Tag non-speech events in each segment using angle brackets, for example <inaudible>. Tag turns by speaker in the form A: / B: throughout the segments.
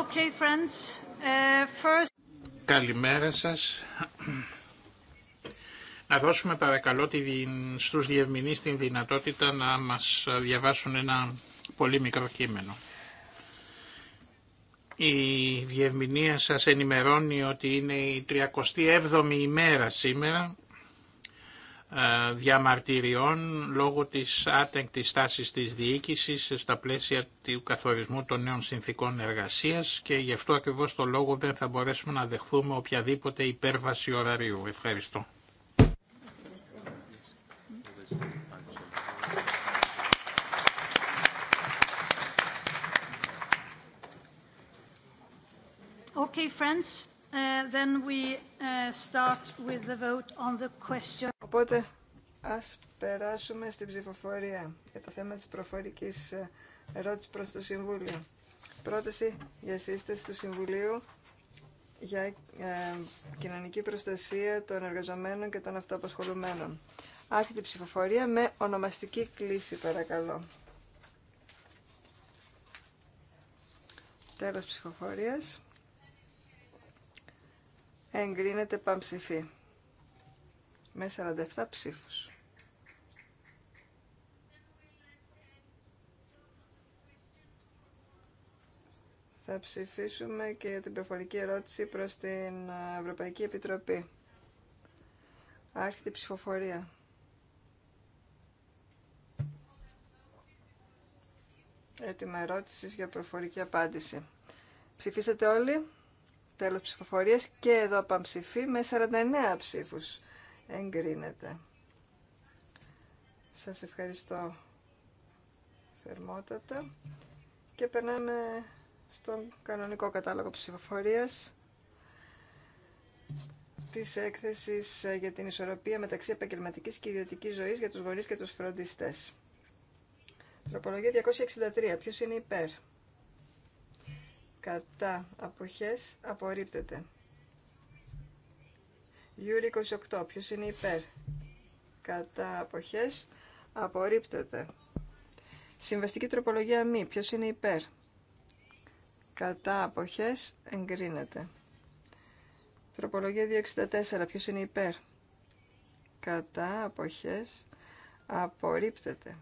A: Okay, friends. Uh, first...
B: Καλημέρα σας. Να δώσουμε παρακαλώ στους διευμηνεί την δυνατότητα να μας διαβάσουν ένα πολύ μικρό κείμενο. Η διευμηνία σας ενημερώνει ότι είναι η 37η ημέρα σήμερα ε, διαμαρτυριών λόγω της άτεγκτης στάσης της διοίκησης στα πλαίσια του καθορισμού των νέων συνθήκων εργασίας και γι' αυτό ακριβώς το λόγο δεν θα μπορέσουμε να δεχθούμε οποιαδήποτε υπέρβαση ωραρίου. Ευχαριστώ.
A: Okay, friends. Then Οπότε ας περάσουμε στην ψηφοφορία για το θέμα
C: της προφορικής ε, ερώτησης προς το Συμβούλιο. Πρόταση για σύσταση του Συμβουλίου για ε, κοινωνική προστασία των εργαζομένων και των αυτοαπασχολουμένων. Άρχεται η ψηφοφορία με ονομαστική κλίση παρακαλώ. Τέλος ψηφοφορίας εγκρίνεται πανψηφί με 47 ψήφους. Θα ψηφίσουμε και την προφορική ερώτηση προς την Ευρωπαϊκή Επιτροπή. Άρχεται η ψηφοφορία. Έτοιμα ερώτηση για προφορική απάντηση. Ψηφίσατε όλοι τέλο ψηφοφορία και εδώ παμψηφί με 49 ψήφους εγκρίνεται. Σας ευχαριστώ θερμότατα και περνάμε στον κανονικό κατάλογο ψηφοφορία τη έκθεση για την ισορροπία μεταξύ επαγγελματική και ιδιωτική ζωής για τους γονεί και τους φροντιστέ. Τροπολογία 263. Ποιο είναι υπέρ κατά αποχές απορρίπτεται. Γιούρι 28. Ποιος είναι υπέρ. Κατά αποχές απορρίπτεται. Συμβαστική τροπολογία μη. Ποιος είναι υπέρ. Κατά αποχές εγκρίνεται. Τροπολογία 264. Ποιος είναι υπέρ. Κατά αποχές απορρίπτεται.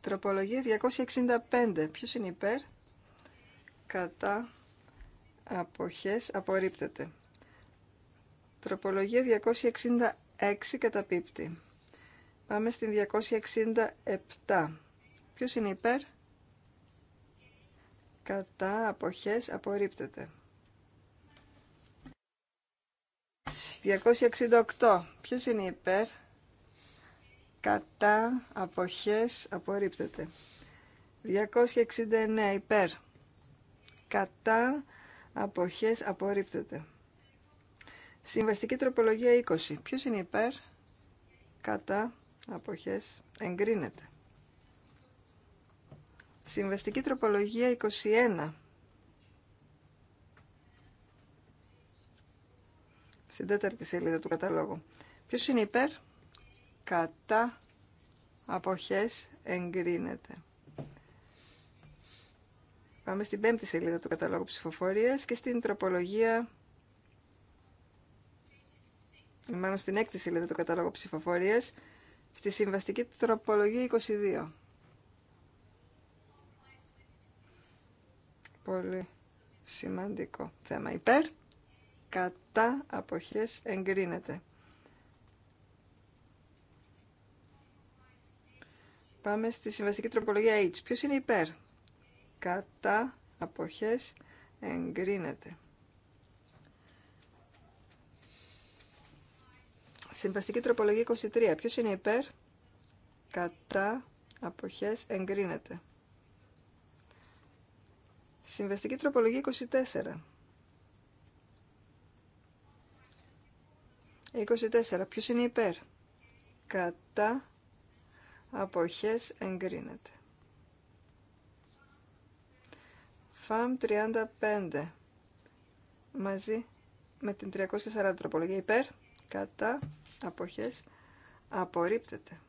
C: Τροπολογία 265. Ποιος είναι υπέρ κατά αποχές απορρίπτεται. Τροπολογία 266 καταπίπτει. Πάμε στην 267. Ποιος είναι υπέρ? Κατά αποχές απορρίπτεται. 268. Ποιος είναι υπέρ? Κατά αποχές απορρίπτεται. 269 υπέρ κατά αποχές απορρίπτεται. Συμβαστική τροπολογία 20. Ποιος είναι υπέρ κατά αποχές εγκρίνεται. Συμβαστική τροπολογία 21. Στην τέταρτη σελίδα του καταλόγου. Ποιος είναι υπέρ, κατά, αποχές, εγκρίνεται. Πάμε στην πέμπτη σελίδα του καταλόγου ψηφοφορίας και στην τροπολογία, μάλλον στην έκτη σελίδα του καταλόγου ψηφοφορίας, στη συμβαστική τροπολογία 22. Πολύ σημαντικό θέμα. Υπέρ, κατά αποχές εγκρίνεται. Πάμε στη συμβαστική τροπολογία H. Ποιος είναι υπέρ? κατά αποχές εγκρίνεται. Συμβαστική τροπολογία 23. Ποιος είναι υπέρ? Κατά αποχές εγκρίνεται. Συμβαστική τροπολογία 24. 24. Ποιος είναι υπέρ? Κατά αποχές εγκρίνεται. ΦΑΜ 35 μαζί με την 340 τροπολογία υπέρ, κατά, αποχές, απορρίπτεται.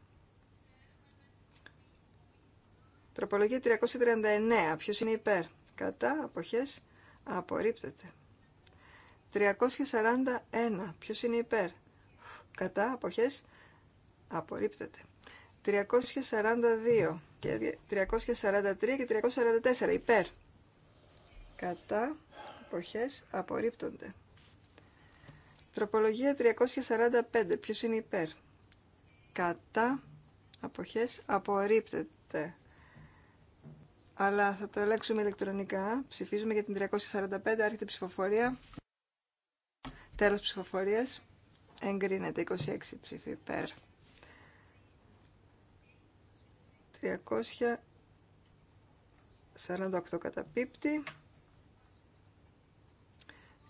C: Τροπολογία 339, ποιος είναι υπέρ, κατά, αποχές, απορρίπτεται. 341, ποιος είναι υπέρ, κατά, αποχές, απορρίπτεται. 342 και 343 και 344 υπέρ, κατά, εποχές, απορρίπτονται. Τροπολογία 345. Ποιος είναι υπέρ. Κατά, αποχές, απορρίπτεται. Αλλά θα το ελέγξουμε ηλεκτρονικά. Ψηφίζουμε για την 345. Άρχεται ψηφοφορία. Τέλος ψηφοφορίας. Εγκρίνεται 26 ψήφι υπέρ. 348 καταπίπτει.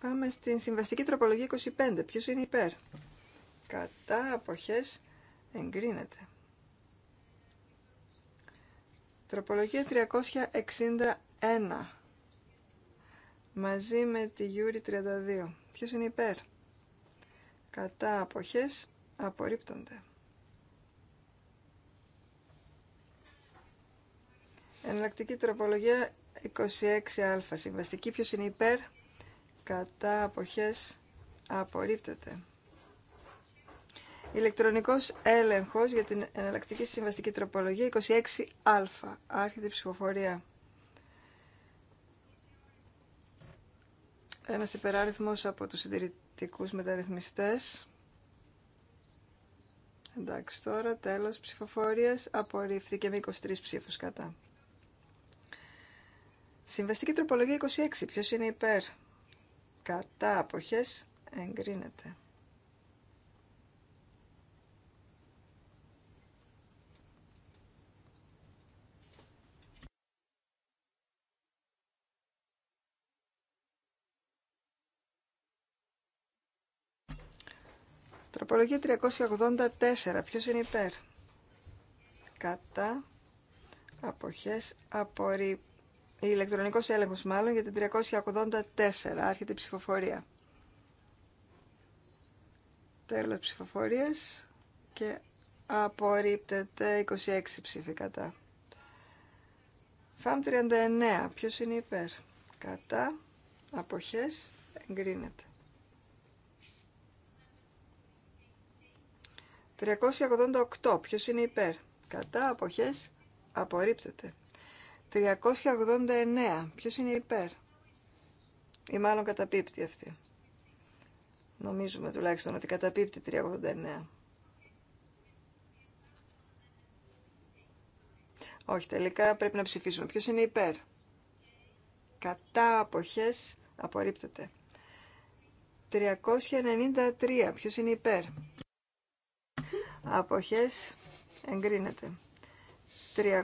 C: Πάμε στην συμβαστική τροπολογία 25. Ποιος είναι υπέρ. Κατά αποχές εγκρίνεται. Τροπολογία 361. Μαζί με τη Γιούρη 32. Ποιος είναι υπέρ. Κατά αποχές απορρίπτονται. Εναλλακτική τροπολογία 26α. Συμβαστική ποιος είναι υπέρ κατά αποχές απορρίπτεται. Ηλεκτρονικός έλεγχος για την εναλλακτική συμβαστική τροπολογία 26α. Άρχεται η ψηφοφορία. Ένας υπεράριθμος από τους συντηρητικούς μεταρρυθμιστές. Εντάξει, τώρα τέλος ψηφοφορίας. Απορρίφθηκε με 23 ψήφους κατά. Συμβαστική τροπολογία 26. Ποιος είναι υπέρ κατά αποχές εγκρίνεται. Τροπολογία 384. Ποιος είναι υπέρ. Κατά αποχές απόρι ηλεκτρονικός έλεγχος μάλλον για την 384. Άρχεται η ψηφοφορία. Τέλος ψηφοφορία και απορρίπτεται 26 ψήφοι κατά. ΦΑΜ 39. Ποιος είναι υπέρ. Κατά. Αποχές. Εγκρίνεται. 388. Ποιος είναι υπέρ. Κατά. Αποχές. Απορρίπτεται. 389. Ποιος είναι υπέρ. Ή μάλλον καταπίπτει αυτή. Νομίζουμε τουλάχιστον ότι καταπίπτει 389. Όχι, τελικά πρέπει να ψηφίσουμε. Ποιος είναι υπέρ. Κατά αποχές απορρίπτεται. 393. Ποιος είναι υπέρ. Αποχές εγκρίνεται. 300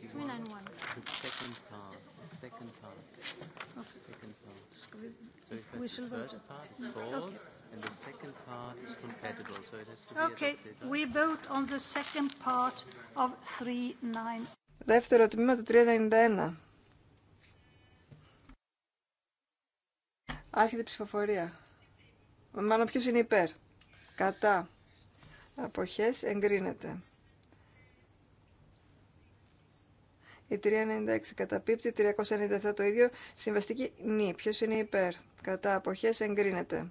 D: 391.
A: The second part. The second part. Second part. So if the first part, is false, and the second part is compatible, so it has to be Okay, we vote on the second part of 391.
C: Δεύτερο τμήμα του 391. Άρχεται η ψηφοφορία. Μάλλον ποιος είναι υπέρ. Κατά. Αποχές εγκρίνεται. Η 396 καταπίπτει, 397 το ίδιο. Συμβαστική νη. Ποιο είναι υπέρ. Κατά αποχέ εγκρίνεται.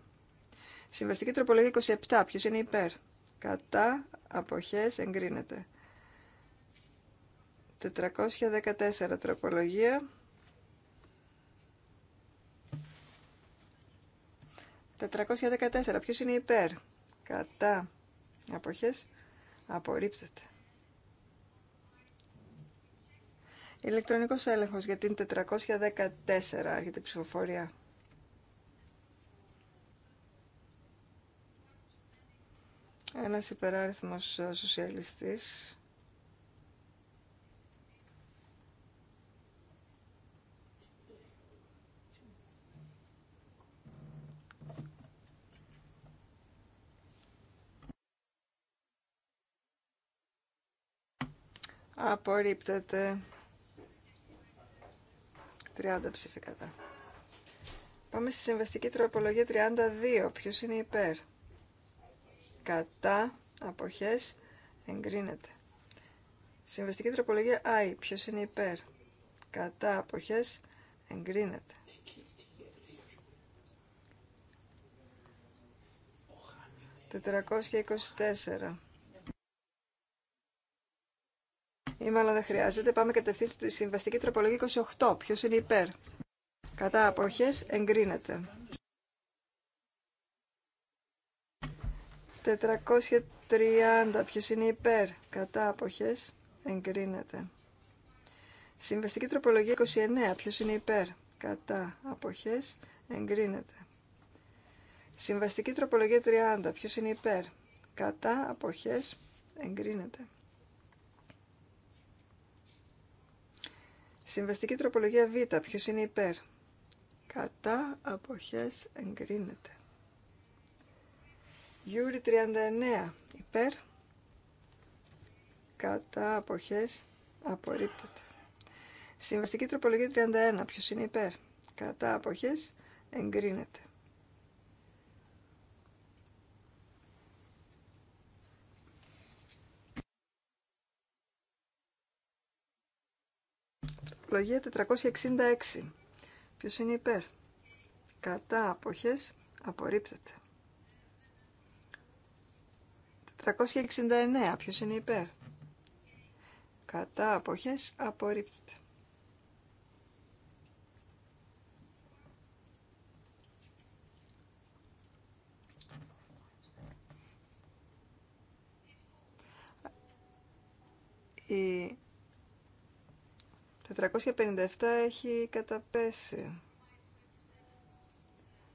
C: Συμβαστική τροπολογία 27. Ποιο είναι υπέρ. Κατά αποχέ εγκρίνεται. 414 τροπολογία. 414. Ποιος είναι υπέρ. Κατά. Αποχές. Απορρίπτεται. Ηλεκτρονικός έλεγχος για την 414 έρχεται η ψηφοφορία. Ένας υπεράριθμος ε, σοσιαλιστής. Απορρίπτεται. 30 ψήφοι Πάμε στη συμβαστική τροπολογία 32. Ποιος είναι υπέρ. Κατά αποχές εγκρίνεται. Συμβαστική τροπολογία I. Ποιος είναι υπέρ. Κατά αποχές εγκρίνεται. 424. ή μάλλον δεν χρειάζεται. Πάμε κατευθείαν στη συμβαστική τροπολογία 28. Ποιο είναι υπέρ. Κατά απόχέ, εγκρίνεται. 430. Ποιο είναι υπέρ. Κατά απόχέ, εγκρίνεται. Συμβαστική τροπολογία 29. ποιο είναι υπέρ. Κατά απόχέ. εγκρίνεται. Συμβαστική τροπολογία 30. Ποιο είναι υπέρ. Κατά απόχέ. εγκρίνεται. Συμβαστική τροπολογία Β. ποιο είναι υπέρ. Κατά αποχές εγκρίνεται. Γιούρι 39. Υπέρ. Κατά αποχές απορρίπτεται. Συμβαστική τροπολογία 31. Ποιο είναι υπέρ. Κατά αποχές εγκρίνεται. τροπολογία 466. Ποιος είναι υπέρ. Κατά αποχές απορρίπτεται. 469. Ποιος είναι υπέρ. Κατά αποχές απορρίπτεται. 457 έχει καταπέσει.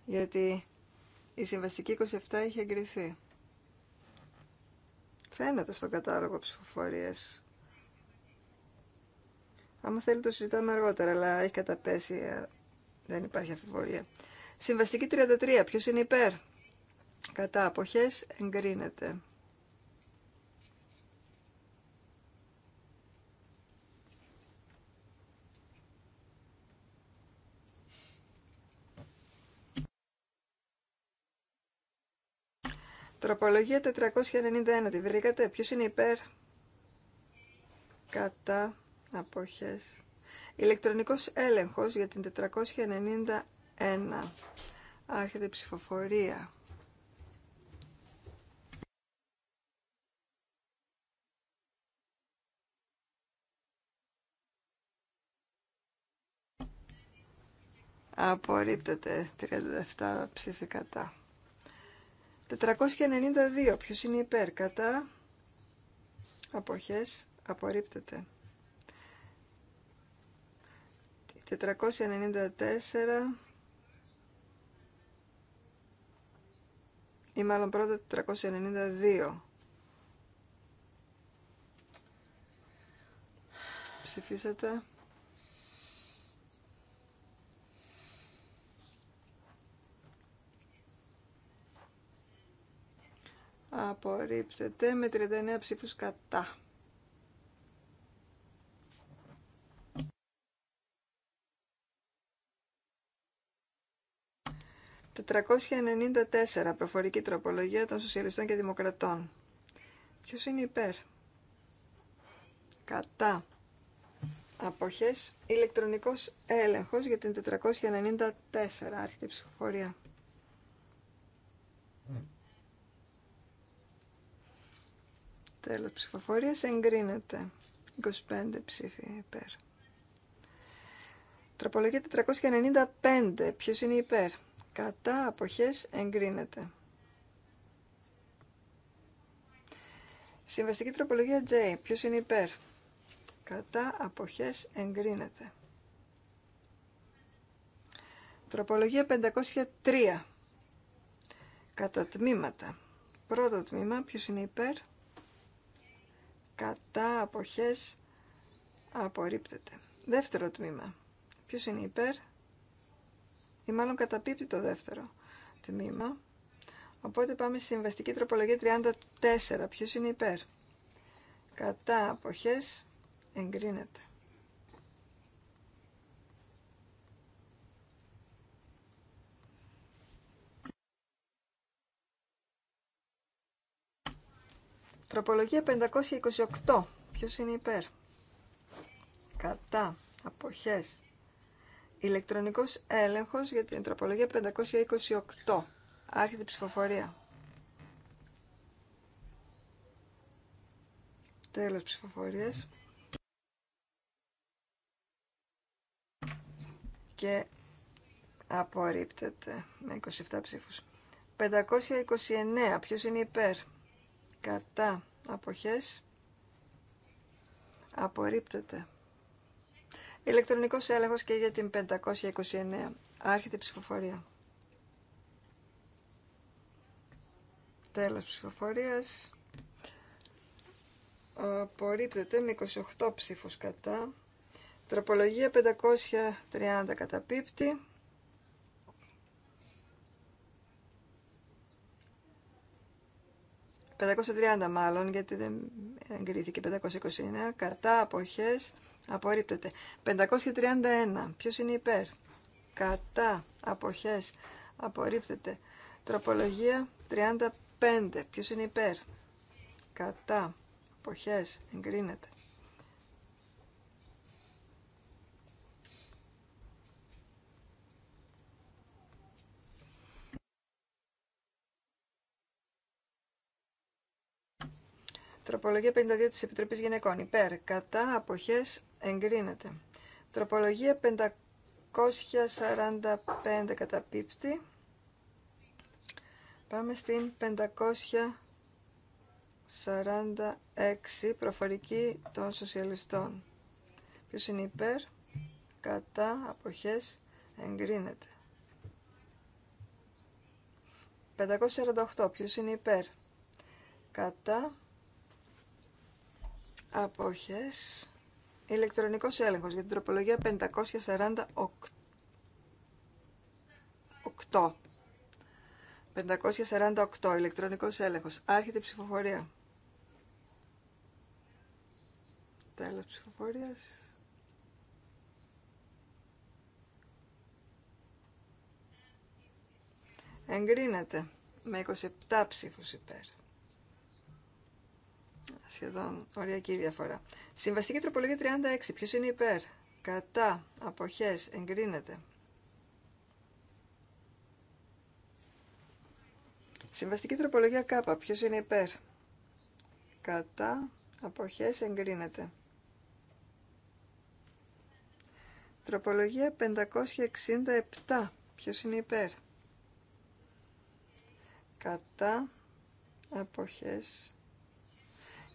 C: Γιατί η συμβαστική 27 έχει εγκριθεί. Φαίνεται στον κατάλογο ψηφοφορίες. Άμα θέλει το συζητάμε αργότερα, αλλά έχει καταπέσει, ε, δεν υπάρχει αφιβολία. Συμβαστική 33, ποιος είναι υπέρ. Κατά αποχές εγκρίνεται. Τροπολογία 491. Τη βρήκατε. Ποιο είναι υπέρ. Κατά. Αποχές. Ηλεκτρονικός έλεγχος για την 491. Άρχεται η ψηφοφορία. Απορρίπτεται 37 ψήφοι κατά. 492. Ποιος είναι υπέρ. Κατά. Αποχές. Απορρίπτεται. 494. Ή μάλλον πρώτα 492. Ψηφίσατε. Απορρίπτεται με 39 ψήφους κατά. «494. Προφορική τροπολογία των Σοσιαλιστών και Δημοκρατών». Ποιος είναι υπέρ? Κατά. Αποχές. Ηλεκτρονικός έλεγχος για την 494. Άρχεται η ψηφοφορία. Τέλος ψηφοφορίας εγκρίνεται. 25 ψήφοι υπέρ. Τροπολογία 495. Ποιος είναι υπέρ. Κατά αποχές εγκρίνεται. Συμβαστική τροπολογία J. Ποιος είναι υπέρ. Κατά αποχές εγκρίνεται. Τροπολογία 503. Κατά τμήματα. Πρώτο τμήμα. Ποιος είναι υπέρ κατά αποχές απορρίπτεται. Δεύτερο τμήμα. Ποιος είναι υπέρ ή μάλλον καταπίπτει το δεύτερο τμήμα. Οπότε πάμε στη συμβαστική τροπολογία 34. Ποιος είναι υπέρ. Κατά αποχές εγκρίνεται. Τροπολογία 528. Ποιος είναι υπέρ. Κατά. Αποχές. Ηλεκτρονικός έλεγχος για την τροπολογία 528. Άρχεται η ψηφοφορία. Τέλος ψηφοφορίας. Και απορρίπτεται με 27 ψήφους. 529. Ποιος είναι υπέρ κατά αποχές απορρίπτεται. Ηλεκτρονικός έλεγχος και για την 529. Άρχεται η ψηφοφορία. Τέλος ψηφοφορίας. Απορρίπτεται με 28 ψήφους κατά. Τροπολογία 530 καταπίπτει. 530 μάλλον, γιατί δεν εγκρίθηκε 529, κατά αποχές απορρίπτεται. 531, ποιος είναι υπέρ, κατά αποχές απορρίπτεται. Τροπολογία 35, ποιος είναι υπέρ, κατά αποχές εγκρίνεται. Τροπολογία 52 της Επιτροπής Γυναικών. Υπέρ. Κατά. Αποχές. Εγκρίνεται. Τροπολογία 545 καταπίπτει. Πάμε στην 546 προφορική των σοσιαλιστών. Ποιος είναι υπέρ, κατά, αποχές, εγκρίνεται. 548. Ποιος είναι υπέρ, κατά, αποχές ηλεκτρονικός έλεγχος για την τροπολογία 548 548 ηλεκτρονικός έλεγχος άρχεται η ψηφοφορία τέλος ψηφοφορίας εγκρίνεται με 27 ψήφους υπέρ Σχεδόν οριακή διαφορά. Συμβαστική τροπολογία 36. Ποιο είναι υπέρ. Κατά. Αποχές. Εγκρίνεται. Συμβαστική τροπολογία Κ. ποιο είναι υπέρ. Κατά. Αποχές. Εγκρίνεται. Τροπολογία 567. Ποιο είναι υπέρ. Κατά. Αποχές.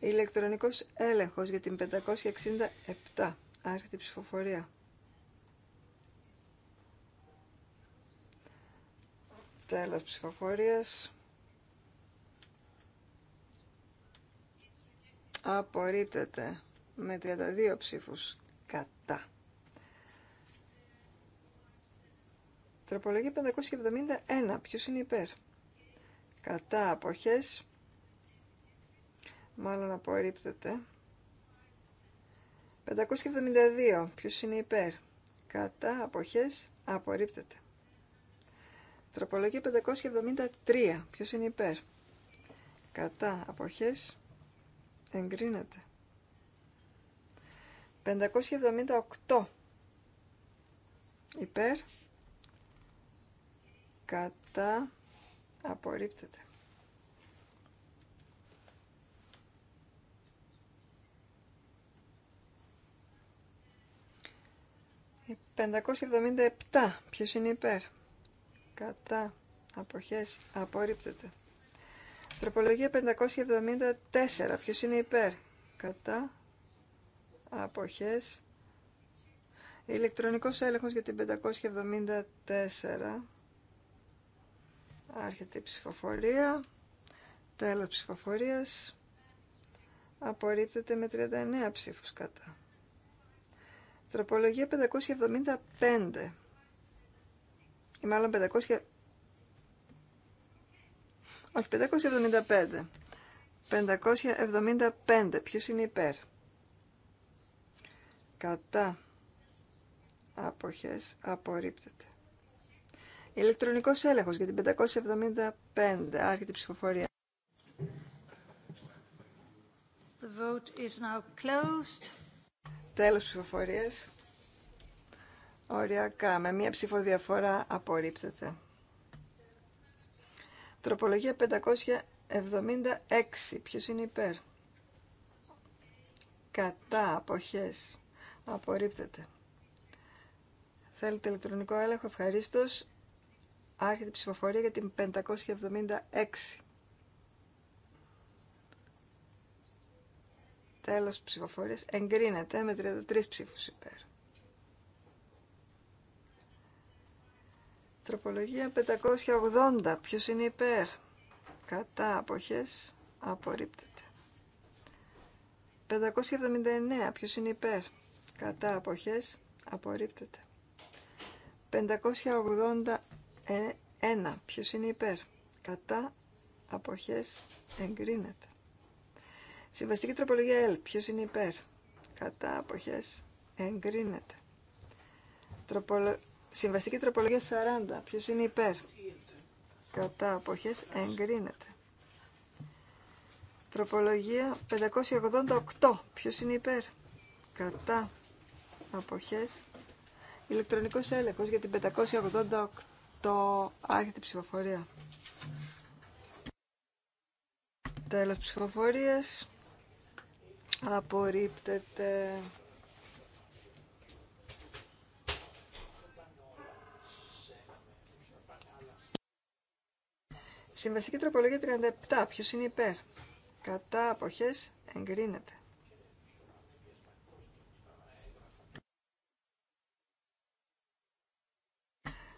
C: Ηλεκτρονικός έλεγχος για την 567. Άρχεται η ψηφοφορία. Τέλος ψηφοφορίας. Απορρίπτεται με 32 ψήφους κατά. Τροπολογία 571. Ποιος είναι υπέρ. Κατά αποχές μάλλον απορρίπτεται. 572. Ποιος είναι υπέρ. Κατά αποχές απορρίπτεται. Τροπολογία 573. Ποιος είναι υπέρ. Κατά αποχές εγκρίνεται. 578. Υπέρ. Κατά απορρίπτεται. 577. Ποιος είναι υπέρ. Κατά. Αποχές. Απορρίπτεται. Τροπολογία 574. Ποιος είναι υπέρ. Κατά. Αποχές. Ηλεκτρονικός έλεγχος για την 574. Άρχεται η ψηφοφορία. Τέλος ψηφοφορίας. Απορρίπτεται με 39 ψήφους κατά. Τροπολογία 575. Ή μάλλον 500... Όχι, 575. 575. Ποιος είναι υπέρ. Κατά. Άποχες. Απορρίπτεται. Ηλεκτρονικός έλεγχος για την 575. Άρχεται η ψηφοφορία.
A: The vote is now closed.
C: Τέλος ψηφοφορίας. Οριακά, με μία ψηφοδιαφορά απορρίπτεται. Τροπολογία 576. Ποιος είναι υπέρ. Κατά αποχές. Απορρίπτεται. Θέλετε ηλεκτρονικό έλεγχο. Ευχαρίστως. Άρχεται η ψηφοφορία για την 576. Τέλος ψηφοφορίας εγκρίνεται με 33 ψήφους υπέρ. Τροπολογία 580. Ποιος είναι υπέρ. Κατά αποχές απορρίπτεται. 579. Ποιος είναι υπέρ. Κατά αποχές απορρίπτεται. 581. Ποιος είναι υπέρ. Κατά αποχές εγκρίνεται. Συμβαστική τροπολογία L. Ποιο είναι υπέρ. Κατά απόχε. εγκρίνεται. Τροπολο... Συμβαστική τροπολογία 40. Ποιο είναι υπέρ. Κατά απόχε, εγκρίνεται. Τροπολογία 588. Ποιο είναι υπέρ. Κατά αποχές. Ηλεκτρονικός έλεγχο για την 588. Άρχεται η ψηφοφορία. Τέλος ψηφοφορία. Απορρίπτεται. Συμβαστική τροπολογία 37. Ποιος είναι υπέρ. Κατά αποχές εγκρίνεται.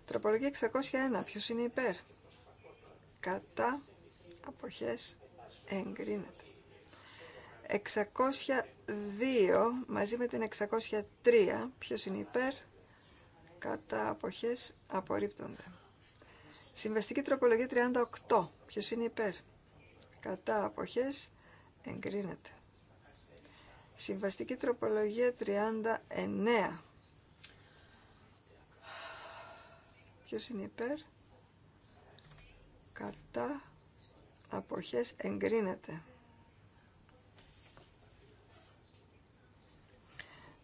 C: Τροπολογία 601. Ποιος είναι υπέρ. Κατά αποχές εγκρίνεται. 602 μαζί με την 603. Ποιος είναι υπέρ, κατά αποχές απορρίπτονται. Συμβαστική τροπολογία 38. Ποιος είναι υπέρ, κατά αποχές εγκρίνεται. Συμβαστική τροπολογία 39. Ποιος είναι υπέρ, κατά αποχές εγκρίνεται.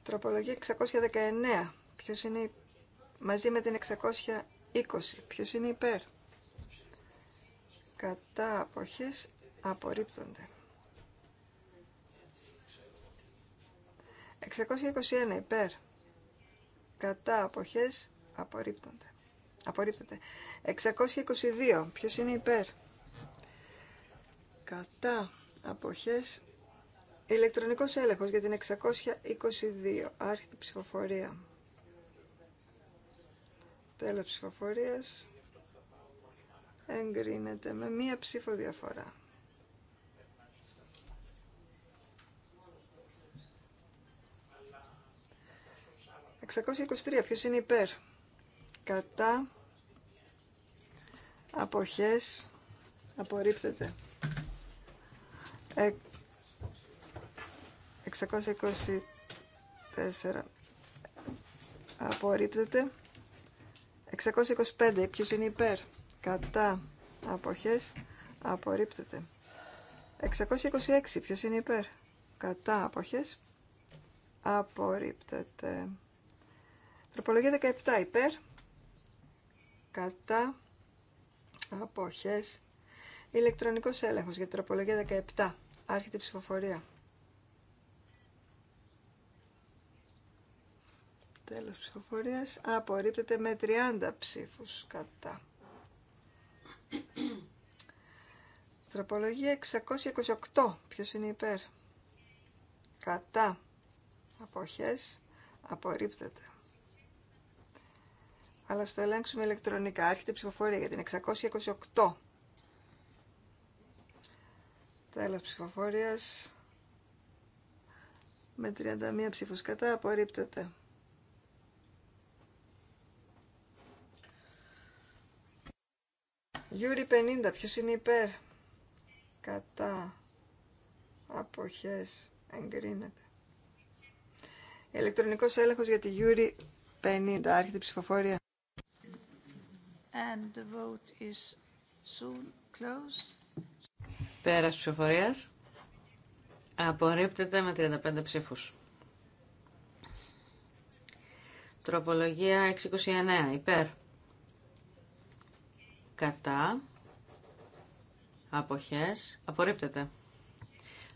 C: Τροπολογία 619. Ποιος είναι μαζί με την 620. Ποιος είναι υπέρ. Κατά αποχές απορρίπτονται. 621 υπέρ. Κατά αποχές απορρίπτονται. Απορρίπτεται. 622. Ποιος είναι υπέρ. Κατά αποχές Ηλεκτρονικός έλεγχος για την 622. Άρχεται ψηφοφορία. Τέλος ψηφοφορίας. Εγκρίνεται με μία ψήφο διαφορά. ...623. Ποιος είναι υπέρ. Κατά. Αποχές. Απορρίπτεται. Ε, 624 απορρίπτεται. 625 ποιος είναι υπέρ. Κατά αποχές απορρίπτεται. 626 ποιος είναι υπέρ. Κατά αποχές απορρίπτεται. Τροπολογία 17 υπέρ. Κατά αποχές ηλεκτρονικός έλεγχος για τροπολογία 17. Άρχεται η ψηφοφορία. Τέλος ψηφοφορίας. Απορρίπτεται με 30 ψήφους κατά. Τροπολογία 628. Ποιος είναι υπέρ. Κατά. Αποχές. Απορρίπτεται. Αλλά στο ελέγξουμε ηλεκτρονικά. Άρχεται ψηφοφορία για την 628. Τέλος ψηφοφορίας. Με 31 ψήφους κατά απορρίπτεται. Γιούρι 50, ποιος είναι υπέρ. Κατά. Αποχές. Εγκρίνεται. Ηλεκτρονικός έλεγχος για τη Γιούρι 50. Άρχεται η ψηφοφορία.
A: And the vote is soon
D: Πέρας ψηφοφορίας. Απορρίπτεται με 35 ψήφους. Τροπολογία 629. Υπέρ κατά, αποχές, απορρίπτεται.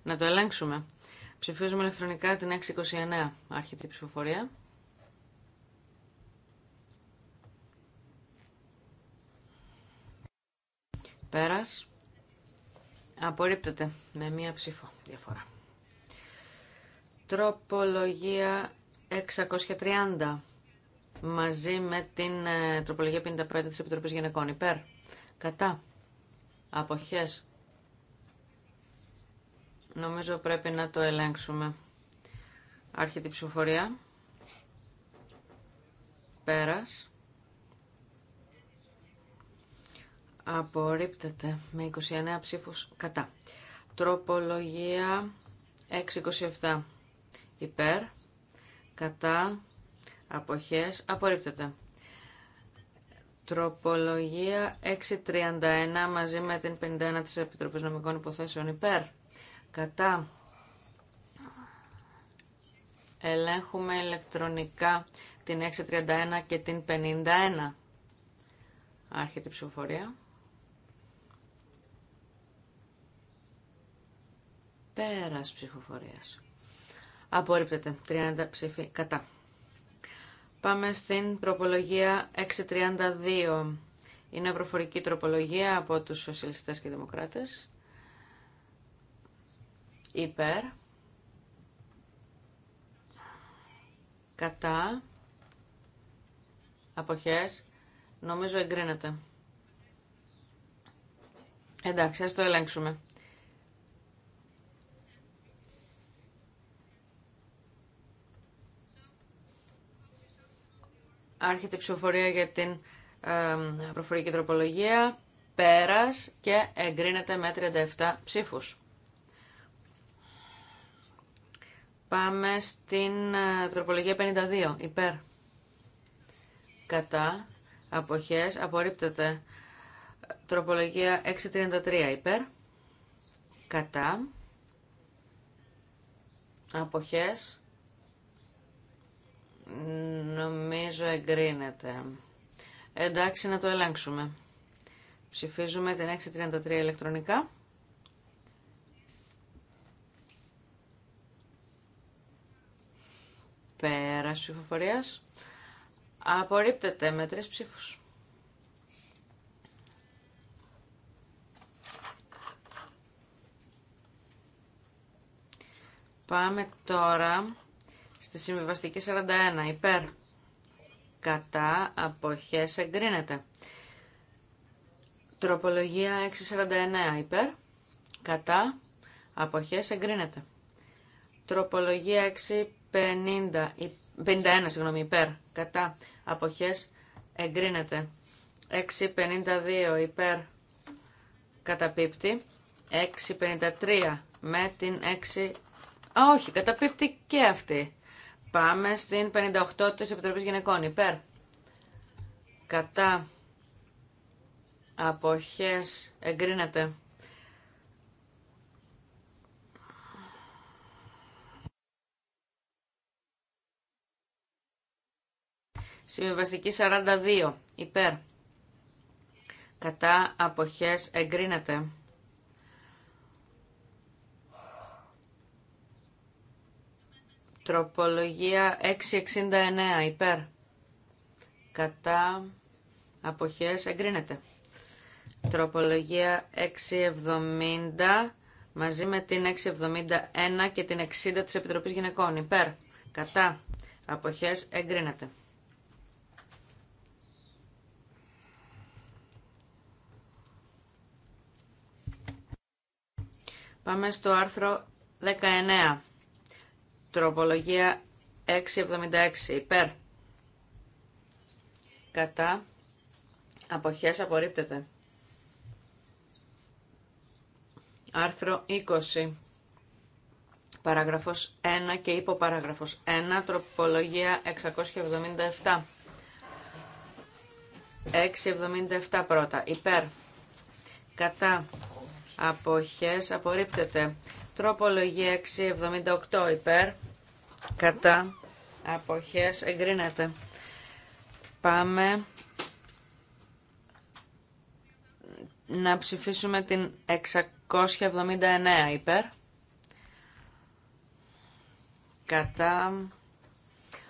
D: Να το ελέγξουμε. Ψηφίζουμε ηλεκτρονικά την 629, άρχεται η ψηφοφορία. Πέρας, απορρίπτεται με μία ψήφο διαφορά. Τροπολογία 630 μαζί με την ε, τροπολογία 55 της Επιτροπής Γυναικών. Υπέρ κατά αποχές νομίζω πρέπει να το ελέγξουμε. Άρχεται η ψηφοφορία. Πέρας. Απορρίπτεται με 29 ψήφους κατά. Τροπολογία 627 υπέρ, κατά, αποχές, απορρίπτεται. Τροπολογία 631 μαζί με την 51 της Επιτροπής Νομικών Υποθέσεων υπέρ. Κατά. Ελέγχουμε ηλεκτρονικά την 631 και την 51. Άρχεται η ψηφοφορία. Πέρας ψηφοφορίας. Απορρίπτεται. 30 ψήφοι κατά. Πάμε στην τροπολογία 632. Είναι προφορική τροπολογία από τους σοσιαλιστές και δημοκράτες. Υπέρ. Κατά. Αποχές. Νομίζω εγκρίνεται. Εντάξει, ας το ελέγξουμε. Άρχεται η ψηφοφορία για την προφορική τροπολογία. Πέρας και εγκρίνεται με 37 ψήφους. Πάμε στην ε, τροπολογία 52. Υπέρ. Κατά. Αποχές. Απορρίπτεται. Τροπολογία 633. Υπέρ. Κατά. Αποχές. Νομίζω εγκρίνεται. Εντάξει, να το ελέγξουμε. Ψηφίζουμε την 633 ηλεκτρονικά. πέρα ψηφοφορίας. Απορρίπτεται με τρεις ψήφους. Πάμε τώρα Στη συμβιβαστική 41 υπέρ κατά αποχές εγκρίνεται. Τροπολογία 649 υπέρ κατά αποχές εγκρίνεται. Τροπολογία 650 51 συγγνώμη, υπέρ κατά αποχές εγκρίνεται. 652 υπέρ καταπίπτει. 653 με την 6... Α, όχι, καταπίπτει και αυτή. Πάμε στην 58 της Επιτροπής Γυναικών. Υπέρ. Κατά. Αποχές. Εγκρίνεται. Συμβιβαστική 42. Υπέρ. Κατά. Αποχές. Εγκρίνεται. Τροπολογία 669 υπέρ. Κατά αποχές εγκρίνεται. Τροπολογία 670 μαζί με την 671 και την 60 της Επιτροπής Γυναικών υπέρ. Κατά αποχές εγκρίνεται. Πάμε στο άρθρο 19. Τροπολογία 676 υπέρ. Κατά. Αποχές απορρίπτεται. Άρθρο 20. Παράγραφος 1 και υποπαράγραφος 1. Τροπολογία 677. 677 πρώτα. Υπέρ. Κατά. Αποχές απορρίπτεται. Τροπολογία 678 υπέρ. Κατά. Αποχές εγκρίνεται. Πάμε να ψηφίσουμε την 679 υπέρ. Κατά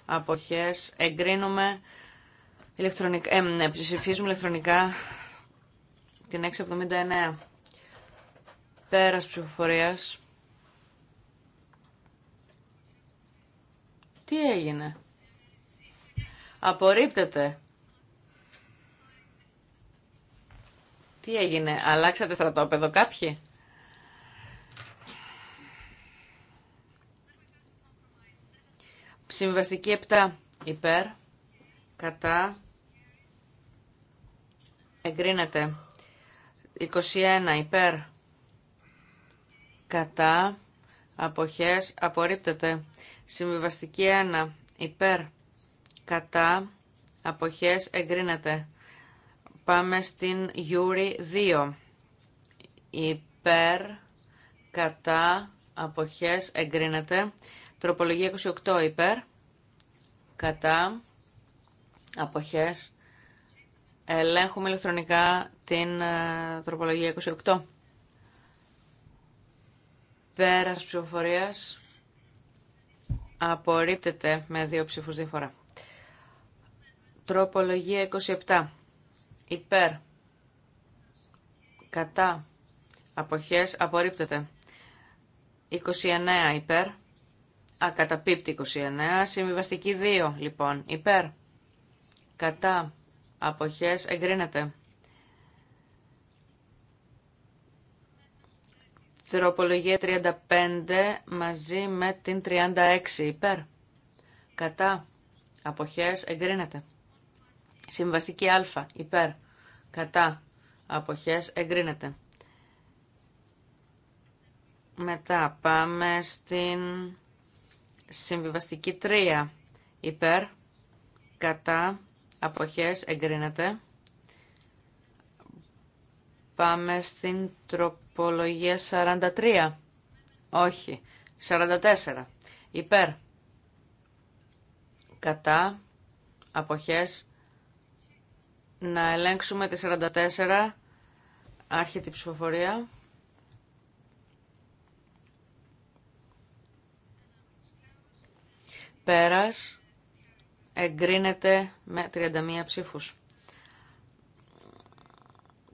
D: αποχές εγκρίνουμε ηλεκτρονικά, ε, ναι, ψηφίζουμε ηλεκτρονικά την 679 πέρας ψηφοφορίας Τι έγινε. Απορρίπτεται. Τι έγινε. Αλλάξατε στρατόπεδο κάποιοι. Συμβαστική 7 υπέρ, κατά, εγκρίνεται. 21 υπέρ, κατά, αποχές, απορρίπτεται. Συμβιβαστική 1 υπέρ κατά αποχές εγκρίνεται. Πάμε στην Γιούρι 2. Υπέρ κατά αποχές εγκρίνεται. Τροπολογία 28 υπέρ κατά αποχές ελέγχουμε ηλεκτρονικά την ε, τροπολογία 28. Πέρας ψηφοφορίας Απορρίπτεται με δύο ψήφους διαφορά. Τροπολογία 27. Υπέρ. Κατά. Αποχές. Απορρίπτεται. 29 υπέρ. Ακαταπίπτει 29. Συμβιβαστική 2 λοιπόν. Υπέρ. Κατά. Αποχές. Εγκρίνεται. Τσεροπολογία 35 μαζί με την 36 υπέρ. Κατά. Αποχές εγκρίνεται. Συμβαστική α υπέρ. Κατά. Αποχές εγκρίνεται. Μετά πάμε στην συμβιβαστική 3 υπέρ. Κατά. Αποχές εγκρίνεται. Πάμε στην τροπολογία 43. Όχι, 44. Υπέρ. Κατά. Αποχές. Να ελέγξουμε τη 44. Άρχεται η ψηφοφορία. Πέρας εγκρίνεται με 31 ψήφους.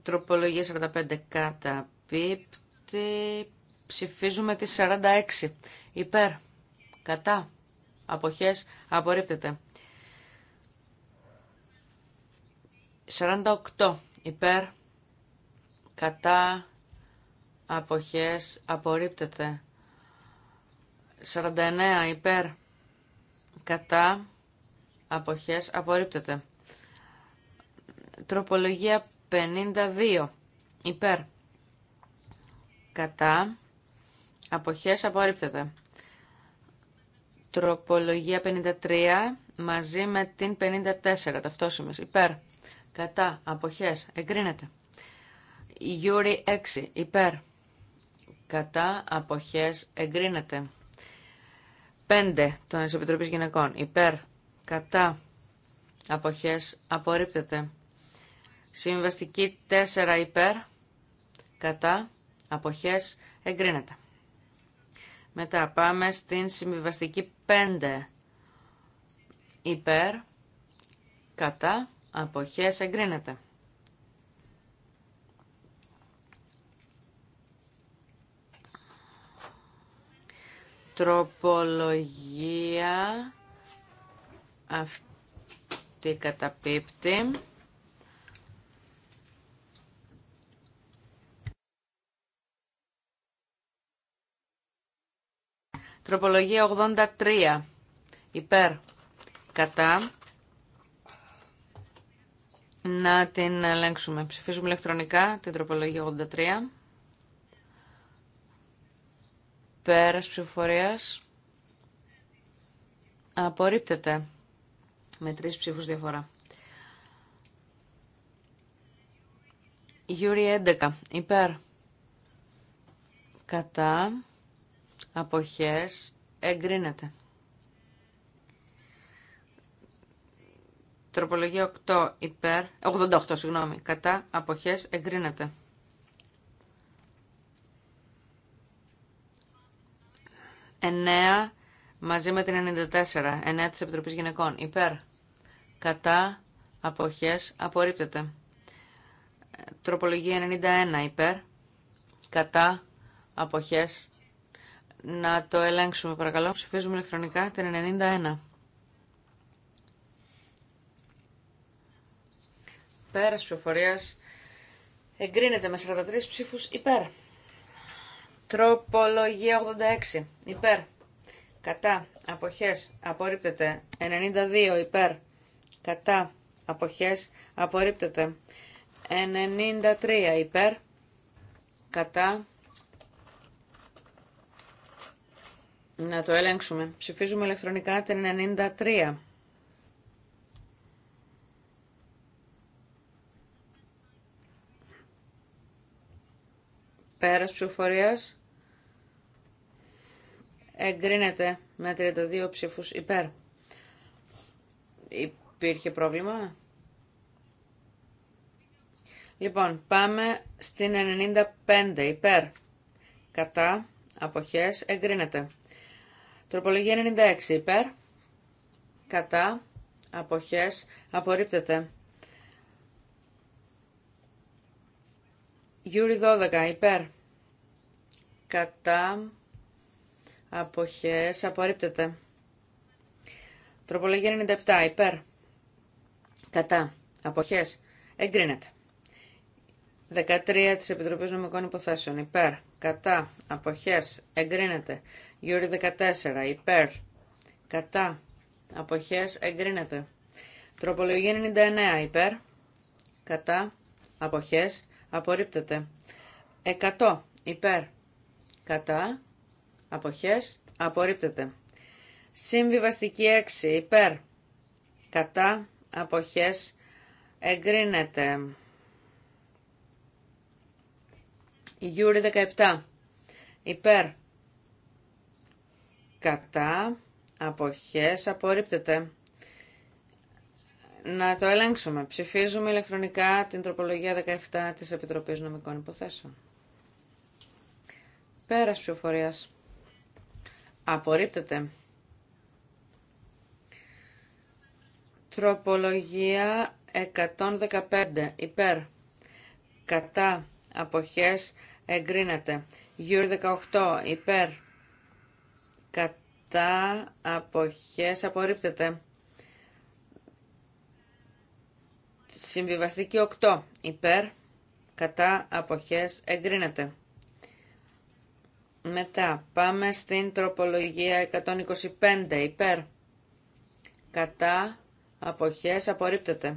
D: Τροπολογία 45 καταπίπτει. Ψηφίζουμε τη 46. Υπέρ. Κατά. Αποχές. Απορρίπτεται. 48. Υπέρ. Κατά. Αποχές. Απορρίπτεται. 49. Υπέρ. Κατά. Αποχές. Απορρίπτεται. Τροπολογία 52 υπέρ κατά αποχές απορρίπτεται. Τροπολογία 53 μαζί με την 54 ταυτόσημες υπέρ κατά αποχές εγκρίνεται. Γιούρι 6 υπέρ κατά αποχές εγκρίνεται. 5 των Επιτροπής Γυναικών υπέρ κατά αποχές απορρίπτεται. Συμβαστική 4 υπέρ, κατά, αποχές, εγκρίνεται. Μετά πάμε στην συμβιβαστική 5 υπέρ, κατά, αποχές, εγκρίνεται. Τροπολογία αυτή καταπίπτει. Τροπολογία 83. Υπέρ. Κατά. Να την ελέγξουμε. Ψηφίζουμε ηλεκτρονικά την τροπολογία 83. Πέρας ψηφοφορίας. Απορρίπτεται. Με τρεις ψήφους διαφορά. Γιούρι 11. Υπέρ. Κατά αποχές εγκρίνεται. Τροπολογία 8 υπέρ, 88 συγγνώμη, κατά αποχές εγκρίνεται. 9. μαζί με την 94, 9 της Επιτροπής Γυναικών, υπέρ, κατά αποχές απορρίπτεται. Τροπολογία 91 υπέρ, κατά αποχές να το ελέγξουμε παρακαλώ. Ψηφίζουμε ηλεκτρονικά την 91. Πέρας ψηφοφορία. εγκρίνεται με 43 ψήφους υπέρ. Τροπολογία 86 υπέρ. Κατά αποχέ, απορρίπτεται 92 υπέρ. Κατά αποχέ, απορρίπτεται 93 υπέρ. Κατά Να το ελέγξουμε. Ψηφίζουμε ηλεκτρονικά την 93. Πέρας ψηφοφορίας εγκρίνεται με 32 ψήφους υπέρ. Υπήρχε πρόβλημα. Λοιπόν, πάμε στην 95 υπέρ. Κατά, αποχές, εγκρίνεται. Τροπολογία 96 υπέρ, κατά, αποχές, απορρίπτεται. Γιούρι 12 υπέρ, κατά, αποχές, απορρίπτεται. Τροπολογία 97 υπέρ, κατά, αποχές, εγκρίνεται. 13 της Επιτροπής Νομικών Υποθέσεων υπέρ, κατά, αποχές, εγκρίνεται. Γιούρι 14, υπέρ, κατά, αποχές, εγκρίνεται. Τροπολογία 99, υπέρ, κατά, αποχές, απορρίπτεται. 100, υπέρ, κατά, αποχές, απορρίπτεται. Συμβιβαστική 6, υπέρ, κατά, αποχές, εγκρίνεται. Η Γιούρι 17. Υπέρ. Κατά. Αποχές. Απορρίπτεται. Να το ελέγξουμε. Ψηφίζουμε ηλεκτρονικά την τροπολογία 17 της Επιτροπής Νομικών Υποθέσεων. Πέρας ψηφοφορίας. Απορρίπτεται. Τροπολογία 115. Υπέρ. Κατά. Αποχές εγκρίνεται. Γιούρ 18 υπέρ κατά αποχές απορρίπτεται. Συμβιβαστική 8 υπέρ κατά αποχές εγκρίνεται. Μετά πάμε στην τροπολογία 125 υπέρ κατά αποχές απορρίπτεται.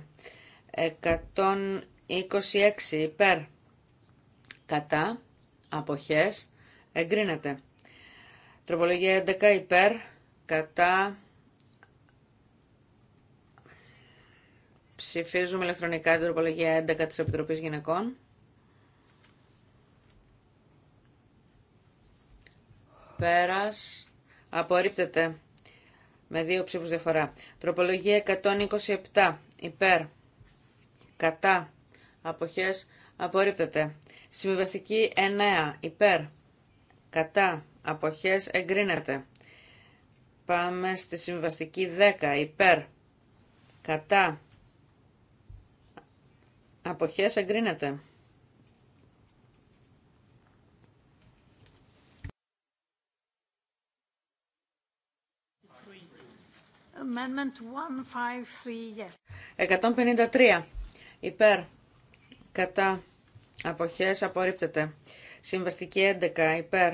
D: 126 υπέρ κατά αποχές εγκρίνεται. Τροπολογία 11 υπέρ κατά ψηφίζουμε ηλεκτρονικά την τροπολογία 11 της Επιτροπής Γυναικών. Πέρας απορρίπτεται με δύο ψήφους διαφορά. Τροπολογία 127 υπέρ κατά αποχές απορρίπτεται. Συμβιβαστική 9 υπέρ κατά αποχές εγκρίνεται. Πάμε στη συμβαστική 10 υπέρ κατά αποχές εγκρίνεται.
A: Amendment
D: 153, yes. 153 υπέρ κατά Αποχές απορρίπτεται. Συμβαστική 11 υπέρ.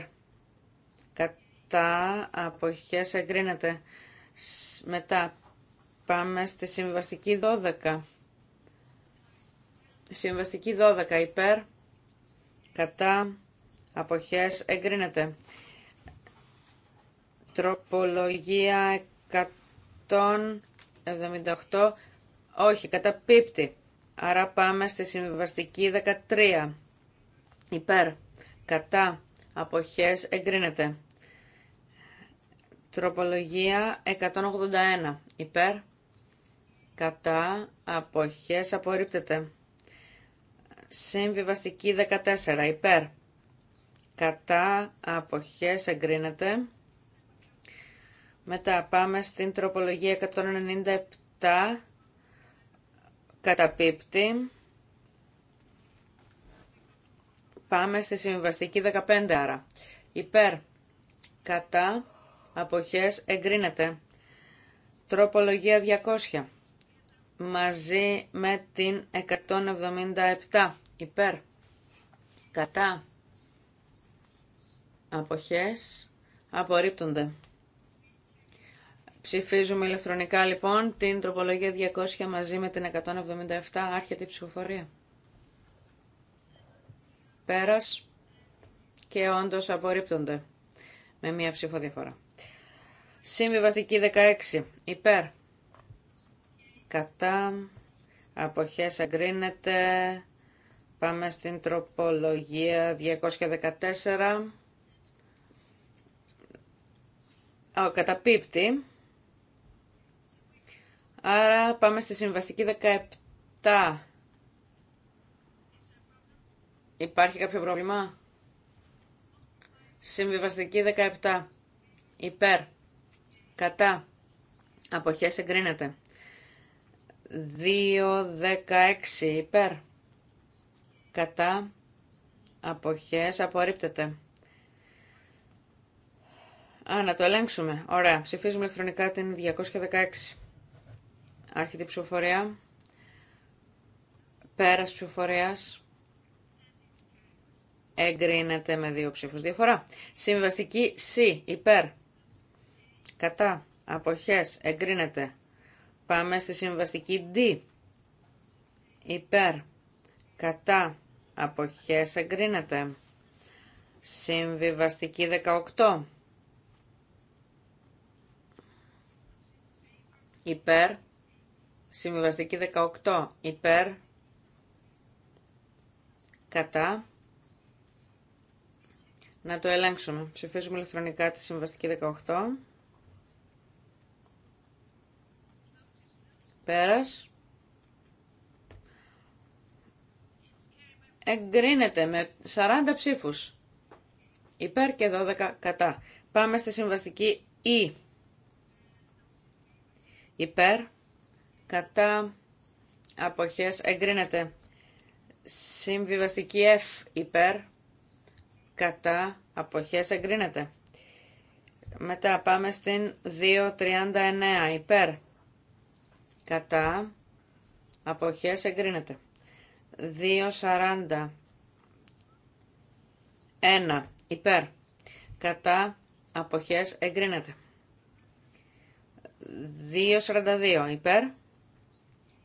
D: Κατά αποχές εγκρίνεται. Μετά πάμε στη συμβαστική 12. Συμβαστική 12 υπέρ. Κατά αποχές εγκρίνεται. Τροπολογία 178. Όχι, κατά καταπίπτει. Άρα πάμε στη συμβιβαστική 13. Υπέρ, κατά, αποχές, εγκρίνεται. Τροπολογία 181. Υπέρ, κατά, αποχές, απορρίπτεται. Συμβιβαστική 14. Υπέρ, κατά, αποχές, εγκρίνεται. Μετά πάμε στην τροπολογία 197 καταπίπτει. Πάμε στη συμβιβαστική 15 άρα. Υπέρ, κατά, αποχές, εγκρίνεται. Τροπολογία 200. Μαζί με την 177. Υπέρ, κατά, αποχές, απορρίπτονται. Ψηφίζουμε ηλεκτρονικά λοιπόν την τροπολογία 200 μαζί με την 177 άρχεται η ψηφοφορία. Πέρας και όντως απορρίπτονται με μία ψήφο διαφορά. Συμβιβαστική 16 υπέρ. Κατά αποχές αγκρίνεται. Πάμε στην τροπολογία 214. Ο, καταπίπτη. Άρα πάμε στη συμβαστική 17. Υπάρχει κάποιο πρόβλημα? Συμβιβαστική 17. Υπέρ. Κατά. Αποχές εγκρίνεται. 2.16. Υπέρ. Κατά. Αποχές απορρίπτεται. Α, να το ελέγξουμε. Ωραία. Ψηφίζουμε ηλεκτρονικά την 216. Άρχεται η ψηφοφορία. Πέρας ψηφοφορίας. Εγκρίνεται με δύο ψήφους διαφορά. Συμβαστική C. Υπέρ. Κατά. Αποχές. Εγκρίνεται. Πάμε στη συμβαστική D. Υπέρ. Κατά. Αποχές. Εγκρίνεται. Συμβιβαστική 18. Υπέρ. Συμβιβαστική 18 υπέρ κατά. Να το ελέγξουμε. Ψηφίζουμε ηλεκτρονικά τη συμβαστική 18. Πέρας. Εγκρίνεται με 40 ψήφους. Υπέρ και 12 κατά. Πάμε στη συμβαστική Ι. E. Υπέρ κατά αποχές εγκρίνεται. Συμβιβαστική F υπέρ κατά αποχές εγκρίνεται. Μετά πάμε στην 2.39 υπέρ κατά αποχές εγκρίνεται. 2.40 1 υπέρ κατά αποχές εγκρίνεται. 2.42 υπέρ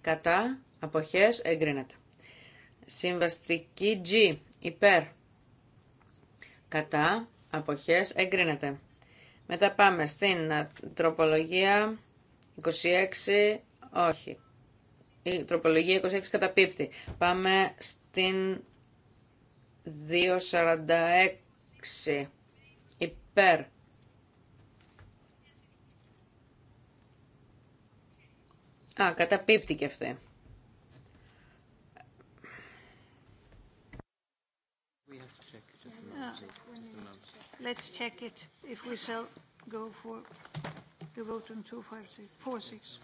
D: κατά, αποχές, εγκρίνεται. Συμβαστική G, υπέρ, κατά, αποχές, εγκρίνεται. Μετά πάμε στην τροπολογία 26, όχι, η τροπολογία 26 καταπίπτει. Πάμε στην 246, υπέρ, Α, καταπίπτει και αυτή.
A: Let's check it if we shall go for the vote on six.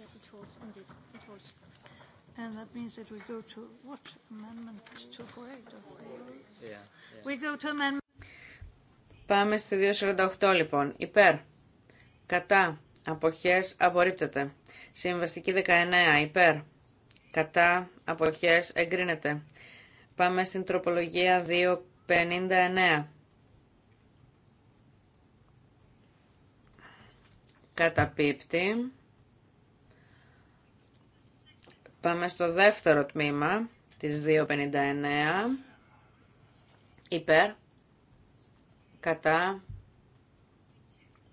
A: Yes, it was indeed. It falls. And that means that we go to what amendment 248?
D: Yeah. We go to amendment Πάμε στη 248 λοιπόν. Υπέρ. Κατά. Αποχές απορρίπτεται. Συμβαστική 19. Υπέρ. Κατά. Αποχές εγκρίνεται. Πάμε στην τροπολογία 259. Καταπίπτει. Πάμε στο δεύτερο τμήμα της 259. Υπέρ κατά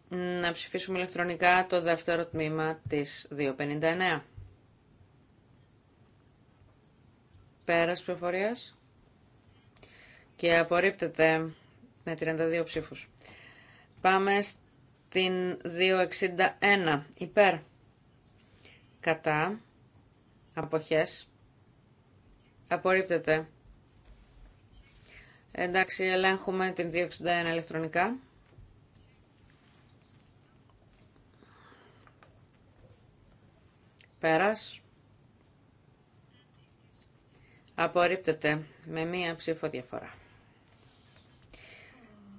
D: να ψηφίσουμε ηλεκτρονικά το δεύτερο τμήμα της 259. Πέρας πληροφορίας και απορρίπτεται με 32 ψήφους. Πάμε στην 261. Υπέρ. Κατά. Αποχές. Απορρίπτεται. Εντάξει, ελέγχουμε την 261 ηλεκτρονικά. Πέρας. Απορρίπτεται με μία ψήφο διαφορά.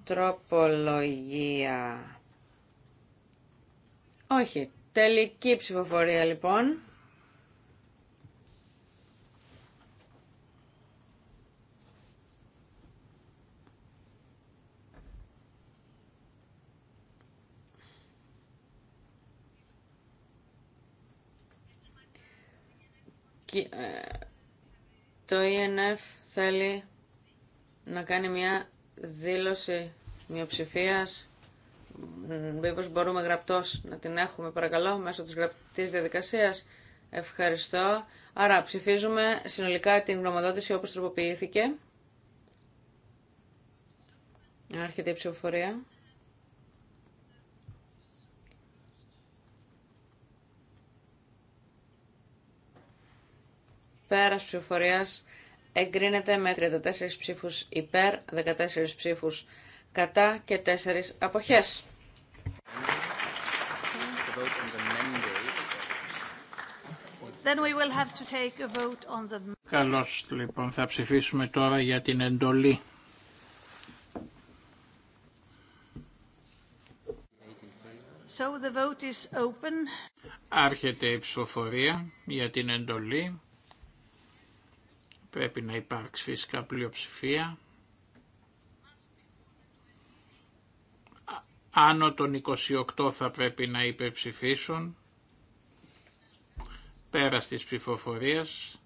D: Τροπολογία. Όχι. Τελική ψηφοφορία λοιπόν. Ε, το ΕΝΕΦ e θέλει να κάνει μια δήλωση μειοψηφίας Μήπω μπορούμε γραπτός να την έχουμε παρακαλώ μέσω της γραπτής διαδικασίας ευχαριστώ άρα ψηφίζουμε συνολικά την γνωμοδότηση όπως τροποποιήθηκε άρχεται η ψηφοφορία Πέρας ψηφοφορία εγκρίνεται με 34 ψήφου υπέρ, 14 ψήφου κατά και 4 αποχέ.
B: Καλώ λοιπόν θα ψηφίσουμε τώρα για την εντολή.
A: So the vote is open.
B: Άρχεται η ψηφοφορία για την εντολή. Πρέπει να υπάρξει φυσικά πλειοψηφία. Άνω των 28 θα πρέπει να υπερψηφίσουν πέρα της ψηφοφορίας.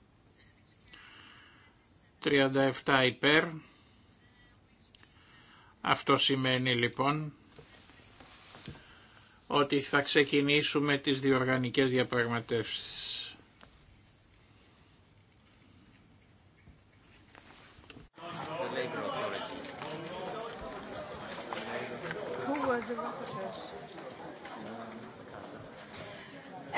B: 37 υπέρ. Αυτό σημαίνει λοιπόν ότι θα ξεκινήσουμε τις διοργανικές διαπραγματεύσεις.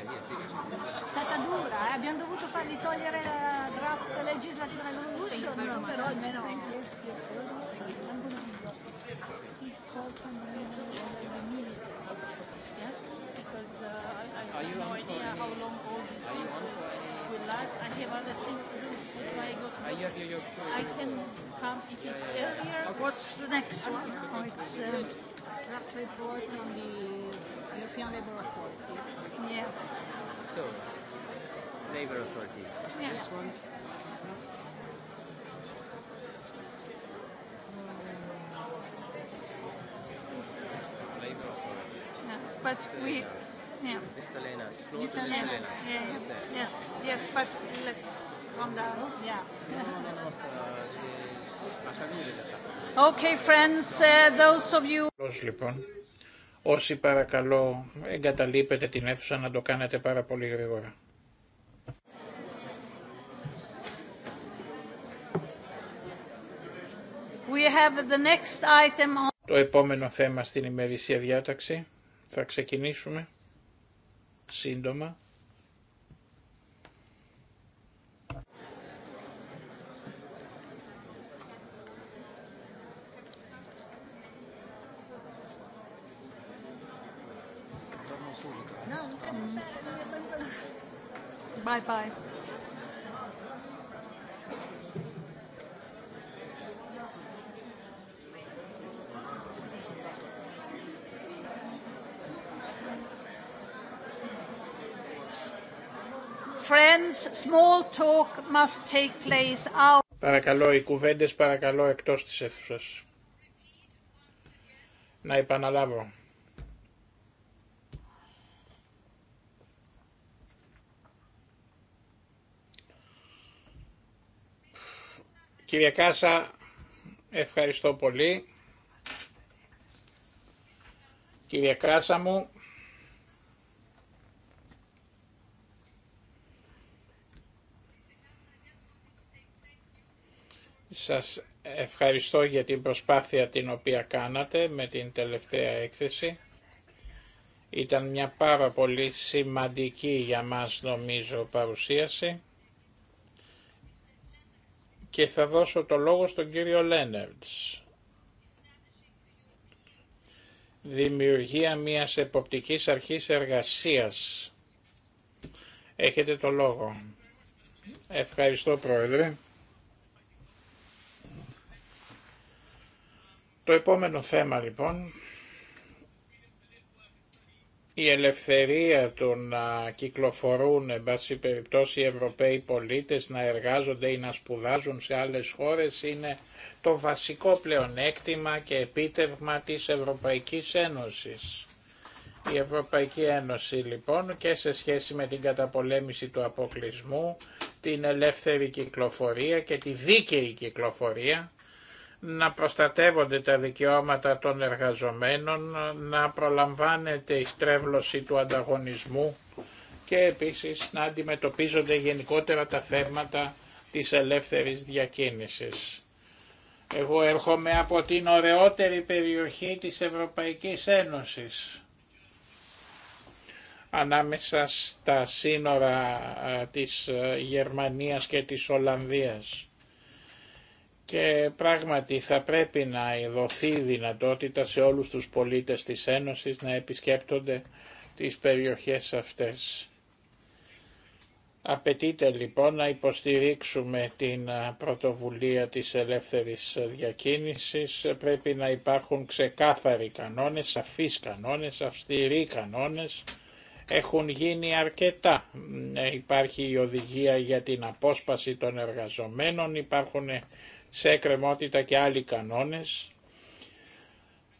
B: via, via, È stata dura, eh?
A: abbiamo dovuto fargli togliere la draft legislativa resolution, però almeno... What's the next one? Oh, it's draft report on the European Labour Authority. Yeah. So, labor authority. Yeah. This one. Labor authority. Yeah. But we. Yeah. Mr. Lenas. Floor Mr. Mr. Lenas. Yeah, yeah. Yes. Yes. But let's calm down. Yeah. Okay, friends, uh, those of
B: you. Λοιπόν, Όσοι παρακαλώ εγκαταλείπετε την αίθουσα να το κάνετε πάρα πολύ γρήγορα. Το επόμενο θέμα στην ημερησία διάταξη θα ξεκινήσουμε σύντομα
A: Bye bye. Friends, small talk must take place out. Παρακαλώ,
B: οι κουβέντες παρακαλώ εκτός της αίθουσας. Να επαναλάβω. Κύριε Κάσα, ευχαριστώ πολύ. Κύριε Κάσα μου, σας ευχαριστώ για την προσπάθεια την οποία κάνατε με την τελευταία έκθεση. Ήταν μια πάρα πολύ σημαντική για μας νομίζω παρουσίαση και θα δώσω το λόγο στον κύριο Λένερτς. Δημιουργία μιας εποπτικής αρχής εργασίας. Έχετε το λόγο. Ευχαριστώ Πρόεδρε. Το επόμενο θέμα λοιπόν η ελευθερία του να κυκλοφορούν, εν πάση περιπτώσει, οι Ευρωπαίοι πολίτες να εργάζονται ή να σπουδάζουν σε άλλες χώρες είναι το βασικό πλεονέκτημα και επίτευγμα της Ευρωπαϊκής Ένωσης. Η Ευρωπαϊκή Ένωση λοιπόν και σε σχέση με την καταπολέμηση του αποκλεισμού, την ελεύθερη κυκλοφορία και τη δίκαιη κυκλοφορία να προστατεύονται τα δικαιώματα των εργαζομένων, να προλαμβάνεται η στρέβλωση του ανταγωνισμού και επίσης να αντιμετωπίζονται γενικότερα τα θέματα της ελεύθερης διακίνησης. Εγώ έρχομαι από την ωραιότερη περιοχή της Ευρωπαϊκής Ένωσης ανάμεσα στα σύνορα ε, της ε, Γερμανίας και της Ολλανδίας και πράγματι θα πρέπει να δοθεί δυνατότητα σε όλους τους πολίτες της Ένωσης να επισκέπτονται τις περιοχές αυτές. Απαιτείται λοιπόν να υποστηρίξουμε την πρωτοβουλία της ελεύθερης διακίνησης. Πρέπει να υπάρχουν ξεκάθαροι κανόνες, σαφείς κανόνες, αυστηροί κανόνες. Έχουν γίνει αρκετά. Ε, υπάρχει η οδηγία για την απόσπαση των εργαζομένων, υπάρχουν σε εκκρεμότητα και άλλοι κανόνες,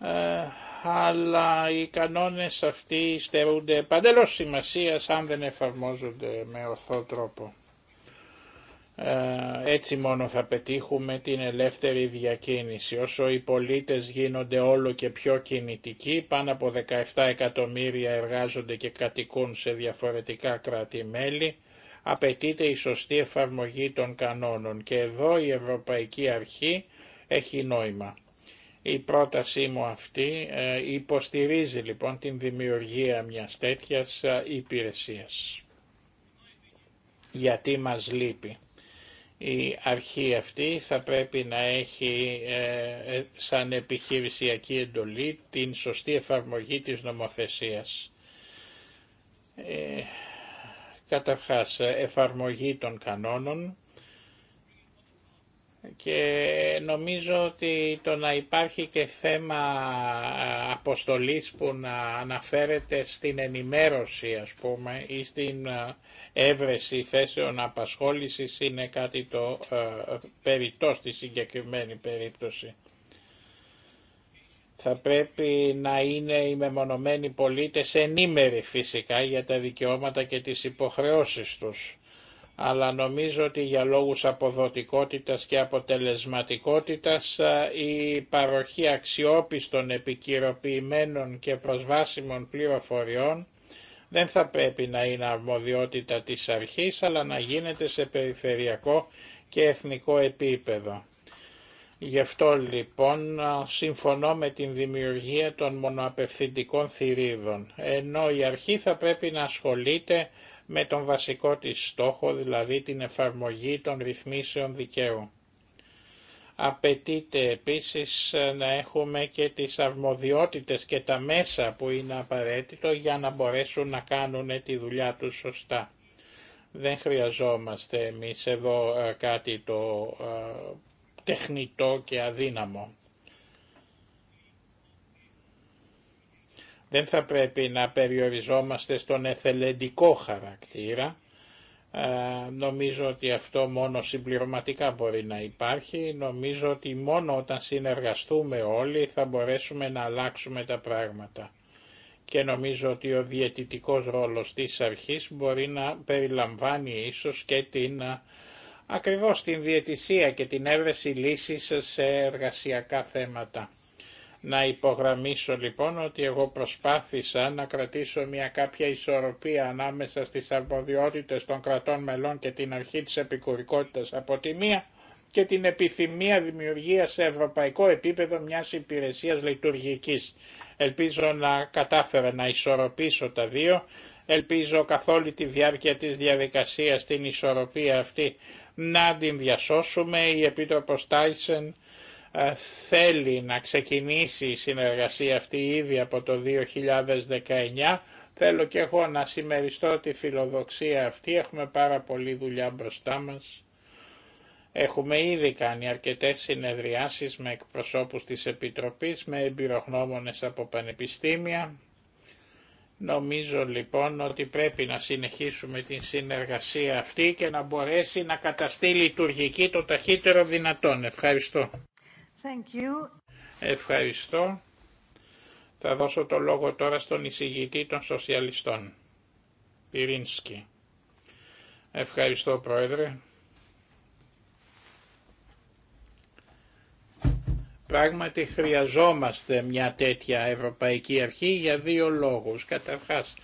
B: ε, αλλά οι κανόνες αυτοί στερούνται παντελώς σημασίας αν δεν εφαρμόζονται με ορθό τρόπο. Ε, έτσι μόνο θα πετύχουμε την ελεύθερη διακίνηση. Όσο οι πολίτες γίνονται όλο και πιο κινητικοί, πάνω από 17 εκατομμύρια εργάζονται και κατοικούν σε διαφορετικά κράτη-μέλη, απαιτείται η σωστή εφαρμογή των κανόνων και εδώ η Ευρωπαϊκή Αρχή έχει νόημα. Η πρότασή μου αυτή ε, υποστηρίζει λοιπόν την δημιουργία μιας τέτοιας ε, υπηρεσίας. Γιατί μας λείπει. Η αρχή αυτή θα πρέπει να έχει ε, σαν επιχειρησιακή εντολή την σωστή εφαρμογή της νομοθεσίας. Καταρχάς ε, εφαρμογή των κανόνων και νομίζω ότι το να υπάρχει και θέμα ε, αποστολής που να αναφέρεται στην ενημέρωση ας πούμε ή στην ε, έβρεση θέσεων απασχόλησης είναι κάτι το περιττό στη συγκεκριμένη περίπτωση θα πρέπει να είναι οι μεμονωμένοι πολίτες ενήμεροι φυσικά για τα δικαιώματα και τις υποχρεώσεις τους. Αλλά νομίζω ότι για λόγους αποδοτικότητας και αποτελεσματικότητας η παροχή αξιόπιστων επικυροποιημένων και προσβάσιμων πληροφοριών δεν θα πρέπει να είναι αρμοδιότητα της αρχής αλλά να γίνεται σε περιφερειακό και εθνικό επίπεδο. Γι' αυτό λοιπόν συμφωνώ με την δημιουργία των μονοαπευθυντικών θηρίδων, ενώ η αρχή θα πρέπει να ασχολείται με τον βασικό της στόχο, δηλαδή την εφαρμογή των ρυθμίσεων δικαίου. Απαιτείται επίσης να έχουμε και τις αρμοδιότητες και τα μέσα που είναι απαραίτητο για να μπορέσουν να κάνουν τη δουλειά τους σωστά. Δεν χρειαζόμαστε εμείς εδώ ε, κάτι το ε, τεχνητό και αδύναμο. Δεν θα πρέπει να περιοριζόμαστε στον εθελεντικό χαρακτήρα. Ε, νομίζω ότι αυτό μόνο συμπληρωματικά μπορεί να υπάρχει. Νομίζω ότι μόνο όταν συνεργαστούμε όλοι θα μπορέσουμε να αλλάξουμε τα πράγματα. Και νομίζω ότι ο διαιτητικός ρόλος της αρχής μπορεί να περιλαμβάνει ίσως και την ε, ακριβώς την διαιτησία και την έβρεση λύσης σε εργασιακά θέματα. Να υπογραμμίσω λοιπόν ότι εγώ προσπάθησα να κρατήσω μια κάποια ισορροπία ανάμεσα στις αρμοδιότητες των κρατών μελών και την αρχή της επικουρικότητας από τη μία και την επιθυμία δημιουργίας σε ευρωπαϊκό επίπεδο μιας υπηρεσίας λειτουργικής. Ελπίζω να κατάφερα να ισορροπήσω τα δύο. Ελπίζω καθ' όλη τη διάρκεια της διαδικασίας την ισορροπία αυτή να την διασώσουμε. Η επίτροπο Τάισεν ε, θέλει να ξεκινήσει η συνεργασία αυτή ήδη από το 2019. Θέλω και εγώ να συμμεριστώ τη φιλοδοξία αυτή. Έχουμε πάρα πολλή δουλειά μπροστά μας. Έχουμε ήδη κάνει αρκετές συνεδριάσεις με εκπροσώπους της Επιτροπής, με εμπειρογνώμονες από πανεπιστήμια Νομίζω λοιπόν ότι πρέπει να συνεχίσουμε την συνεργασία αυτή και να μπορέσει να καταστεί λειτουργική το ταχύτερο δυνατόν. Ευχαριστώ.
A: Thank you.
B: Ευχαριστώ. Θα δώσω το λόγο τώρα στον εισηγητή των σοσιαλιστών. Πυρίνσκι. Ευχαριστώ Πρόεδρε. πράγματι χρειαζόμαστε μια τέτοια Ευρωπαϊκή Αρχή για δύο λόγους. Καταρχάς,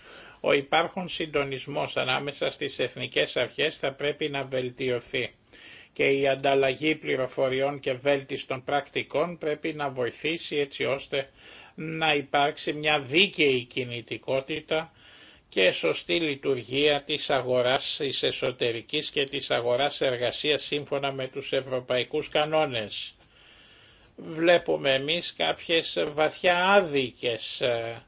B: ο υπάρχον συντονισμός ανάμεσα στις εθνικές αρχές θα πρέπει να βελτιωθεί και η ανταλλαγή πληροφοριών και βέλτιστων πρακτικών πρέπει να βοηθήσει έτσι ώστε να υπάρξει μια δίκαιη κινητικότητα και σωστή λειτουργία της αγοράς της εσωτερικής και της αγοράς εργασίας σύμφωνα με τους ευρωπαϊκούς κανόνες βλέπουμε εμείς κάποιες βαθιά άδικες ε,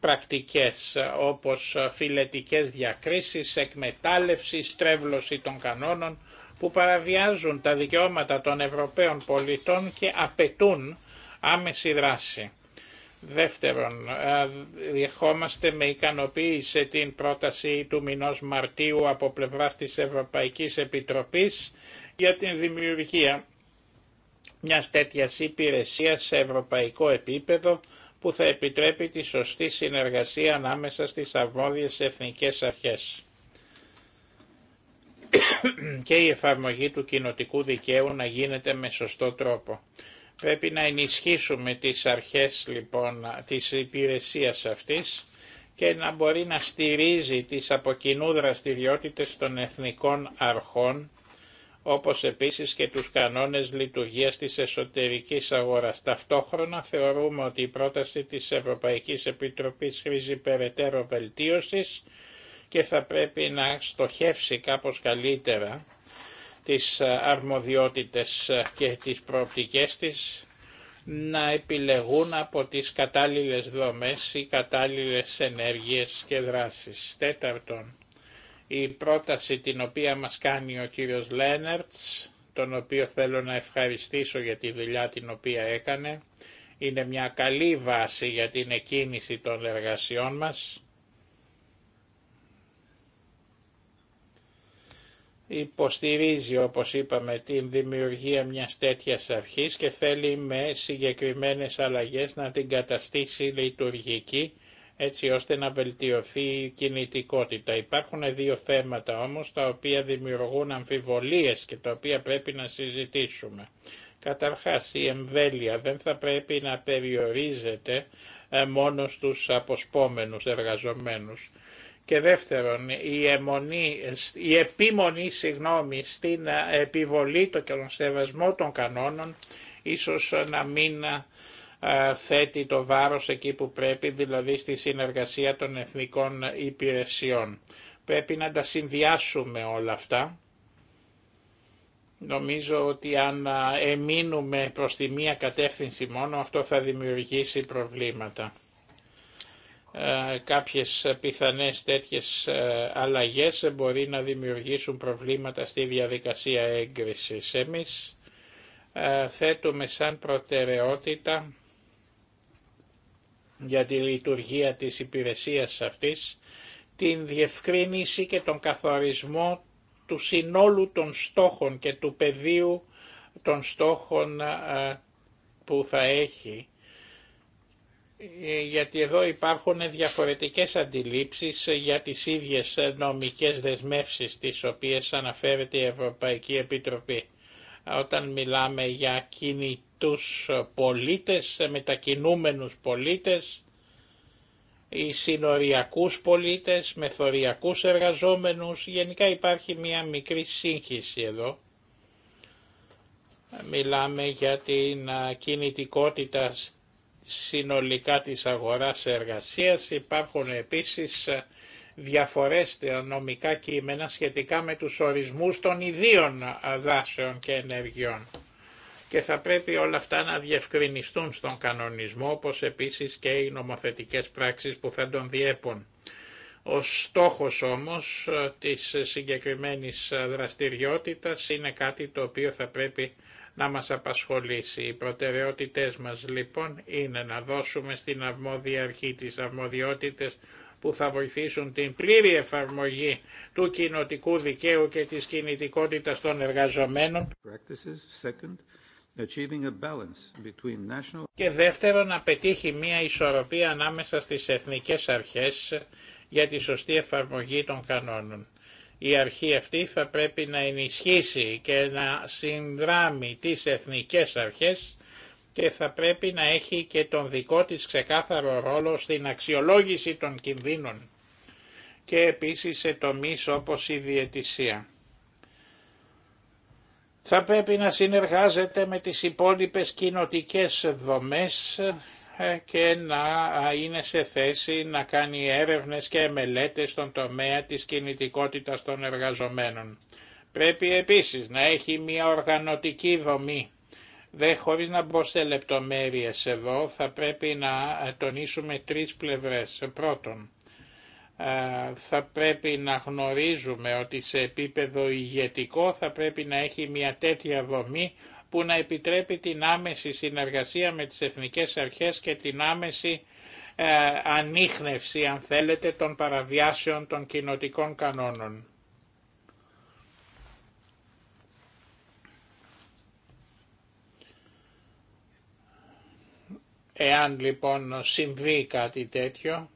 B: πρακτικές ε, όπως ε, φιλετικές διακρίσεις, εκμετάλλευση, στρέβλωση των κανόνων που παραβιάζουν τα δικαιώματα των Ευρωπαίων πολιτών και απαιτούν άμεση δράση. Δεύτερον, διεχόμαστε με ικανοποίηση την πρόταση του μηνός Μαρτίου από πλευράς της Ευρωπαϊκής Επιτροπής για την δημιουργία μια τέτοια υπηρεσία σε ευρωπαϊκό επίπεδο που θα επιτρέπει τη σωστή συνεργασία ανάμεσα στις αρμόδιες εθνικές αρχές <coughs> και η εφαρμογή του κοινοτικού δικαίου να γίνεται με σωστό τρόπο. Πρέπει να ενισχύσουμε τις αρχές λοιπόν της υπηρεσίας αυτής και να μπορεί να στηρίζει τις αποκοινού δραστηριότητες των εθνικών αρχών όπως επίσης και τους κανόνες λειτουργίας της εσωτερικής αγοράς. Ταυτόχρονα θεωρούμε ότι η πρόταση της Ευρωπαϊκής Επιτροπής χρήζει περαιτέρω βελτίωσης και θα πρέπει να στοχεύσει κάπως καλύτερα τις αρμοδιότητες και τις προοπτικές της να επιλεγούν από τις κατάλληλες δομές ή κατάλληλες ενέργειες και δράσεις. Τέταρτον, η πρόταση την οποία μας κάνει ο κύριος Λένερτς, τον οποίο θέλω να ευχαριστήσω για τη δουλειά την οποία έκανε, είναι μια καλή βάση για την εκκίνηση των εργασιών μας. υποστηρίζει όπως είπαμε την δημιουργία μιας τέτοιας αρχής και θέλει με συγκεκριμένες αλλαγές να την καταστήσει λειτουργική έτσι ώστε να βελτιωθεί η κινητικότητα. Υπάρχουν δύο θέματα όμως τα οποία δημιουργούν αμφιβολίες και τα οποία πρέπει να συζητήσουμε. Καταρχάς η εμβέλεια δεν θα πρέπει να περιορίζεται ε, μόνο στους αποσπόμενους εργαζομένους. Και δεύτερον, η, επίμονη συγγνώμη, στην ε, επιβολή και τον σεβασμό των κανόνων ίσως να μην ε, θέτει το βάρος εκεί που πρέπει, δηλαδή στη συνεργασία των εθνικών υπηρεσιών. Πρέπει να τα συνδυάσουμε όλα αυτά. Νομίζω ότι αν εμείνουμε προς τη μία κατεύθυνση μόνο, αυτό θα δημιουργήσει προβλήματα. Ε, κάποιες πιθανές τέτοιες αλλαγές μπορεί να δημιουργήσουν προβλήματα στη διαδικασία έγκρισης. Εμείς θέτουμε σαν προτεραιότητα για τη λειτουργία της υπηρεσίας αυτής, την διευκρίνηση και τον καθορισμό του συνόλου των στόχων και του πεδίου των στόχων που θα έχει ε, γιατί εδώ υπάρχουν διαφορετικές αντιλήψεις για τις ίδιες νομικές δεσμεύσεις τις οποίες αναφέρεται η Ευρωπαϊκή Επιτροπή. Όταν μιλάμε για τους πολίτες, μετακινούμενους πολίτες, οι συνοριακούς πολίτες, μεθοριακούς εργαζόμενους, γενικά υπάρχει μια μικρή σύγχυση εδώ. Μιλάμε για την κινητικότητα συνολικά της αγοράς εργασίας. Υπάρχουν επίσης διαφορές νομικά κείμενα σχετικά με τους ορισμούς των ιδίων δάσεων και ενεργειών και θα πρέπει όλα αυτά να διευκρινιστούν στον κανονισμό, όπως επίσης και οι νομοθετικές πράξεις που θα τον διέπουν. Ο στόχος όμως ε, της συγκεκριμένης ε, δραστηριότητας είναι κάτι το οποίο θα πρέπει να μας απασχολήσει. Οι προτεραιότητες μας λοιπόν είναι να δώσουμε στην αρμόδια αρχή τις αρμοδιότητες που θα βοηθήσουν την πλήρη εφαρμογή του κοινοτικού δικαίου και της κινητικότητας των εργαζομένων. Και δεύτερον να πετύχει μία ισορροπία ανάμεσα στις εθνικές αρχές για τη σωστή εφαρμογή των κανόνων. Η αρχή αυτή θα πρέπει να ενισχύσει και να συνδράμει τις εθνικές αρχές και θα πρέπει να έχει και τον δικό της ξεκάθαρο ρόλο στην αξιολόγηση των κινδύνων και επίσης σε τομείς όπως η διαιτησία. Θα πρέπει να συνεργάζεται με τις υπόλοιπες κοινοτικές δομές ε, και να είναι σε θέση να κάνει έρευνες και μελέτες στον τομέα της κινητικότητας των εργαζομένων. Πρέπει επίσης να έχει μια οργανωτική δομή. Δε, χωρίς να μπω σε λεπτομέρειες εδώ, θα πρέπει να τονίσουμε τρεις πλευρές. Πρώτον, θα πρέπει να γνωρίζουμε ότι σε επίπεδο ηγετικό θα πρέπει να έχει μια τέτοια δομή που να επιτρέπει την άμεση συνεργασία με τις εθνικές αρχές και την άμεση ε, ανείχνευση, αν θέλετε, των παραβιάσεων των κοινοτικών κανόνων. Εάν λοιπόν συμβεί κάτι τέτοιο,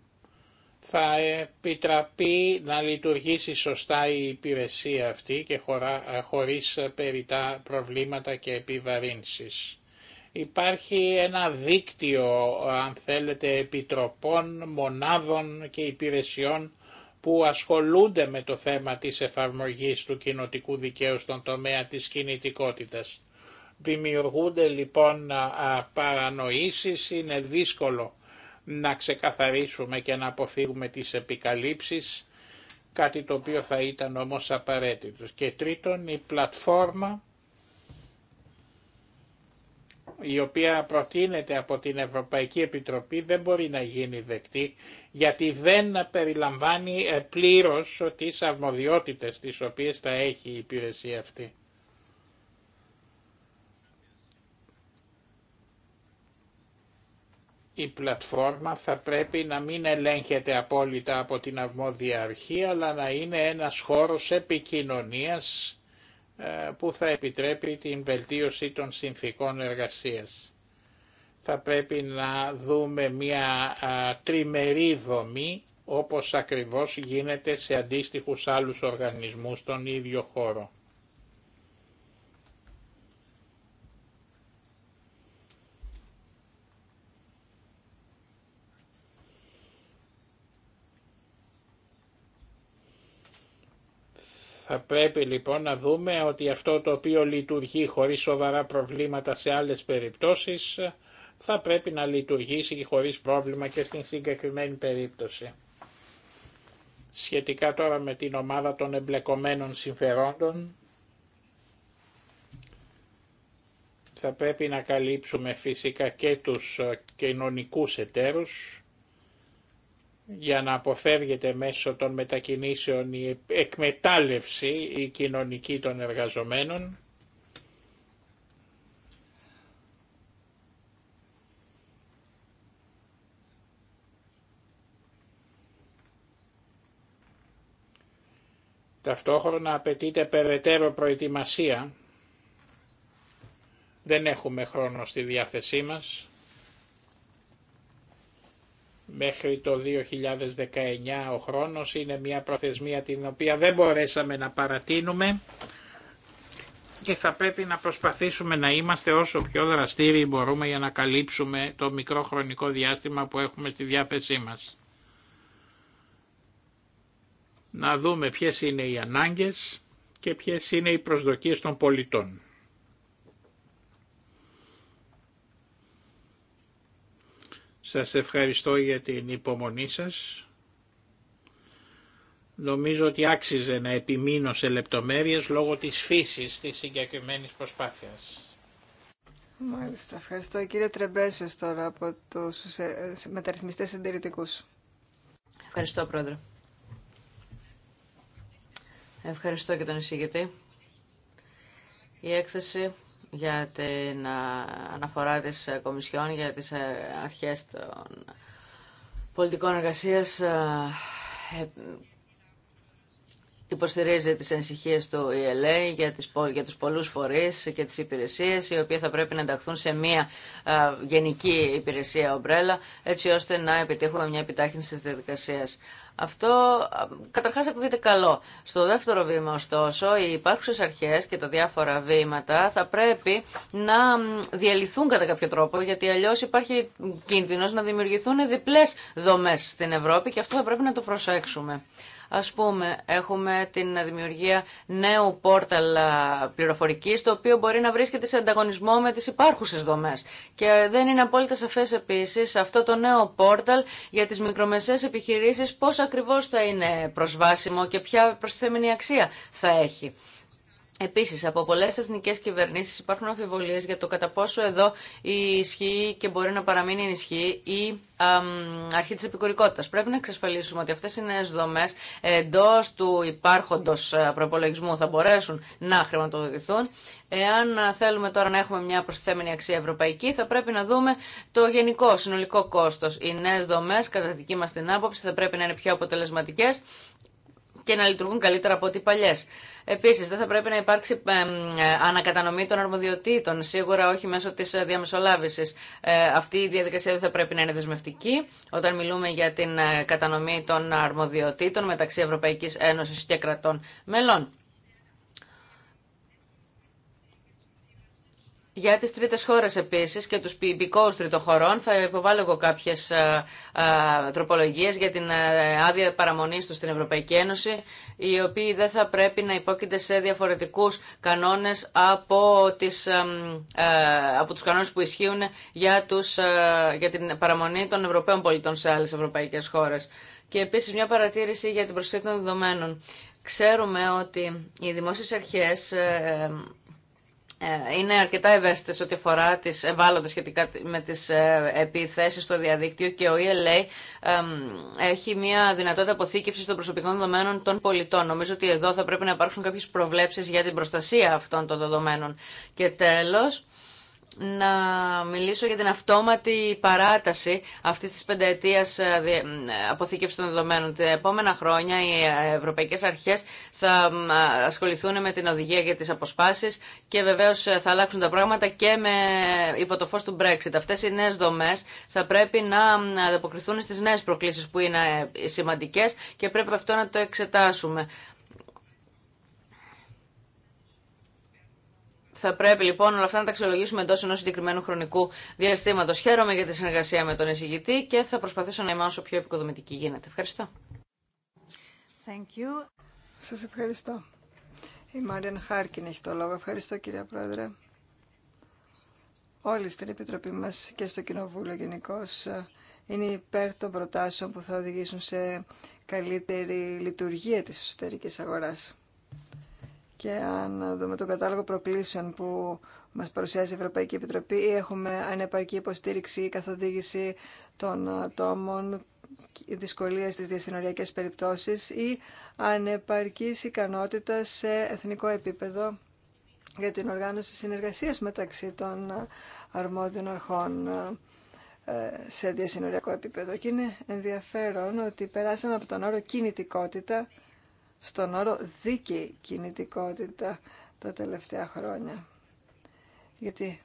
B: θα επιτραπεί να λειτουργήσει σωστά η υπηρεσία αυτή και χωρά, ε, χωρίς περιτά προβλήματα και επιβαρύνσεις. Υπάρχει ένα δίκτυο, αν θέλετε, επιτροπών, μονάδων και υπηρεσιών που ασχολούνται με το θέμα της εφαρμογής του κοινοτικού δικαίου στον τομέα της κινητικότητας. Δημιουργούνται λοιπόν παρανοήσεις, είναι δύσκολο να ξεκαθαρίσουμε και να αποφύγουμε τις επικαλύψεις, κάτι το οποίο θα ήταν όμως απαραίτητο. Και τρίτον, η πλατφόρμα η οποία προτείνεται από την Ευρωπαϊκή Επιτροπή δεν μπορεί να γίνει δεκτή γιατί δεν περιλαμβάνει ε, πλήρως τις αρμοδιότητες τις οποίες θα έχει η υπηρεσία αυτή. η πλατφόρμα θα πρέπει να μην ελέγχεται απόλυτα από την αρμόδια αρχή, αλλά να είναι ένας χώρος επικοινωνίας ε, που θα επιτρέπει την βελτίωση των συνθήκων εργασίας. Θα πρέπει να δούμε μια τριμερή δομή, όπως ακριβώς γίνεται σε αντίστοιχους άλλους οργανισμούς στον ίδιο χώρο. Θα πρέπει λοιπόν να δούμε ότι αυτό το οποίο λειτουργεί χωρίς σοβαρά προβλήματα σε άλλες περιπτώσεις θα πρέπει να λειτουργήσει και χωρίς πρόβλημα και στην συγκεκριμένη περίπτωση. Σχετικά τώρα με την ομάδα των εμπλεκομένων συμφερόντων, θα πρέπει να καλύψουμε φυσικά και τους ε, κοινωνικούς εταίρους, για να αποφεύγεται μέσω των μετακινήσεων η εκμετάλλευση η κοινωνική των εργαζομένων. Ταυτόχρονα απαιτείται περαιτέρω προετοιμασία. Δεν έχουμε χρόνο στη διάθεσή μας. Μέχρι το 2019 ο χρόνος είναι μια προθεσμία την οποία δεν μπορέσαμε να παρατείνουμε και θα πρέπει να προσπαθήσουμε να είμαστε όσο πιο δραστήριοι μπορούμε για να καλύψουμε το μικρό χρονικό διάστημα που έχουμε στη διάθεσή μας. Να δούμε ποιες είναι οι ανάγκες και ποιες είναι οι προσδοκίες των πολιτών. Σας ευχαριστώ για την υπομονή σας. Νομίζω ότι άξιζε να επιμείνω σε λεπτομέρειες λόγω της φύσης της συγκεκριμένης προσπάθειας.
C: Μάλιστα, ευχαριστώ. Κύριε Τρεμπέσιος τώρα από τους ε, ε,
D: μεταρρυθμιστές συντηρητικούς. Ευχαριστώ, Πρόεδρε. Ευχαριστώ και τον εισηγητή. Η έκθεση για την αναφορά της ε, Κομισιόν για τις ε, αρχές των πολιτικών εργασίας ε, υποστηρίζει τις ενσυχίες του ELA για, για τους πολλούς φορείς και τις υπηρεσίες οι οποίες θα πρέπει να ενταχθούν σε μια γενική υπηρεσία ομπρέλα έτσι ώστε να επιτύχουμε μια επιτάχυνση της διαδικασίας. Αυτό καταρχάς ακούγεται καλό. Στο δεύτερο βήμα ωστόσο οι υπάρχουσες αρχές και τα διάφορα βήματα θα πρέπει να διαλυθούν κατά κάποιο τρόπο γιατί αλλιώς υπάρχει κίνδυνος να δημιουργηθούν διπλές δομές στην Ευρώπη και αυτό θα πρέπει να το προσέξουμε. Ας πούμε, έχουμε την δημιουργία νέου πόρταλ πληροφορικής, το οποίο μπορεί να βρίσκεται σε ανταγωνισμό με τις υπάρχουσες δομές. Και δεν είναι απόλυτα σαφές επίσης αυτό το νέο πόρταλ για τις μικρομεσαίες επιχειρήσεις, πώς ακριβώς θα είναι προσβάσιμο και ποια προσθέμενη αξία θα έχει. Επίσης, από πολλές εθνικές κυβερνήσεις υπάρχουν αμφιβολίες για το κατά πόσο εδώ ισχύει και μπορεί να παραμείνει ισχύει η αρχή της επικουρικότητα. Πρέπει να εξασφαλίσουμε ότι αυτές οι νέε δομέ εντός του υπάρχοντος ε, προπολογισμού θα μπορέσουν να χρηματοδοτηθούν. Εάν ε, θέλουμε τώρα να έχουμε μια προσθέμενη αξία ευρωπαϊκή, θα πρέπει να δούμε το γενικό συνολικό κόστος. Οι νέε δομέ κατά δική μας την άποψη, θα πρέπει να είναι πιο αποτελεσματικέ και να λειτουργούν καλύτερα από ό,τι παλιές. Επίση, δεν θα πρέπει να υπάρξει ε, ε, ανακατανομή των αρμοδιοτήτων, σίγουρα όχι μέσω τη ε, διαμεσολάβηση. Αυτή η διαδικασία δεν θα πρέπει να είναι δεσμευτική όταν μιλούμε για την κατανομή των αρμοδιοτήτων μεταξύ Ευρωπαϊκή Ένωση και κρατών μελών. Για τις τρίτες χώρες επίσης και τους ποιητικούς τριτοχωρών θα υποβάλω εγώ κάποιες ε, ε, τροπολογίες για την ε, άδεια παραμονής τους στην Ευρωπαϊκή Ένωση οι οποίοι δεν θα πρέπει να υπόκεινται σε διαφορετικούς κανόνες από, τις, από τους κανόνες που ισχύουν για, τους, για την παραμονή των Ευρωπαίων πολιτών σε άλλες ευρωπαϊκές χώρες. Και επίσης μια παρατήρηση για την προσθήκη των δεδομένων. Ξέρουμε ότι οι δημόσιες αρχές ε, είναι αρκετά ευαίσθητε ό,τι αφορά τι ευάλωτε σχετικά με τι ε, επιθέσει στο διαδίκτυο και ο ELA έχει μια δυνατότητα αποθήκευση των προσωπικών δεδομένων των πολιτών. Νομίζω ότι εδώ θα πρέπει να υπάρξουν κάποιε προβλέψει για την προστασία αυτών των δεδομένων. Και τέλο, να μιλήσω για την αυτόματη παράταση αυτή της πενταετία ε, αποθήκευση των δεδομένων. Τα επόμενα χρόνια οι ε, ευρωπαϊκές αρχές θα ασχοληθούν με την οδηγία για τις αποσπάσεις και βεβαίως ε, θα αλλάξουν τα πράγματα και με υπό το φω του Brexit. Αυτές οι νέε δομέ θα πρέπει να ανταποκριθούν στι νέες προκλήσει που είναι σημαντικέ και πρέπει αυτό να το εξετάσουμε. Θα πρέπει λοιπόν όλα αυτά να τα αξιολογήσουμε εντό ενό συγκεκριμένου χρονικού διαστήματο. Χαίρομαι για τη συνεργασία με τον εισηγητή και θα προσπαθήσω να είμαι όσο πιο επικοδομητική γίνεται. Ευχαριστώ.
A: Thank
C: Σας ευχαριστώ. Η Μάριαν Χάρκιν έχει το λόγο. Ευχαριστώ κυρία Πρόεδρε. Όλοι στην Επιτροπή μα και στο Κοινοβούλιο γενικώ ε, είναι υπέρ των προτάσεων που θα οδηγήσουν σε καλύτερη λειτουργία της εσωτερικής αγοράς και αν δούμε τον κατάλογο προκλήσεων που μας παρουσιάζει η Ευρωπαϊκή Επιτροπή, ή έχουμε ανεπαρκή υποστήριξη ή καθοδήγηση των ατόμων, δυσκολίες στις διασυνοριακές περιπτώσεις ή ανεπαρκής ικανότητα σε εθνικό επίπεδο για την οργάνωση συνεργασίας μεταξύ των αρμόδιων αρχών ε, σε διασυνοριακό επίπεδο. Και είναι ενδιαφέρον ότι περάσαμε από τον όρο κινητικότητα στον όρο δίκαιη κινητικότητα τα τελευταία χρόνια. Γιατί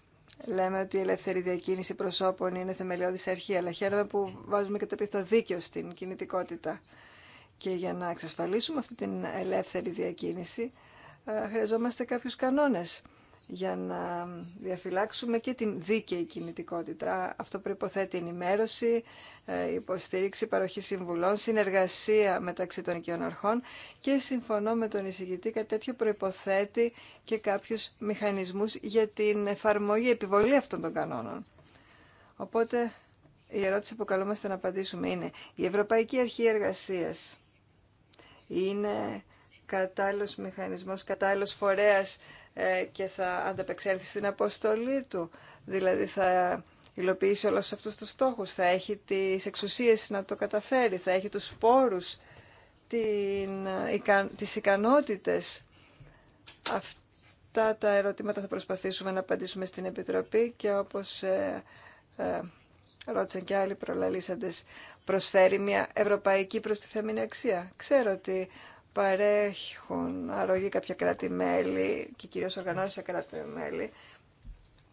C: λέμε ότι η ελεύθερη διακίνηση προσώπων είναι θεμελιώδης αρχή, αλλά χαίρομαι που βάζουμε και το επίθετο δίκαιο στην κινητικότητα. Και για να εξασφαλίσουμε αυτή την ελεύθερη διακίνηση, ε, χρειαζόμαστε κάποιους κανόνες για να διαφυλάξουμε και την δίκαιη κινητικότητα. Αυτό προϋποθέτει ενημέρωση, ε, υποστήριξη, παροχή συμβουλών, συνεργασία μεταξύ των οικειών και συμφωνώ με τον εισηγητή κάτι τέτοιο προϋποθέτει και κάποιους μηχανισμούς για την εφαρμογή, επιβολή αυτών των κανόνων. Οπότε η ερώτηση που καλούμαστε να απαντήσουμε είναι η Ευρωπαϊκή Αρχή Εργασίας είναι κατάλληλος μηχανισμός, κατάλληλος φορέας ε, και θα ανταπεξέλθει στην αποστολή του. Δηλαδή θα υλοποιήσει όλους αυτούς τους στόχους, θα έχει τις εξουσίες να το καταφέρει, θα έχει τους σπόρους, την, τις ικανότητες. Αυτά τα ερωτήματα θα προσπαθήσουμε να απαντήσουμε στην Επιτροπή και όπως ε, ε ρώτησαν και άλλοι προλαλήσαντες, προσφέρει μια ευρωπαϊκή προστιθέμενη αξία. Ξέρω ότι παρέχουν αρρωγή κάποια κράτη-μέλη και κυρίως οργανώσεις σε κράτη-μέλη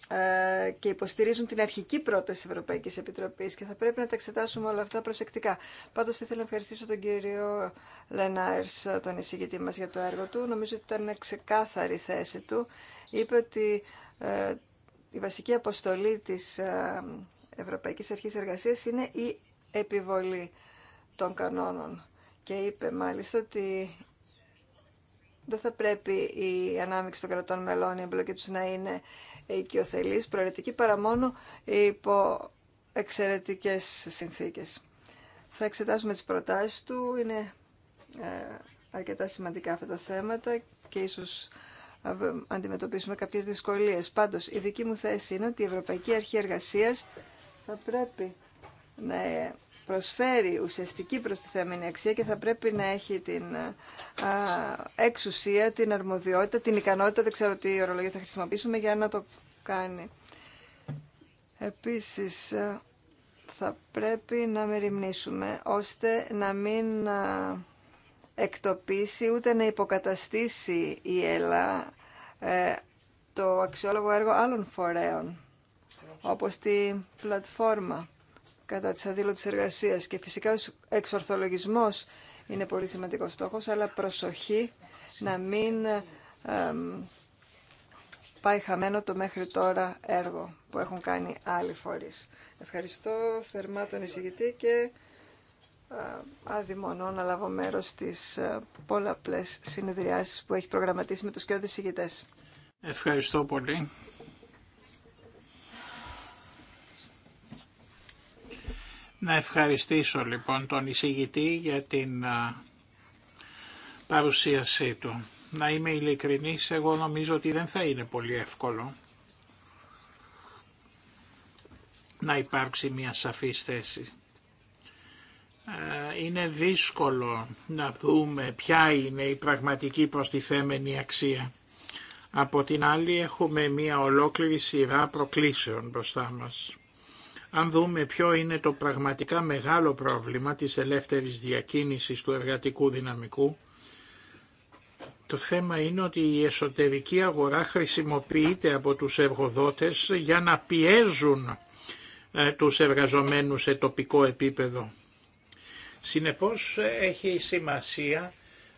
C: ε, και υποστηρίζουν την αρχική πρόταση Ευρωπαϊκής Επιτροπής και θα πρέπει να τα εξετάσουμε όλα αυτά προσεκτικά. Πάντως θέλω να ευχαριστήσω τον κύριο Λενάρς, τον εισηγητή μας για το έργο του. Νομίζω ότι ήταν ξεκάθαρη θέση του. Είπε ότι ε, η βασική αποστολή της ε, Ευρωπαϊκής Αρχής Εργασίας είναι η επιβολή των κανόνων και είπε μάλιστα ότι δεν θα πρέπει η ανάμειξη των κρατών μελών, η εμπλοκή να είναι οικειοθελής, προαιρετική, παρά μόνο υπό εξαιρετικές συνθήκες. Θα εξετάσουμε τις προτάσεις του, είναι ε, αρκετά σημαντικά αυτά τα θέματα και ίσως ε, αντιμετωπίσουμε κάποιες δυσκολίες. Πάντως, η δική μου θέση είναι ότι η Ευρωπαϊκή Αρχή Εργασίας θα πρέπει να ε, προσφέρει ουσιαστική προστιθέμενη αξία και θα πρέπει να έχει την εξουσία, την αρμοδιότητα, την ικανότητα, δεν ξέρω τι ορολογία θα χρησιμοποιήσουμε για να το κάνει. Επίσης, θα πρέπει να μεριμνήσουμε ώστε να μην εκτοπίσει ούτε να υποκαταστήσει η ΕΛΑ ε, το αξιόλογο έργο άλλων φορέων, όπως τη πλατφόρμα κατά της εργασία. και φυσικά ο εξορθολογισμό είναι πολύ σημαντικό στόχο, αλλά προσοχή να μην πάει χαμένο το μέχρι τώρα έργο που έχουν κάνει άλλοι φορεί. Ευχαριστώ θερμά τον εισηγητή και ε, αδειμονώ να λάβω μέρος στις ε, πολλαπλές συνεδριάσεις που έχει προγραμματίσει με τους και οδησηγητές.
B: Ευχαριστώ πολύ. Να ευχαριστήσω λοιπόν τον εισηγητή για την παρουσίασή του. Να είμαι ειλικρινής, εγώ νομίζω ότι δεν θα είναι πολύ εύκολο να υπάρξει μια σαφή θέση. Ε, είναι δύσκολο να δούμε ποια είναι η πραγματική προστιθέμενη αξία. Από την άλλη έχουμε μια ολόκληρη σειρά προκλήσεων μπροστά μας. Αν δούμε ποιο είναι το πραγματικά μεγάλο πρόβλημα της ελεύθερης διακίνησης του εργατικού δυναμικού, το θέμα είναι ότι η εσωτερική αγορά χρησιμοποιείται από τους εργοδότες για να πιέζουν ε, τους εργαζομένους σε τοπικό επίπεδο. Συνεπώς ε, έχει σημασία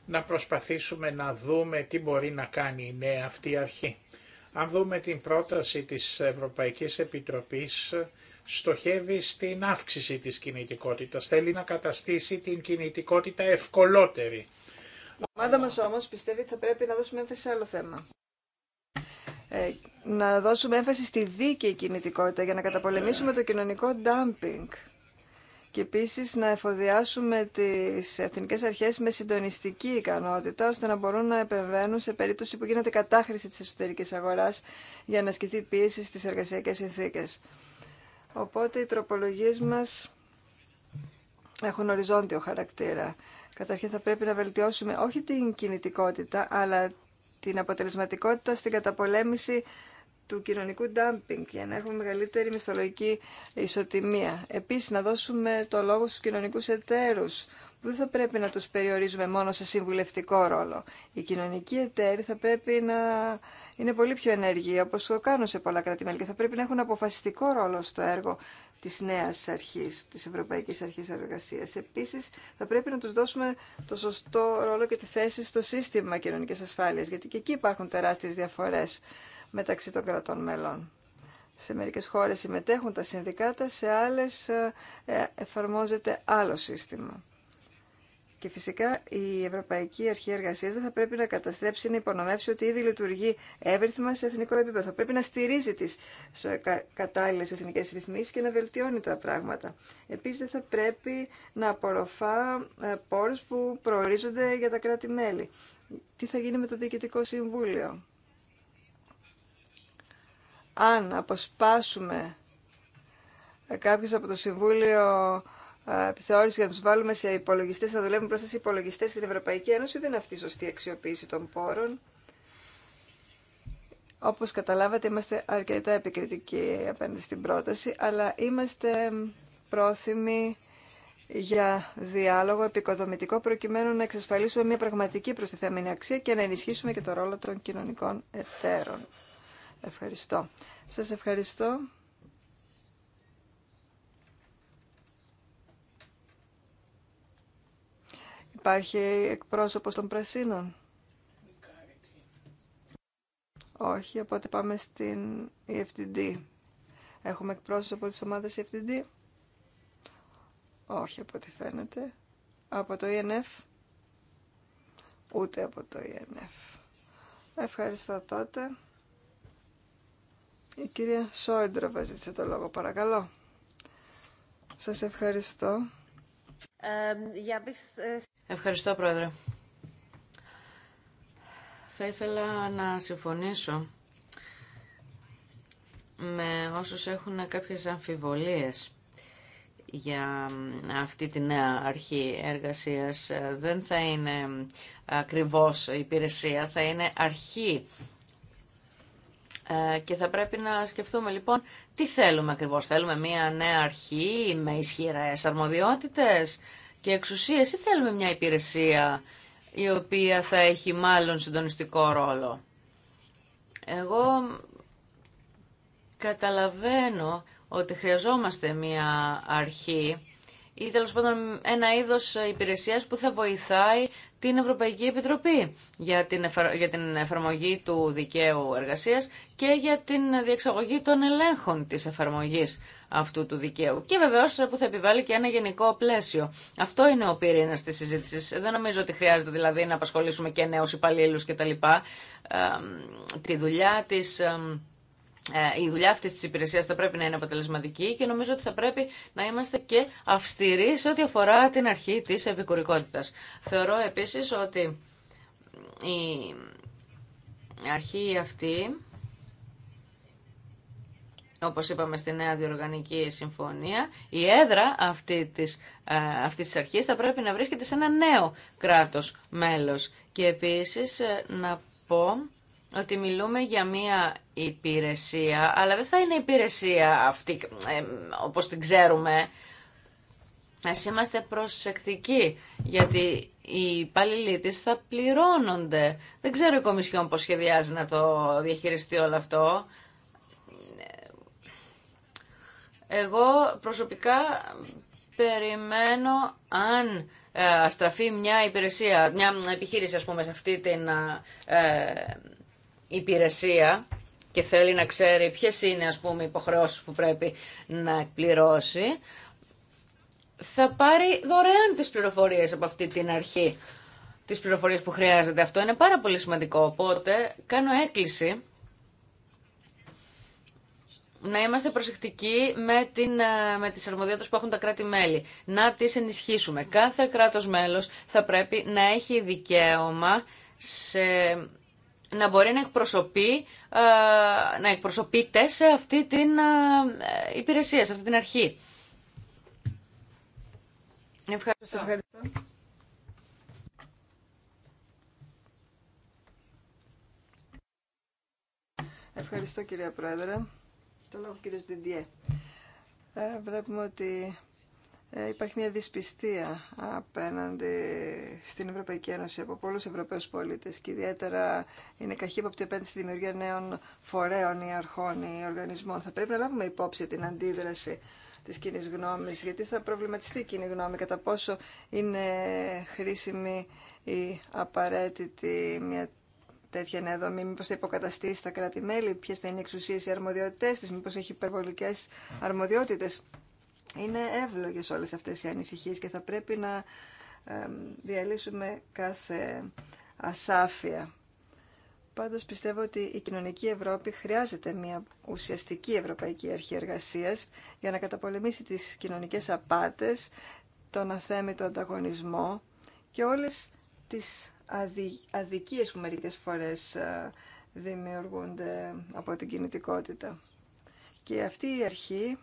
B: να προσπαθήσουμε να δούμε τι μπορεί να κάνει η νέα αυτή αρχή. Αν δούμε την πρόταση της Ευρωπαϊκής Επιτροπής στοχεύει στην αύξηση της κινητικότητας. Θέλει να καταστήσει την κινητικότητα ευκολότερη. Η ομάδα μας όμως πιστεύει ότι θα πρέπει να δώσουμε έμφαση σε άλλο θέμα. Ε, να δώσουμε
C: έμφαση στη δίκαιη κινητικότητα για να καταπολεμήσουμε το κοινωνικό dumping. Και επίση να εφοδιάσουμε τι εθνικέ αρχέ με συντονιστική ικανότητα ώστε να μπορούν να επεμβαίνουν σε περίπτωση που γίνεται κατάχρηση τη εσωτερική αγορά για να ασκηθεί πίεση στι εργασιακέ συνθήκε. Οπότε οι τροπολογίες μας έχουν οριζόντιο χαρακτήρα. Καταρχήν θα πρέπει να βελτιώσουμε όχι την κινητικότητα, αλλά την αποτελεσματικότητα στην καταπολέμηση του κοινωνικού ντάμπινγκ για να έχουμε μεγαλύτερη μισθολογική ισοτιμία. Επίσης να δώσουμε το λόγο στους κοινωνικούς εταίρους δεν θα πρέπει να τους περιορίζουμε μόνο σε συμβουλευτικό ρόλο. Οι κοινωνικοί εταίροι θα πρέπει να είναι πολύ πιο ενεργοί, όπως το κάνουν σε πολλά και θα πρέπει να έχουν αποφασιστικό ρόλο στο έργο της νέας αρχής, της Ευρωπαϊκής Αρχής Εργασίας. Επίσης, θα πρέπει να τους δώσουμε το σωστό ρόλο και τη θέση στο σύστημα κοινωνικής ασφάλειας, γιατί και εκεί υπάρχουν τεράστιες διαφορές μεταξύ των κρατών μελών. Σε μερικές χώρες συμμετέχουν τα συνδικάτα, σε άλλες ε, ε, εφαρμόζεται άλλο σύστημα. Και φυσικά η Ευρωπαϊκή Αρχή Εργασία δεν θα πρέπει να καταστρέψει, να υπονομεύσει ότι ήδη λειτουργεί εύρυθμα σε εθνικό επίπεδο. Θα πρέπει να στηρίζει τι κατάλληλε εθνικέ ρυθμίσει και να βελτιώνει τα πράγματα. Επίση, δεν θα πρέπει να απορροφά ε, πόρου που προορίζονται για τα κράτη-μέλη. Τι θα γίνει με το Διοικητικό Συμβούλιο. Αν αποσπάσουμε ε, κάποιους από το Συμβούλιο επιθεώρηση για να του βάλουμε σε υπολογιστέ, να δουλεύουν μπροστά σε υπολογιστέ στην Ευρωπαϊκή Ένωση, δεν είναι αυτή η σωστή αξιοποίηση των πόρων. Όπω καταλάβατε, είμαστε αρκετά επικριτικοί απέναντι στην πρόταση, αλλά είμαστε πρόθυμοι για διάλογο επικοδομητικό προκειμένου να εξασφαλίσουμε μια πραγματική προστιθέμενη αξία και να ενισχύσουμε και το ρόλο των κοινωνικών εταίρων. Ευχαριστώ. Σας ευχαριστώ. Υπάρχει εκπρόσωπος των Πρασίνων. Όχι, οπότε πάμε στην EFTD. Έχουμε εκπρόσωπο της ομάδας EFTD. Όχι, από ό,τι φαίνεται. Από το ENF. Ούτε από το ENF. Ευχαριστώ τότε. Η κυρία Σόιντροβα ζήτησε το λόγο, παρακαλώ. Σας ευχαριστώ.
A: Ε,
D: Ευχαριστώ, Πρόεδρε. Θα ήθελα να συμφωνήσω με όσους έχουν κάποιες αμφιβολίες για αυτή τη νέα αρχή εργασίας. Δεν θα είναι ακριβώς υπηρεσία, θα είναι αρχή ε, και θα πρέπει να σκεφτούμε λοιπόν τι θέλουμε ακριβώς. Θέλουμε μια νέα αρχή με ισχυρές αρμοδιότητες και εξουσίες ή θέλουμε μια υπηρεσία η οποία θα έχει μάλλον συντονιστικό ρόλο. Εγώ καταλαβαίνω ότι χρειαζόμαστε μια αρχή ή τέλο πάντων ένα είδο υπηρεσίας που θα βοηθάει την Ευρωπαϊκή Επιτροπή για την, για την εφαρμογή του δικαίου εργασίας και για την διεξαγωγή των ελέγχων της εφαρμογής αυτού του δικαίου. Και βεβαίω ε, που θα επιβάλλει και ένα γενικό πλαίσιο. Αυτό είναι ο πυρήνα τη συζήτηση. Δεν νομίζω ότι χρειάζεται δηλαδή να απασχολήσουμε και νέου υπαλλήλου κτλ. Τη δουλειά τη. Ε, η δουλειά αυτή τη υπηρεσία θα πρέπει να είναι αποτελεσματική και νομίζω ότι θα πρέπει να είμαστε και αυστηροί σε ό,τι αφορά την αρχή τη επικουρικότητα. Θεωρώ επίση ότι η αρχή αυτή όπως είπαμε στη νέα διοργανική συμφωνία, η έδρα αυτή της, ε, αυτής της αρχής θα πρέπει να βρίσκεται σε ένα νέο κράτος μέλος. Και επίσης ε, να πω ότι μιλούμε για μία υπηρεσία, αλλά δεν θα είναι υπηρεσία αυτή ε, όπως την ξέρουμε. Ας είμαστε προσεκτικοί, γιατί οι υπάλληλοι θα πληρώνονται. Δεν ξέρω η Κομισιόν πώς σχεδιάζει να το διαχειριστεί όλο αυτό. Εγώ προσωπικά περιμένω αν ε, αστραφεί μια υπηρεσία, μια επιχείρηση ας πούμε σε αυτή την ε, ε, υπηρεσία και θέλει να ξέρει ποιες είναι ας πούμε οι υποχρεώσεις που πρέπει να εκπληρώσει, θα πάρει δωρεάν τις πληροφορίες από αυτή την αρχή, τις πληροφορίες που χρειάζεται. Αυτό είναι πάρα πολύ σημαντικό, οπότε κάνω έκκληση να είμαστε προσεκτικοί με, την, ε, με τις αρμοδιότητες που έχουν τα κράτη-μέλη. Να τις ενισχύσουμε. Κάθε κράτος μέλος θα πρέπει να έχει δικαίωμα να μπορεί να εκπροσωπεί, ε, να εκπροσωπείται σε αυτή την ε, υπηρεσία, σε αυτή την αρχή. Ευχαριστώ. ευχαριστώ.
C: Ευχαριστώ κυρία Πρόεδρε το λόγο του κ. Διντιέ. Ε, βλέπουμε ότι ε, υπάρχει μια δυσπιστία απέναντι στην Ευρωπαϊκή Ένωση από πολλούς Ευρωπαίους πολίτες και ιδιαίτερα είναι καχύποπτη επένδυση στη δημιουργία νέων φορέων ή αρχών ή οργανισμών. Θα πρέπει να λάβουμε υπόψη την αντίδραση της κοινή γνώμης, γιατί θα προβληματιστεί η κοινή γνώμη κατά πόσο είναι χρήσιμη ή απαραίτητη μια τέτοια νέα δομή, μήπως θα υποκαταστήσει τα κράτη-μέλη, ποιες θα είναι οι εξουσίες, οι αρμοδιότητές της, μήπως έχει υπερβολικές αρμοδιότητες. Είναι εύλογες όλες αυτές οι ανησυχίες και θα πρέπει να διαλύσουμε κάθε ασάφεια. Πάντως πιστεύω ότι η κοινωνική Ευρώπη χρειάζεται μια ουσιαστική ευρωπαϊκή αρχή εργασίας για να καταπολεμήσει τις κοινωνικές απάτες, τον αθέμητο ανταγωνισμό και όλες τις αδικίες που μερικές φορές ε, δημιουργούνται από την κινητικότητα. Και αυτή η αρχή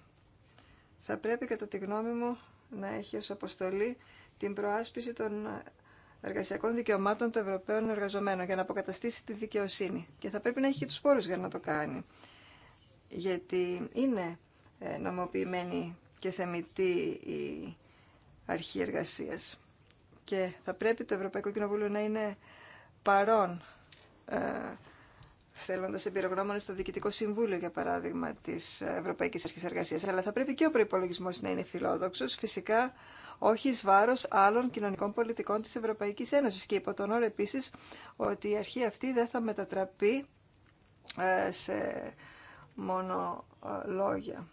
C: θα πρέπει κατά τη γνώμη μου να έχει ως αποστολή την προάσπιση των εργασιακών δικαιωμάτων των Ευρωπαίων εργαζομένων για να αποκαταστήσει τη δικαιοσύνη. Και θα πρέπει να έχει και τους πόρους για να το κάνει. Γιατί είναι ε, νομοποιημένη και θεμητή η αρχή εργασίας και θα πρέπει το Ευρωπαϊκό Κοινοβούλιο να είναι παρόν ε, στέλνοντας εμπειρογνώμονες στο Διοικητικό Συμβούλιο, για παράδειγμα, της Ευρωπαϊκής Αρχής Εργασίας. Αλλά θα πρέπει και ο προϋπολογισμός να είναι φιλόδοξος, φυσικά όχι εις βάρος άλλων κοινωνικών πολιτικών της Ευρωπαϊκής Ένωσης. Και υπό τον όρο επίσης ότι η αρχή αυτή δεν θα μετατραπεί ε, σε μόνο ε, λόγια.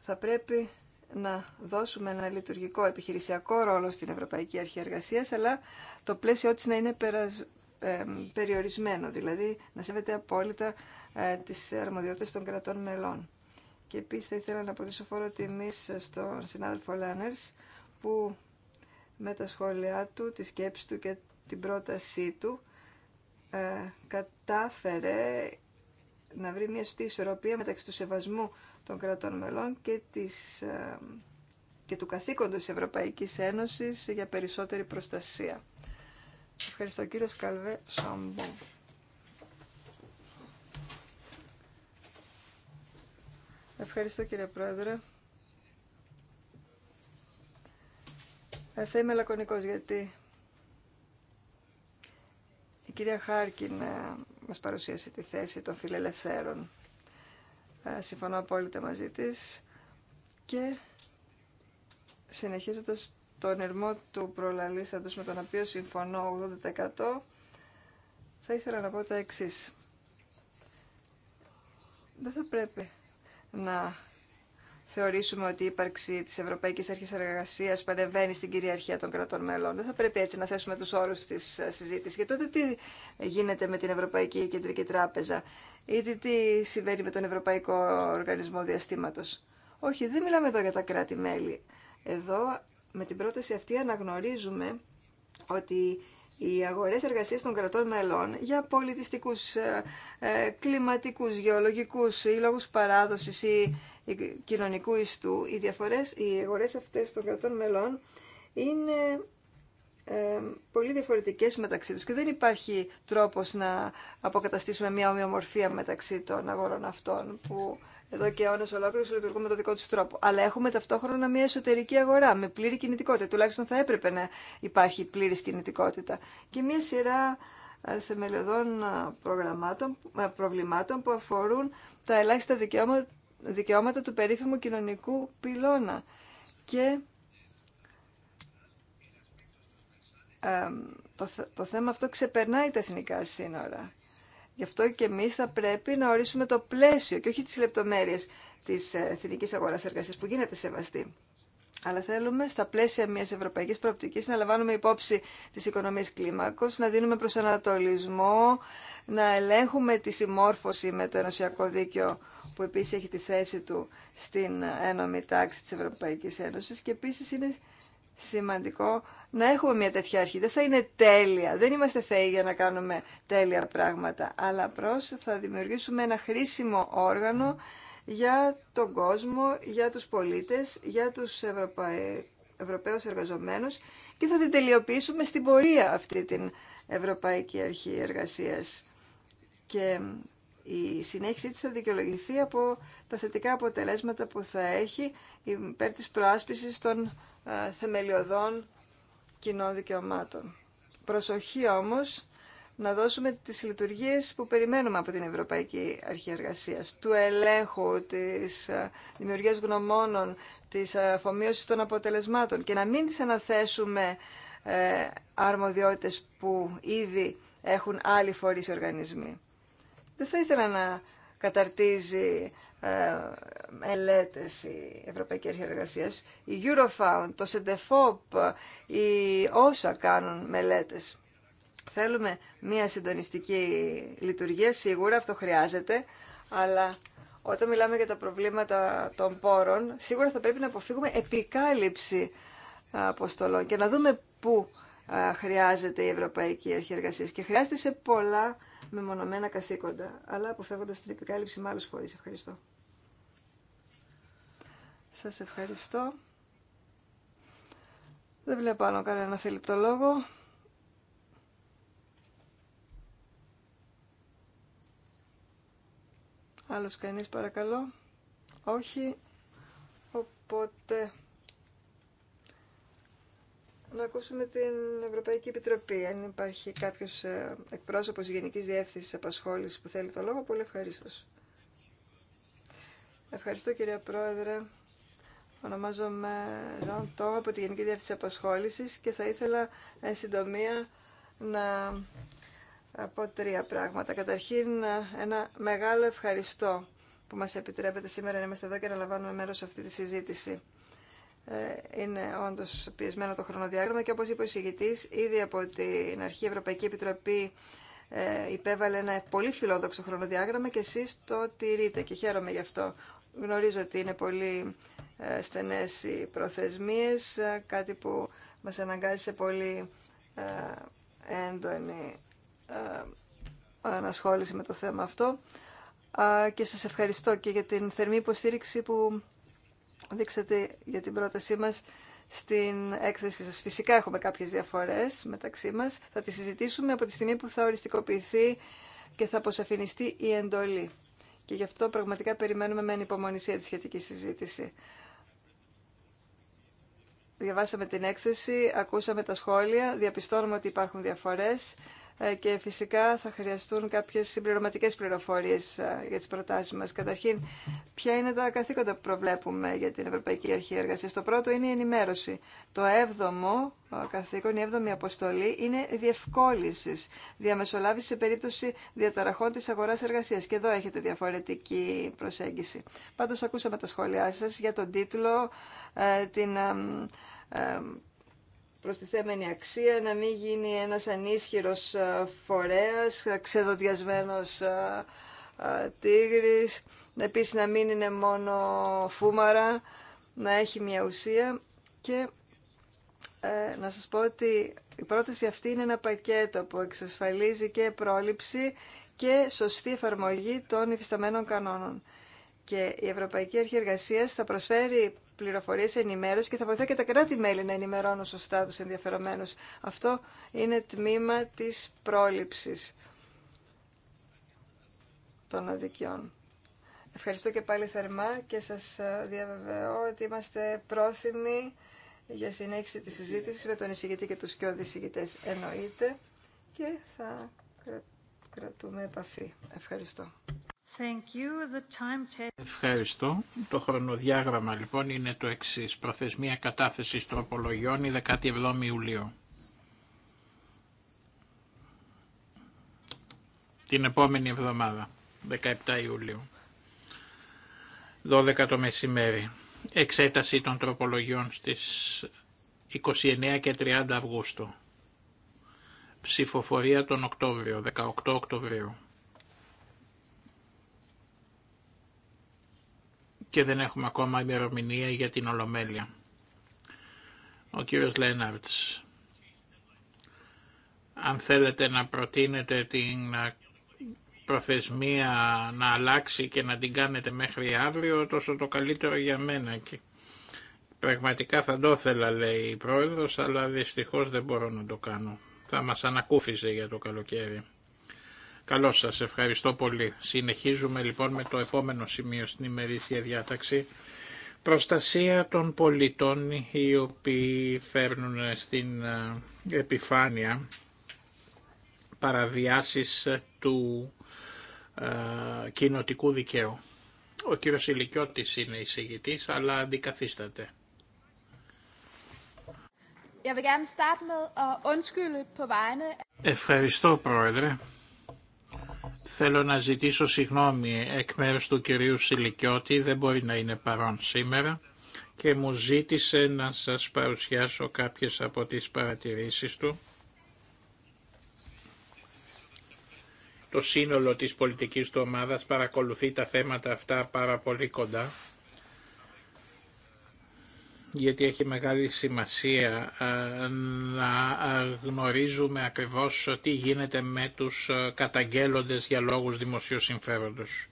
C: Θα πρέπει να δώσουμε ένα λειτουργικό επιχειρησιακό ρόλο στην Ευρωπαϊκή Αρχή αλλά το πλαίσιο τη να είναι περιορισμένο, δηλαδή να σέβεται απόλυτα ε, τις αρμοδιότητες των κρατών μελών. Και επίσης θα ήθελα να αποδείξω φόρο τιμής στον συνάδελφο Λάνερς, που με τα σχόλιά του, τη σκέψη του και την πρότασή του, ε, κατάφερε να βρει μια σωστή ισορροπία μεταξύ του σεβασμού των κρατών μελών και, της, και του καθήκοντος Ευρωπαϊκής Ένωσης για περισσότερη προστασία. Ευχαριστώ κύριο Καλβέ Σόμπο. Ευχαριστώ κύριε Πρόεδρε. Ε, θα είμαι λακωνικός γιατί η κυρία Χάρκιν ε, μας παρουσίασε τη θέση των φιλελευθέρων. Ε, συμφωνώ απόλυτα μαζί της και συνεχίζοντας τον ερμό του προλαλήσαντος με τον οποίο συμφωνώ 80% θα ήθελα να πω τα εξής. Δεν θα πρέπει να θεωρήσουμε ότι η ύπαρξη της Ευρωπαϊκής Αρχή Εργασία παρεμβαίνει στην κυριαρχία των κρατών μελών. Δεν θα πρέπει έτσι να θέσουμε τους όρους της ε, συζήτησης. Και τότε τι γίνεται με την Ευρωπαϊκή Κεντρική Τράπεζα ή τι συμβαίνει με τον Ευρωπαϊκό Οργανισμό Διαστήματο. Όχι, δεν μιλάμε εδώ για τα κράτη-μέλη. Εδώ με την πρόταση αυτή αναγνωρίζουμε ότι οι αγορές εργασίας των κρατών μελών για πολιτιστικούς, ε, ε, κλιματικούς, γεωλογικούς ή λόγους παράδοσης ή κοινωνικού ιστού, οι, διαφορές, οι αγορές αυτές των κρατών μελών είναι ε, πολύ διαφορετικές μεταξύ τους και δεν υπάρχει τρόπος να αποκαταστήσουμε μια ομοιομορφία μεταξύ των αγορών αυτών που εδώ και αιώνε ολόκληρου λειτουργούν με το δικό του τρόπο. Αλλά έχουμε ταυτόχρονα μια εσωτερική αγορά με πλήρη κινητικότητα. Τουλάχιστον θα έπρεπε να υπάρχει πλήρη κινητικότητα. Και μια σειρά ε, θεμελιωδών ε, προγραμμάτων, ε, προβλημάτων που αφορούν τα ελάχιστα δικαιώματα, του περίφημου κοινωνικού πυλώνα. Και το, το θέμα αυτό ξεπερνάει τα εθνικά σύνορα. Γι' αυτό και εμείς θα πρέπει να ορίσουμε το πλαίσιο και όχι τις λεπτομέρειες της ε, εθνική αγορά εργασία, που γίνεται σεβαστή. Αλλά θέλουμε στα πλαίσια μιας ευρωπαϊκής προοπτικής να λαμβάνουμε υπόψη τη οικονομία κλίμακος, να δίνουμε προσανατολισμό, να ελέγχουμε τη συμμόρφωση με το ενωσιακό δίκαιο που επίση έχει τη θέση του στην ένωμη τάξη τη Ευρωπαϊκή Ένωση και επίσης είναι σημαντικό να έχουμε μια τέτοια αρχή. Δεν θα είναι τέλεια, δεν είμαστε θέοι για να κάνουμε τέλεια πράγματα, αλλά προς θα δημιουργήσουμε ένα χρήσιμο όργανο για τον κόσμο, για τους πολίτες, για τους Ευρωπαϊ... Ευρωπαίους εργαζομένους και θα την τελειοποιήσουμε στην πορεία αυτή την Ευρωπαϊκή Αρχή Εργασίας. Και η συνέχιση της θα δικαιολογηθεί από τα θετικά αποτελέσματα που θα έχει υπέρ της προάσπισης των ε, θεμελιωδών κοινών δικαιωμάτων. Προσοχή όμως να δώσουμε τις λειτουργίες που περιμένουμε από την Ευρωπαϊκή Αρχή Εργασίας, του ελέγχου, της ε, δημιουργίας γνωμόνων, της αφομοίωσης των αποτελεσμάτων και να μην τις αναθέσουμε ε, αρμοδιότητες που ήδη έχουν άλλοι φορείς οργανισμοί. Δεν θα ήθελα να καταρτίζει ε, μελέτες η Ευρωπαϊκή Αρχή Η Eurofound, το CEDEFOP, η όσα κάνουν μελέτες. Θέλουμε μια συντονιστική λειτουργία, σίγουρα αυτό χρειάζεται, αλλά όταν μιλάμε για τα προβλήματα των πόρων, σίγουρα θα πρέπει να αποφύγουμε επικάλυψη αποστολών και να δούμε πού ε, χρειάζεται η Ευρωπαϊκή Αρχή Και χρειάζεται σε πολλά με μονομένα καθήκοντα, αλλά αποφεύγοντας την επικάλυψη με άλλους φορείς. Ευχαριστώ. Σας ευχαριστώ. Δεν βλέπω άλλο κανένα θέλει το λόγο. Άλλος κανείς παρακαλώ. Όχι. Οπότε να ακούσουμε την Ευρωπαϊκή Επιτροπή. Αν υπάρχει κάποιο ε, εκπρόσωπο Γενική Διεύθυνση Απασχόληση που θέλει το λόγο, πολύ ευχαρίστω. Ευχαριστώ κυρία Πρόεδρε. Ονομάζομαι Ζαν Τόμα από τη Γενική Διεύθυνση Απασχόλησης και θα ήθελα εν συντομία να ε, πω τρία πράγματα. Καταρχήν ε, ένα μεγάλο ευχαριστώ που μας επιτρέπετε σήμερα να είμαστε εδώ και να λαμβάνουμε μέρος σε αυτή τη συζήτηση. Ε, είναι όντως πιεσμένο το χρονοδιάγραμμα και όπως είπε ο εισηγητής, ήδη από την αρχή η Ευρωπαϊκή Επιτροπή ε, υπέβαλε ένα πολύ φιλόδοξο χρονοδιάγραμμα και εσείς το τηρείτε και χαίρομαι γι' αυτό. Γνωρίζω ότι είναι πολύ ε, στενές οι προθεσμίες, κάτι που μας αναγκάζει σε πολύ έντονη ανασχόληση με το θέμα αυτό και σας ευχαριστώ και για την θερμή υποστήριξη που δείξατε για την πρότασή μας στην έκθεση σας. Φυσικά έχουμε κάποιες διαφορές μεταξύ μας. Θα τις συζητήσουμε από τη στιγμή που θα οριστικοποιηθεί και θα αποσαφινιστεί η εντολή. Και γι' αυτό πραγματικά περιμένουμε με ανυπομονησία τη σχετική συζήτηση. Διαβάσαμε την έκθεση, ακούσαμε τα σχόλια, διαπιστώνουμε ότι υπάρχουν διαφορές ε, και φυσικά θα χρειαστούν κάποιες συμπληρωματικές πληροφορίες ε, για τις προτάσεις μας. Καταρχήν, ποια είναι τα καθήκοντα που προβλέπουμε για την Ευρωπαϊκή Αρχή εργασία. Το πρώτο είναι η ενημέρωση. Το έβδομο ε, καθήκον, η έβδομη αποστολή είναι διευκόλυνση, διαμεσολάβηση σε περίπτωση διαταραχών τη αγορά εργασία. Και εδώ έχετε διαφορετική προσέγγιση. Πάντω, ακούσαμε τα σχόλιά σα για τον τίτλο, την προστιθέμενη αξία, να μην γίνει ένας ανίσχυρος ε, φορέας, ξεδοντιασμένος ε, ε, τίγρης, επίσης να μην είναι μόνο φούμαρα, να έχει μια ουσία και να σας πω ότι η πρόταση αυτή είναι ένα πακέτο που εξασφαλίζει και πρόληψη και σωστή εφαρμογή των υφισταμένων κανόνων. Και η Ευρωπαϊκή Αρχή θα προσφέρει Πληροφορίε ενημέρωση και θα βοηθάει και τα κράτη-μέλη να ενημερώνουν σωστά του ενδιαφερομένους. Αυτό είναι τμήμα της πρόληψης των αδικιών. Ευχαριστώ και πάλι θερμά και σας ε, διαβεβαιώ ότι είμαστε πρόθυμοι για συνέχιση της συζήτηση με τον εισηγητή και τους και εισηγητές εννοείται και θα κρατούμε επαφή. Ευχαριστώ.
B: Ευχαριστώ. Το χρονοδιάγραμμα λοιπόν είναι το εξή. Προθεσμία κατάθεση τροπολογιών η 17η Ιουλίου. Την επόμενη εβδομάδα, 17 Ιουλίου. 12 το μεσημέρι. Εξέταση των τροπολογιών στις 29 και 30 Αυγούστου. Ψηφοφορία τον Οκτώβριο, 18 Οκτωβρίου. και δεν έχουμε ακόμα ημερομηνία για την Ολομέλεια. Ο κύριος Λέναρτς, αν θέλετε να προτείνετε την ε, προθεσμία να αλλάξει και να την κάνετε μέχρι αύριο, τόσο το καλύτερο για μένα. πραγματικά θα το ήθελα, λέει η πρόεδρος, αλλά δυστυχώς δεν μπορώ να το κάνω. Θα μας ανακούφιζε για το καλοκαίρι. Καλώς σας, ευχαριστώ πολύ. Συνεχίζουμε λοιπόν με το επόμενο σημείο στην ημερήσια διάταξη. Προστασία των πολιτών οι οποίοι φέρνουν στην ε, επιφάνεια παραβιάσεις του ε, κοινοτικού δικαίου. Ο κύριος Ηλικιώτης είναι εισηγητής, αλλά αντικαθίσταται. Ευχαριστώ, Πρόεδρε. Θέλω να ζητήσω συγγνώμη εκ μέρους του κυρίου Σιλικιώτη, δεν μπορεί να είναι παρόν σήμερα και μου ζήτησε να σας παρουσιάσω κάποιες από τις παρατηρήσεις του. Το σύνολο της πολιτικής του ομάδας παρακολουθεί τα θέματα αυτά πάρα πολύ κοντά γιατί έχει μεγάλη σημασία ε, να ε, γνωρίζουμε ακριβώς τι γίνεται με τους ε, καταγγέλλοντες για λόγους δημοσίου συμφέροντος.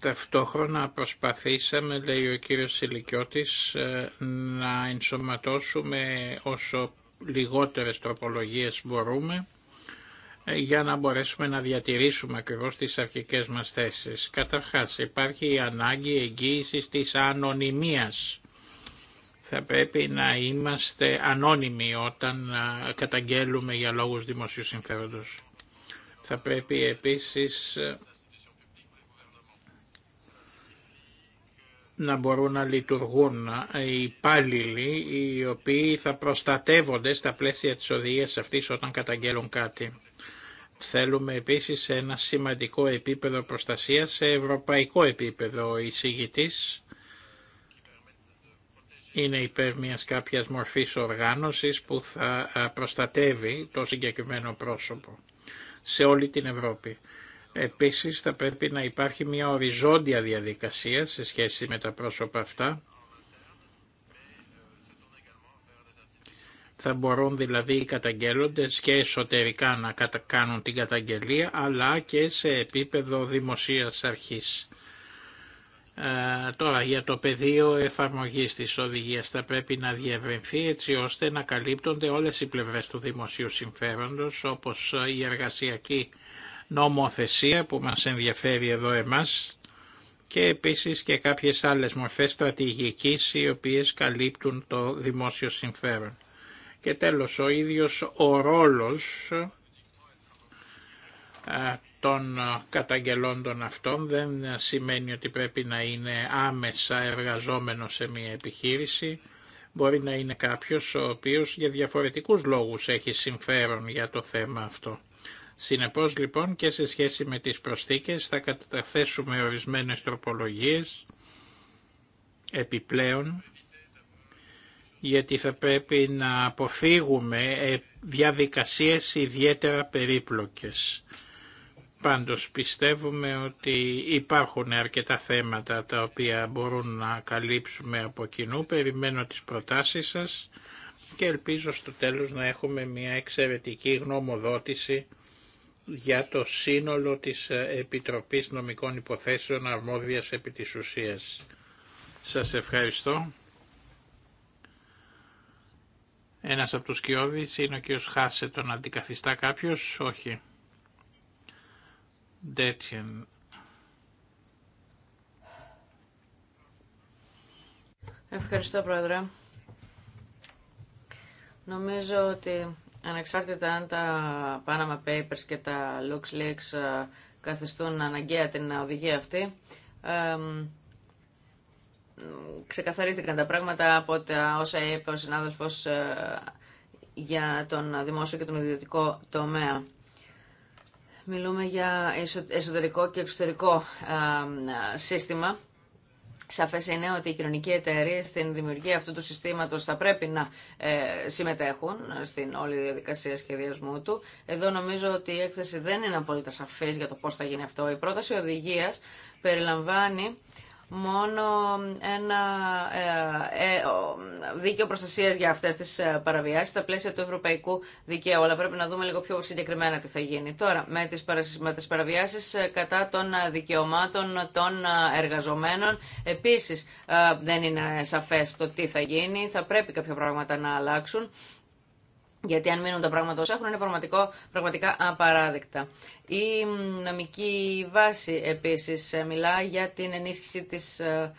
B: Ταυτόχρονα προσπαθήσαμε, λέει ο κύριος Σιλικιώτης, να ενσωματώσουμε όσο λιγότερες τροπολογίες μπορούμε ε, για να μπορέσουμε να διατηρήσουμε ακριβώ τις αρχικές μα θέσεις. Καταρχάς υπάρχει η ανάγκη εγγύηση της ανωνυμία. Θα πρέπει να είμαστε ανώνυμοι όταν καταγγέλουμε για λόγους δημοσίου συμφέροντος. Θα πρέπει επίσης ε, να μπορούν να λειτουργούν οι υπάλληλοι οι οποίοι θα προστατεύονται στα πλαίσια της οδηγίας αυτής όταν καταγγέλουν κάτι. Θέλουμε επίσης ένα σημαντικό επίπεδο προστασίας σε ευρωπαϊκό επίπεδο. Ο εισηγητής είναι υπέρ μια κάποιας μορφής οργάνωσης που θα προστατεύει το συγκεκριμένο πρόσωπο σε όλη την Ευρώπη. Επίσης θα πρέπει να υπάρχει μια οριζόντια διαδικασία σε σχέση με τα πρόσωπα αυτά. Θα μπορούν δηλαδή οι καταγγέλλοντες και εσωτερικά να κάνουν την καταγγελία αλλά και σε επίπεδο δημοσίας αρχής. Ε, τώρα για το πεδίο εφαρμογής της οδηγίας θα πρέπει να διευρυνθεί έτσι ώστε να καλύπτονται όλες οι πλευρές του δημοσίου συμφέροντος όπως η εργασιακή νομοθεσία που μας ενδιαφέρει εδώ εμάς και επίσης και κάποιες άλλες μορφές στρατηγικής οι οποίες καλύπτουν το δημόσιο συμφέρον. Και τέλος ο ίδιος ο ρόλος των καταγγελόντων αυτών δεν σημαίνει ότι πρέπει να είναι άμεσα εργαζόμενο σε μια επιχείρηση. Μπορεί να είναι κάποιος ο οποίος για διαφορετικούς λόγους έχει συμφέρον για το θέμα αυτό. Συνεπώς λοιπόν και σε σχέση με τις προσθήκες θα καταθέσουμε ορισμένες τροπολογίες επιπλέον γιατί θα πρέπει να αποφύγουμε ε, διαδικασίες ιδιαίτερα περίπλοκες. Πάντως πιστεύουμε ότι υπάρχουν αρκετά θέματα τα οποία μπορούν να καλύψουμε από κοινού. Περιμένω τις προτάσεις σας και ελπίζω στο τέλος να έχουμε μια εξαιρετική γνωμοδότηση για το σύνολο της ε, Επιτροπής Νομικών Υποθέσεων Αρμόδιας επί της ουσίας. Σας ευχαριστώ. Ένας από τους κοιόδης είναι ο κ. Χάσε, τον αντικαθιστά κάποιος, όχι.
D: Ευχαριστώ, Πρόεδρε. Νομίζω ότι Ανεξάρτητα αν τα Panama Papers και τα LuxLeaks ε, καθιστούν αναγκαία την οδηγία αυτή, ξεκαθαρίστηκαν τα πράγματα από τα όσα είπε ο συνάδελφος ε, για τον δημόσιο και τον ιδιωτικό τομέα. Μιλούμε για εσωτερικό και εξωτερικό σύστημα Σαφέ είναι ότι οι κοινωνικοί εταιρείε στην δημιουργία αυτού του συστήματο θα πρέπει να ε, συμμετέχουν στην όλη διαδικασία σχεδιασμού του. Εδώ νομίζω ότι η έκθεση δεν είναι απόλυτα σαφή για το πώ θα γίνει αυτό. Η πρόταση οδηγία περιλαμβάνει μόνο ένα ε, ε, δίκαιο προστασία για αυτές τις ε, παραβιάσεις στα πλαίσια του ευρωπαϊκού δικαίου. Αλλά πρέπει να δούμε λίγο πιο συγκεκριμένα τι θα γίνει. Τώρα, με τις παραβιάσεις κατά των δικαιωμάτων των εργαζομένων, επίσης δεν είναι σαφές το τι θα γίνει. Θα πρέπει κάποια πράγματα να αλλάξουν. Γιατί αν μείνουν τα πράγματα όσο έχουν είναι πραγματικό, πραγματικά απαράδεκτα. Η νομική βάση επίσης ε, μιλά για την ενίσχυση της ε,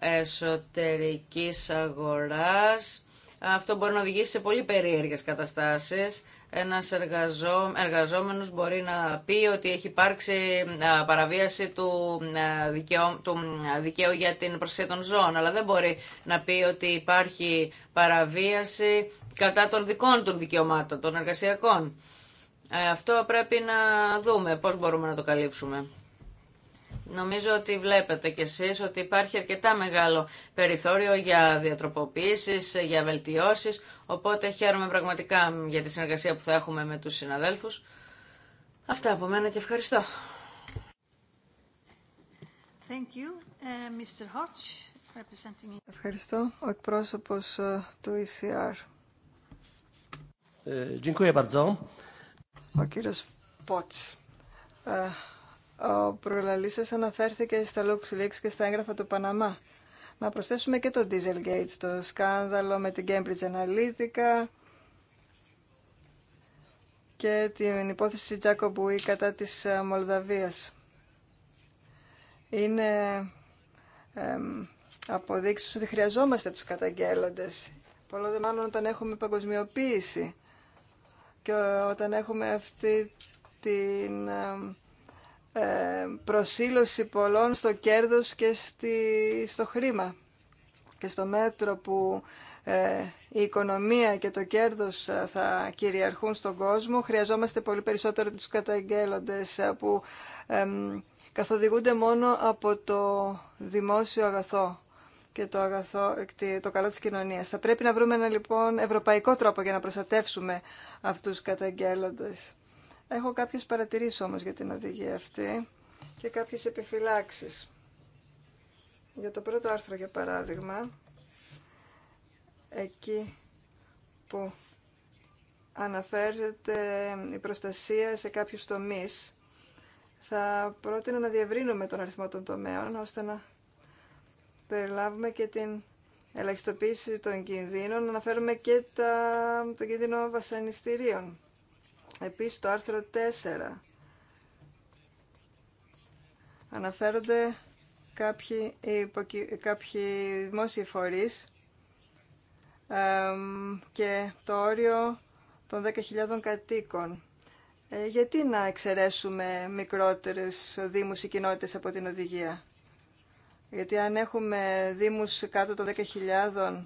D: εσωτερικής αγοράς. Αυτό μπορεί να οδηγήσει σε πολύ περίεργες καταστάσεις ένας εργαζό, εργαζόμενος μπορεί να πει ότι έχει υπάρξει ε, παραβίαση του ε, δικαίου, του ε, δικαίου για την προστασία των ζώων, αλλά δεν μπορεί να πει ότι υπάρχει παραβίαση κατά των δικών του δικαιωμάτων, των εργασιακών. Αυτό πρέπει να δούμε πώς μπορούμε να το καλύψουμε. Νομίζω ότι βλέπετε κι εσείς ότι υπάρχει αρκετά μεγάλο περιθώριο για διατροποποίησεις, για βελτιώσεις, οπότε χαίρομαι πραγματικά για τη συνεργασία που θα έχουμε με τους συναδέλφους. Αυτά από μένα και ευχαριστώ.
A: Thank you. Ε, Mr. Hodge, representing...
C: Ευχαριστώ. Ο εκπρόσωπος ε, του ECR.
B: Ε, Ο
C: κύριος ε, ο προλαλής σας αναφέρθηκε στα LuxLeaks και στα έγγραφα του Παναμά. Να προσθέσουμε και το Dieselgate, το σκάνδαλο με την Cambridge Analytica και την υπόθεση Τζάκο κατά της ε, Μολδαβίας. Είναι εμ, αποδείξεις ότι χρειαζόμαστε τους καταγγέλλοντες. Πολλό δε μάλλον όταν έχουμε παγκοσμιοποίηση και όταν έχουμε αυτή την ε, προσήλωση πολλών στο κέρδος και στη, στο χρήμα. Και στο μέτρο που ε, η οικονομία και το κέρδος ε, θα κυριαρχούν στον κόσμο, χρειαζόμαστε πολύ περισσότερο τους καταγγέλλοντες που καθοδηγούνται μόνο από το δημόσιο αγαθό και το, αγαθό, το καλό της κοινωνίας. Θα πρέπει να βρούμε ένα λοιπόν ευρωπαϊκό τρόπο για να προστατεύσουμε αυτούς τους καταγγέλλοντες. Έχω κάποιες παρατηρήσεις όμως για την οδηγία αυτή και κάποιες επιφυλάξεις. Για το πρώτο άρθρο, για παράδειγμα, εκεί που αναφέρεται η προστασία σε κάποιους τομείς, θα πρότεινα να διευρύνουμε τον αριθμό των τομέων, ώστε να περιλάβουμε και την ελαχιστοποίηση των κινδύνων, να αναφέρουμε και τα, τον κίνδυνο βασανιστήριων Επίσης το άρθρο 4 αναφέρονται κάποιοι, κάποιοι δημόσιοι φορείς και το όριο των 10.000 κατοίκων. Ε, γιατί να εξαιρέσουμε μικρότερες δήμους ή κοινότητες από την οδηγία. Γιατί αν έχουμε δήμους κάτω των 10.000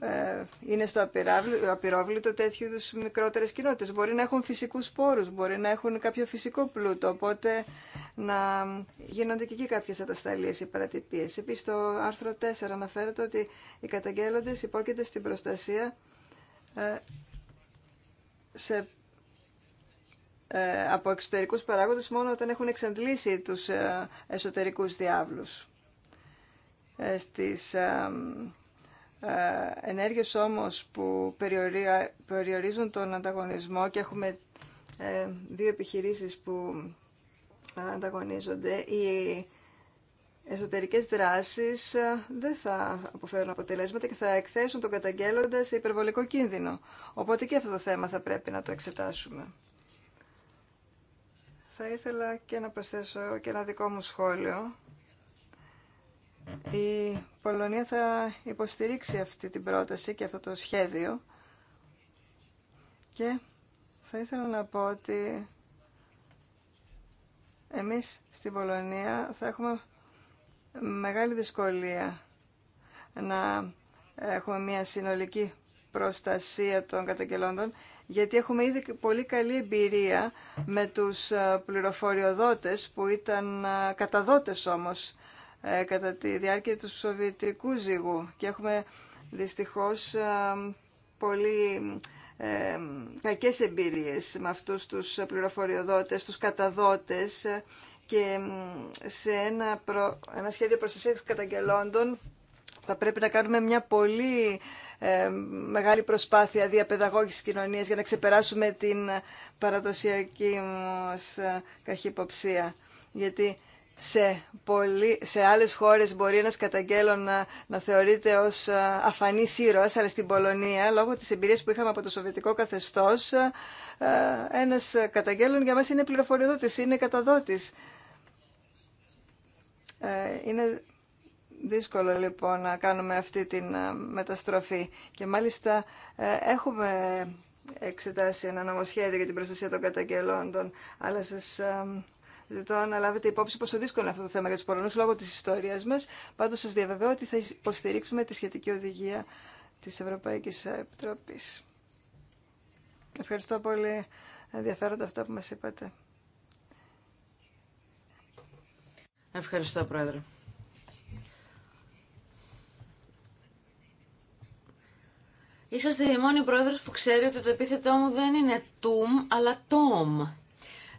C: ε, είναι στο απειρόβλητο τέτοιου είδου μικρότερες κοινότητες. Μπορεί να έχουν φυσικούς σπόρους, μπορεί να έχουν κάποιο φυσικό πλούτο, οπότε να γίνονται και εκεί κάποιες ατασταλίες ή παρατυπίες. Επίσης, στο άρθρο 4 αναφέρεται ότι οι καταγγέλλοντες υπόκειται στην προστασία ε, σε, ε, από εξωτερικούς παράγοντες μόνο όταν έχουν εξαντλήσει τους εσωτερικούς διάβλους. στις ε, ενέργειες όμως που περιορίζουν τον ανταγωνισμό και έχουμε ε, δύο επιχειρήσεις που ε, ανταγωνίζονται, οι εσωτερικές δράσεις δεν θα αποφέρουν αποτελέσματα και θα εκθέσουν τον καταγγέλλοντα σε υπερβολικό κίνδυνο. Οπότε και αυτό το θέμα θα πρέπει να το εξετάσουμε. Θα ήθελα και να προσθέσω και ένα δικό μου σχόλιο η Πολωνία θα υποστηρίξει αυτή την πρόταση και αυτό το σχέδιο και θα ήθελα να πω ότι εμείς στην Πολωνία θα έχουμε μεγάλη δυσκολία να έχουμε μια συνολική προστασία των καταγγελόντων, γιατί έχουμε ήδη πολύ καλή εμπειρία με τους ε, πληροφοριοδότες που ήταν ε, καταδότες όμως ε, κατά τη διάρκεια του Σοβιετικού ζυγού και έχουμε δυστυχώς ε, πολύ ε, κακές εμπειρίες με αυτούς τους πληροφοριοδότες, τους καταδότες ε, και σε ένα, προ... ένα σχέδιο προστασίας καταγγελόντων θα πρέπει να κάνουμε μια πολύ μεγάλη προσπάθεια διαπαιδαγώγησης κοινωνίας για να ξεπεράσουμε την παραδοσιακή μας καχυποψία. Γιατί σε, πολλοί, σε άλλες χώρες μπορεί ένας καταγγέλων να, να θεωρείται ως αφανής ήρωας, αλλά στην Πολωνία, λόγω της εμπειρίας που είχαμε από το Σοβιετικό καθεστώς, ένας καταγγέλων για μας είναι πληροφοριοδότης, είναι καταδότης. Ε, είναι δύσκολο λοιπόν να κάνουμε αυτή τη μεταστροφή. Και μάλιστα ε, έχουμε εξετάσει ένα νομοσχέδιο για την προστασία των καταγγελόντων, αλλά σας Ζητώ να λάβετε υπόψη πόσο δύσκολο είναι αυτό το θέμα για του Πολωνού λόγω τη ιστορία μα. Πάντω σα διαβεβαιώ ότι θα υποστηρίξουμε τη σχετική οδηγία τη Ευρωπαϊκή Επιτροπή. Ευχαριστώ πολύ. Ενδιαφέροντα αυτά που μα
D: είπατε. Ευχαριστώ, Πρόεδρε. Είσαστε η μόνη πρόεδρος που ξέρει ότι το επίθετό μου δεν είναι τουμ, αλλά τόμ.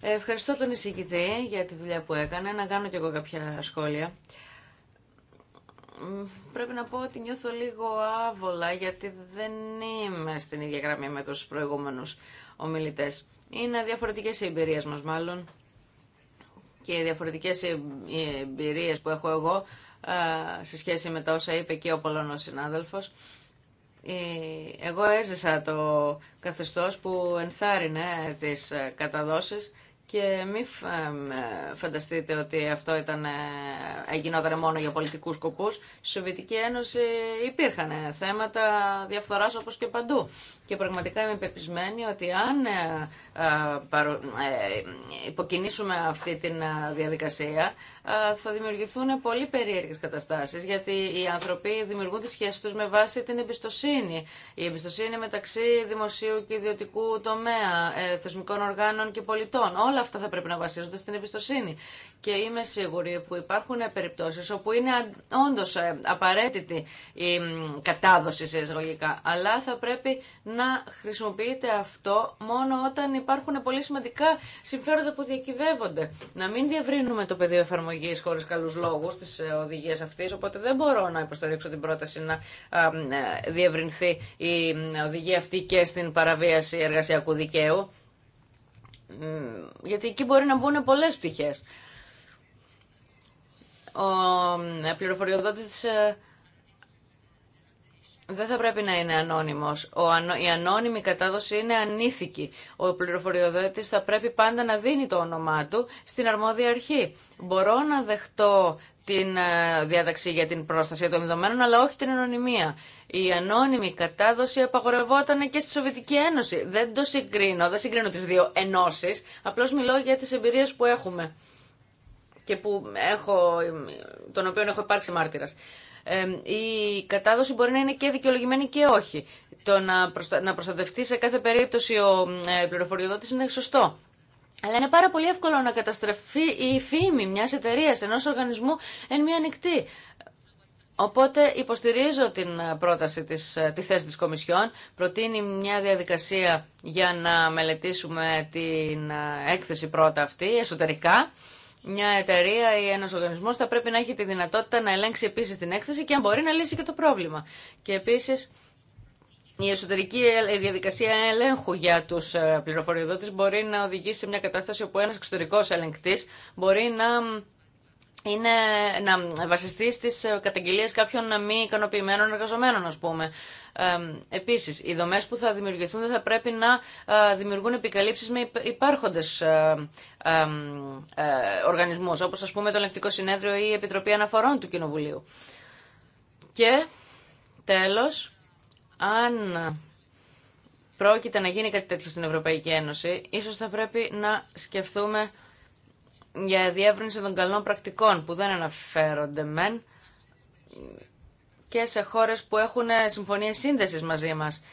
D: Ευχαριστώ τον εισηγητή για τη δουλειά που έκανε. Να κάνω κι εγώ κάποια σχόλια. Πρέπει να πω ότι νιώθω λίγο άβολα γιατί δεν είμαι στην ίδια γραμμή με τους προηγούμενους ομιλητές. Είναι διαφορετικές οι εμπειρίες μας μάλλον και οι διαφορετικές εμπειρίες που έχω εγώ ε, σε σχέση με τα όσα είπε και ο Πολωνός συνάδελφος. Ε, εγώ έζησα το καθεστώς που ενθάρρυνε τις ε, καταδόσεις και μη ε, φανταστείτε ότι αυτό ήταν, ε, γινόταν μόνο για πολιτικούς σκοπούς. Στη Σοβιετική Ένωση υπήρχαν θέματα διαφθοράς όπως και παντού και πραγματικά είμαι πεπισμένη ότι αν ε, ε, ε, υποκινήσουμε αυτή τη διαδικασία θα δημιουργηθούν πολύ περίεργες καταστάσεις γιατί οι άνθρωποι δημιουργούν τις σχέσεις τους με βάση την εμπιστοσύνη. Η εμπιστοσύνη μεταξύ δημοσίου και ιδιωτικού τομέα, θεσμικών οργάνων και πολιτών. Όλα αυτά θα πρέπει να βασίζονται στην εμπιστοσύνη. Και είμαι σίγουρη που υπάρχουν περιπτώσεις όπου είναι όντως απαραίτητη η κατάδοση σε εισαγωγικά. Αλλά θα πρέπει να χρησιμοποιείται αυτό μόνο όταν υπάρχουν πολύ σημαντικά συμφέροντα που διακυβεύονται. Να μην διευρύνουμε το πεδίο εφαρμογή χωρί καλού λόγου τη ε, οδηγία αυτή, οπότε δεν μπορώ να υποστηρίξω την πρόταση να ε, διευρυνθεί η οδηγία αυτή και στην παραβίαση εργασιακού δικαίου. Γιατί εκεί μπορεί να μπουν πολλές πτυχές. Ο πληροφοριοδότης ε, δεν θα πρέπει να είναι ανώνυμος. η ανώνυμη κατάδοση είναι ανήθικη. Ο πληροφοριοδότης θα πρέπει πάντα να δίνει το όνομά του στην αρμόδια αρχή. Μπορώ να δεχτώ την ε, διάταξη για την πρόσταση των δεδομένων, αλλά όχι την ανωνυμία. Η ανώνυμη κατάδοση απαγορευόταν και στη Σοβιετική Ένωση. Δεν το συγκρίνω, δεν συγκρίνω τις δύο ενώσεις, απλώς μιλώ για τις εμπειρίες που έχουμε και που έχω, ε, τον οποίο έχω υπάρξει μάρτυρας η κατάδοση μπορεί να είναι και δικαιολογημένη και όχι. Το να προστατευτεί σε κάθε περίπτωση ο ε, πληροφοριοδότης είναι σωστό. Αλλά είναι πάρα πολύ εύκολο να καταστρεφεί η φήμη μια εταιρεία ενός οργανισμού εν μία ανοιχτή. Οπότε υποστηρίζω την πρόταση της, ε, τη θέση της Κομισιόν. Προτείνει μια διαδικασία για να μελετήσουμε την ε, έκθεση πρώτα αυτή εσωτερικά μια εταιρεία ή ένας οργανισμό θα πρέπει να έχει τη δυνατότητα να ελέγξει επίση την έκθεση και αν μπορεί να λύσει και το πρόβλημα. Και επίσης η εσωτερική ε, διαδικασία ελέγχου για του ε, πληροφοριοδότε μπορεί να οδηγήσει σε μια κατάσταση όπου ένα εξωτερικό ελεγκτή μπορεί να, είναι, να βασιστεί στι ε, καταγγελίε κάποιων μη ικανοποιημένων εργαζομένων, α πούμε. Επίσης, οι δομές που θα δημιουργηθούν δεν θα πρέπει να ε, δημιουργούν επικαλύψεις με υπάρχοντες ε, ε, οργανισμούς, όπω α πούμε το Ελεκτικό Συνέδριο ή η Επιτροπή Αναφορών του Κοινοβουλίου. Και τέλος, αν πρόκειται να γίνει κάτι τέτοιο στην Ευρωπαϊκή Ένωση, ίσως θα πρέπει να σκεφτούμε για διεύρυνση των καλών πρακτικών που δεν αναφέρονται μεν και σε χώρες που έχουν ε, συμφωνίες σύνδεσης μαζί μας.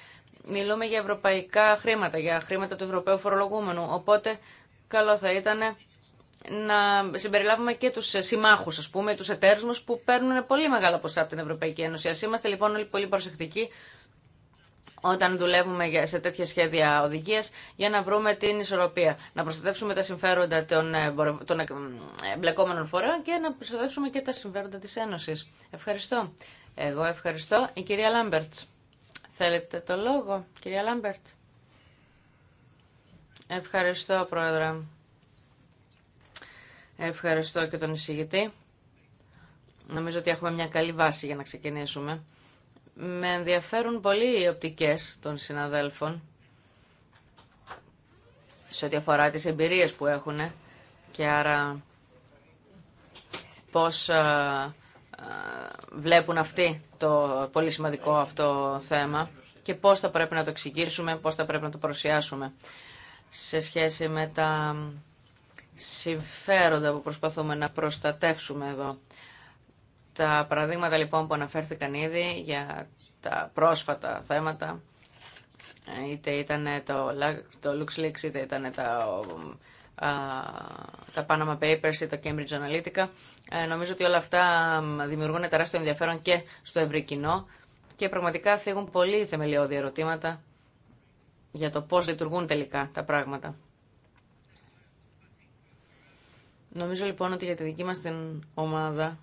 D: Μιλούμε για ευρωπαϊκά χρήματα, για χρήματα του Ευρωπαίου Φορολογούμενου, οπότε καλό θα ήταν να συμπεριλάβουμε και τους συμμάχους, ας πούμε, τους εταίρους μας που παίρνουν πολύ μεγάλα ποσά από την Ευρωπαϊκή Ένωση. Ας είμαστε λοιπόν όλοι πολύ προσεκτικοί όταν δουλεύουμε σε τέτοια σχέδια οδηγία για να βρούμε την ισορροπία. Να προστατεύσουμε τα συμφέροντα των, ε, των ε, εμπλεκόμενων φορέων και να προστατεύσουμε και τα συμφέροντα της Ένωσης. Ευχαριστώ. Εγώ ευχαριστώ. Η κυρία Λάμπερτς. Θέλετε το λόγο, κυρία Λάμπερτ. Ευχαριστώ, Πρόεδρε. Ευχαριστώ και τον εισηγητή. Νομίζω ότι έχουμε μια καλή βάση για να ξεκινήσουμε. Με ενδιαφέρουν πολύ οι οπτικές των συναδέλφων σε ό,τι αφορά τις εμπειρίες που έχουν και άρα πώς ε, ε, βλέπουν αυτοί το πολύ σημαντικό αυτό θέμα και πώς θα πρέπει να το εξηγήσουμε, πώς θα πρέπει να το παρουσιάσουμε σε σχέση με τα συμφέροντα που προσπαθούμε να προστατεύσουμε εδώ. Τα παραδείγματα λοιπόν που αναφέρθηκαν ήδη για τα πρόσφατα θέματα, είτε ήταν το LuxLeaks, είτε ήταν τα τα Panama Papers ή τα Cambridge Analytica. Ε, νομίζω ότι όλα αυτά δημιουργούν τεράστιο ενδιαφέρον και στο ευρύ κοινό και πραγματικά θίγουν πολύ θεμελιώδη ερωτήματα για το πώς λειτουργούν τελικά τα πράγματα. Νομίζω λοιπόν ότι για τη δική μας την ομάδα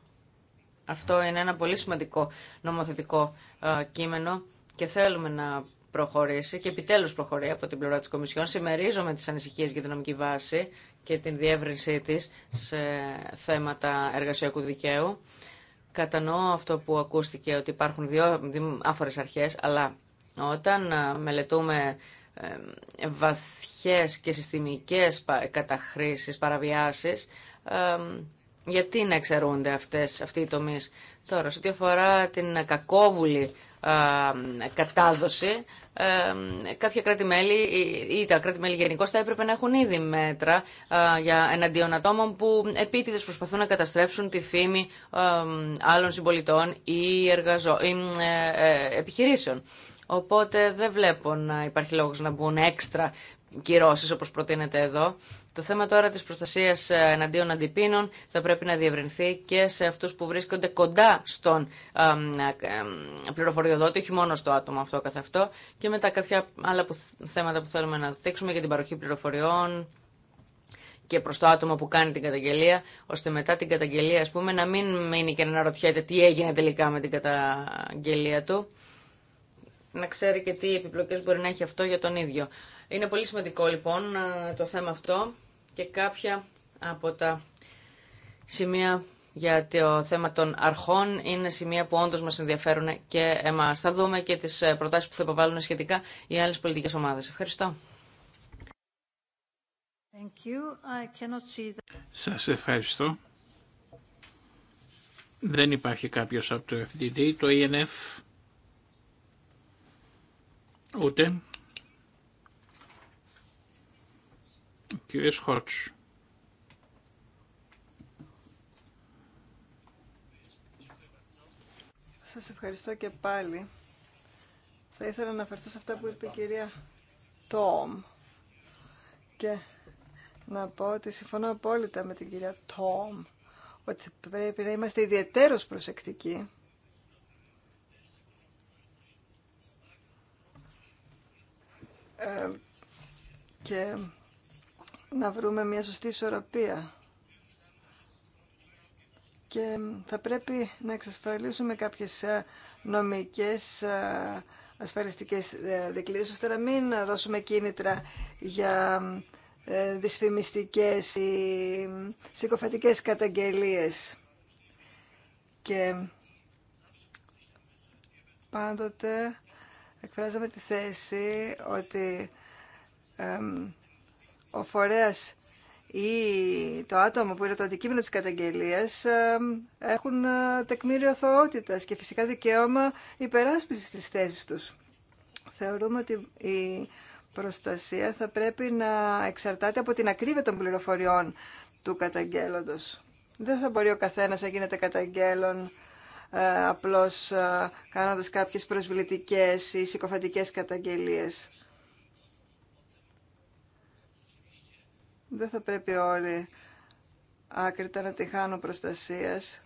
D: αυτό είναι ένα πολύ σημαντικό νομοθετικό κείμενο και θέλουμε να προχωρήσει και επιτέλου προχωρεί από την πλευρά τη Κομισιόν. Συμμερίζομαι τι ανησυχίε για την νομική βάση και την διεύρυνσή τη σε θέματα εργασιακού δικαίου. Κατανοώ αυτό που ακούστηκε ότι υπάρχουν δύο άφορε αρχέ, αλλά όταν ε, μελετούμε ε, βαθιές και συστημικές καταχρήσεις, παραβιάσεις, ε, γιατί να εξαιρούνται αυτές, αυτοί οι τομείς. Τώρα, σε ό,τι αφορά την κακόβουλη κατάδοση, ε, κάποια κράτη-μέλη ή τα κράτη-μέλη γενικώ θα έπρεπε να έχουν ήδη μέτρα για εναντίον ατόμων που επίτηδε προσπαθούν να καταστρέψουν τη φήμη άλλων συμπολιτών ή, εργαζο... ή ε, ε, επιχειρήσεων. Οπότε δεν βλέπω να υπάρχει λόγος να μπουν έξτρα κυρώσεις όπως προτείνεται εδώ. Το θέμα τώρα της προστασίας ε, εναντίον αντιπίνων θα πρέπει να διευρυνθεί και σε αυτούς που βρίσκονται κοντά στον ε, ε, πληροφοριοδότη, όχι μόνο στο άτομο αυτό καθ' αυτό, και μετά κάποια άλλα που, θέματα που θέλουμε να δείξουμε για την παροχή πληροφοριών και προς το άτομο που κάνει την καταγγελία, ώστε μετά την καταγγελία, ας πούμε, να μην μείνει και να αναρωτιέται τι έγινε τελικά με την καταγγελία του, να ξέρει και τι επιπλοκές μπορεί να έχει αυτό για τον ίδιο. Είναι πολύ σημαντικό λοιπόν το θέμα αυτό και κάποια από τα σημεία για το θέμα των αρχών είναι σημεία που όντω μας ενδιαφέρουν και εμάς. Θα δούμε και τις προτάσεις που θα υποβάλουν σχετικά οι άλλες πολιτικές ομάδες. Ευχαριστώ.
A: Thank you. I see
B: Σας ευχαριστώ. Δεν υπάρχει κάποιος από το FDD, το ENF, ούτε. Κύριε
C: Σας ευχαριστώ και πάλι. Θα ήθελα να αναφερθώ σε αυτά που είπε η κυρία Τόμ και να πω ότι συμφωνώ απόλυτα με την κυρία Τόμ ότι πρέπει να είμαστε ιδιαίτερως προσεκτικοί ε, και να βρούμε μια σωστή ισορροπία και θα πρέπει να εξασφαλίσουμε κάποιες ε, νομικές ε, ασφαλιστικές ε, δικλείδες ώστε να μην δώσουμε κίνητρα για δυσφημιστικές ή συκοφατικές καταγγελίες. Και πάντοτε εκφράζαμε τη θέση ότι ο φορέας ή το άτομο που είναι το αντικείμενο της καταγγελίας ε, έχουν ε, τεκμήριο θωότητας και φυσικά δικαίωμα υπεράσπισης της θέσης τους. Θεωρούμε ότι η προστασία θα πρέπει να εξαρτάται από την ακρίβεια των πληροφοριών του καταγγέλλοντος. Δεν θα μπορεί ο καθένας να γίνεται καταγγέλλον ε, απλώς κάνοντας κάποιες προσβλητικές ή συκοφαντικές καταγγελίες. Δεν θα πρέπει όλοι άκρητα να τη χάνουν προστασίας.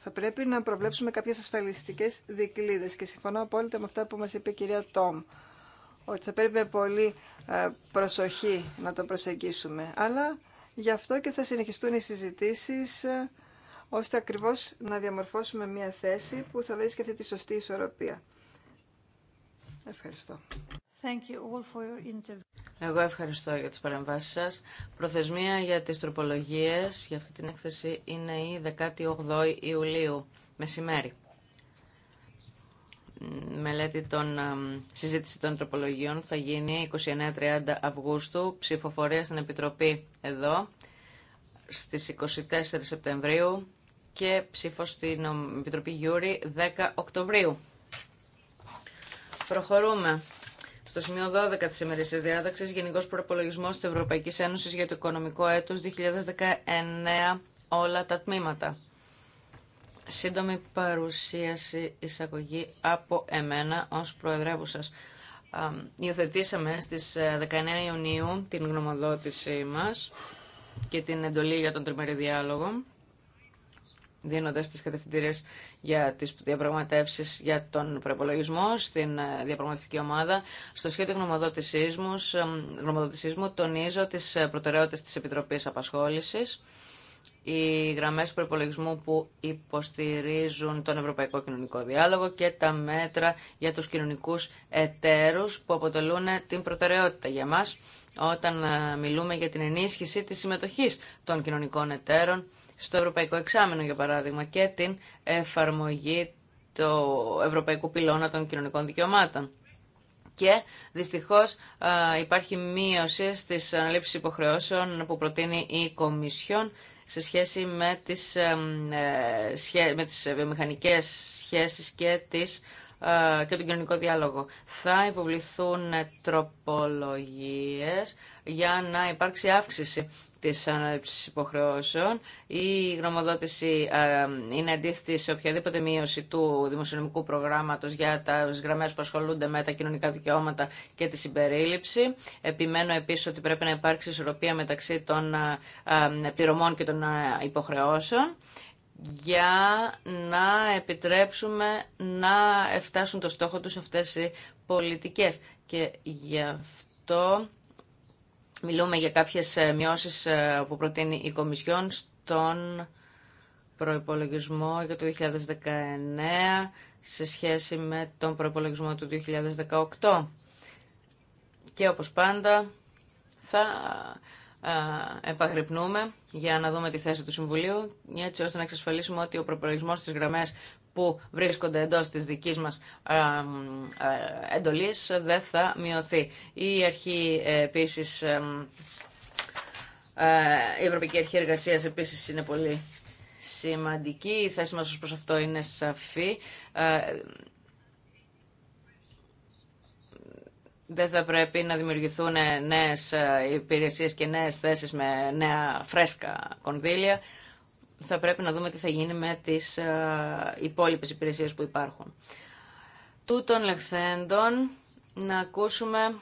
C: Θα πρέπει να προβλέψουμε κάποιες ασφαλιστικές δικλίδες και συμφωνώ απόλυτα με αυτά που μας είπε η κυρία Τόμ ότι θα πρέπει με πολύ ε, προσοχή να το προσεγγίσουμε. Αλλά γι' αυτό και θα συνεχιστούν οι συζητήσεις ε, ώστε ακριβώς να διαμορφώσουμε μια θέση που θα βρίσκεται τη σωστή ισορροπία.
D: Ευχαριστώ.
A: Thank you all for your interview.
D: Εγώ ευχαριστώ για τις παρεμβάσεις σας. Προθεσμία για τις τροπολογίες για αυτή την έκθεση είναι η 18η Ιουλίου, μεσημέρι. Μελέτη των, συζήτηση των τροπολογιών θα γίνει 29-30 Αυγούστου, ψηφοφορία στην Επιτροπή εδώ, στις 24 Σεπτεμβρίου και ψήφο στην Επιτροπή Γιούρι 10 Οκτωβρίου. Προχωρούμε. Στο σημείο 12 τη ημερήσια διάταξη. Γενικός Προπολογισμό της Ευρωπαϊκής Ένωσης για το οικονομικό έτος 2019, όλα τα τμήματα. Σύντομη παρουσίαση εισαγωγή από εμένα ως Προεδρεύουσας. Υιοθετήσαμε στις 19 ε, Ιουνίου την γνωμοδότησή μας και την εντολή για τον τριμερή διάλογο, δίνοντας τι κατευθυντήρες για τι διαπραγματεύσει για τον προπολογισμό στην ε, διαπραγματευτική ομάδα. Στο σχέδιο γνωμοδότησή ε, μου τονίζω τι ε, προτεραιότητε της Επιτροπής Απασχόληση, οι γραμμές του προπολογισμού που υποστηρίζουν τον Ευρωπαϊκό Κοινωνικό Διάλογο και τα μέτρα για τους κοινωνικούς εταίρους που αποτελούν την προτεραιότητα για μας όταν μιλούμε για την ενίσχυση της συμμετοχής των κοινωνικών εταίρων στο Ευρωπαϊκό Εξάμενο, για παράδειγμα, και την εφαρμογή του Ευρωπαϊκού Πυλώνα των Κοινωνικών Δικαιωμάτων. Και δυστυχώς υπάρχει μείωση στις αναλήψεις υποχρεώσεων που προτείνει η Κομισιόν σε σχέση με τις, ε, με τις βιομηχανικές σχέσεις και, τις, και τον κοινωνικό διάλογο. Θα υποβληθούν τροπολογίες για να υπάρξει αύξηση της ανάληψης υποχρεώσεων. Η γνωμοδότηση ε, είναι αντίθετη σε οποιαδήποτε μείωση του δημοσιονομικού προγράμματος για τα γραμμές που ασχολούνται με τα κοινωνικά δικαιώματα και τη συμπερίληψη. Επιμένω επίσης ότι πρέπει να υπάρξει ισορροπία μεταξύ των ε, ε, πληρωμών και των υποχρεώσεων για να επιτρέψουμε να φτάσουν το στόχο τους αυτές οι πολιτικές. Και γι' αυτό Μιλούμε για κάποιες ε, μειώσεις ε, που προτείνει η Κομισιόν στον προϋπολογισμό για το 2019 σε σχέση με τον προϋπολογισμό του 2018. Και όπως πάντα θα ε, επαγρυπνούμε για να δούμε τη θέση του Συμβουλίου, έτσι ώστε να εξασφαλίσουμε ότι ο προπολογισμό στις γραμμές που βρίσκονται εντός της δικής μας ε, εντολής δεν θα μειωθεί. Η αρχή ε, επίσης, ε, η Ευρωπαϊκή Αρχή Εργασίας επίσης είναι πολύ σημαντική. Η θέση μας ως προς αυτό είναι σαφή. Δεν θα πρέπει να δημιουργηθούν νέες υπηρεσίες και νέες θέσεις με νέα φρέσκα κονδύλια θα πρέπει να δούμε τι θα γίνει με τις ε, υπόλοιπες υπηρεσίες που υπάρχουν. Τούτων λεχθέντων να ακούσουμε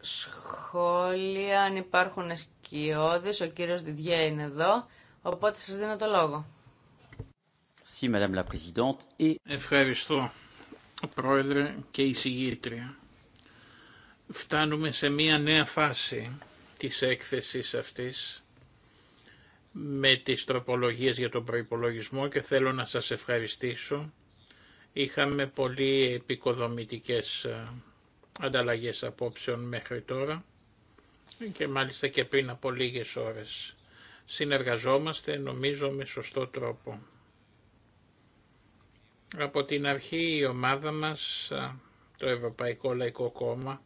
D: σχόλια, αν υπάρχουν σκιώδεις, ο κύριος Διδιέ είναι εδώ, οπότε σας δίνω το λόγο.
B: Ευχαριστώ, Πρόεδρε και εισηγήτρια. Φτάνουμε σε μία νέα φάση της έκθεσης αυτής με τις τροπολογίες για τον προϋπολογισμό και θέλω να σας ευχαριστήσω. Είχαμε πολύ επικοδομητικές ε, ανταλλαγές απόψεων μέχρι τώρα και μάλιστα και πριν από λίγες ώρες. Συνεργαζόμαστε νομίζω με σωστό τρόπο. Από την αρχή η ομάδα μας, ε, το Ευρωπαϊκό Λαϊκό Κόμμα,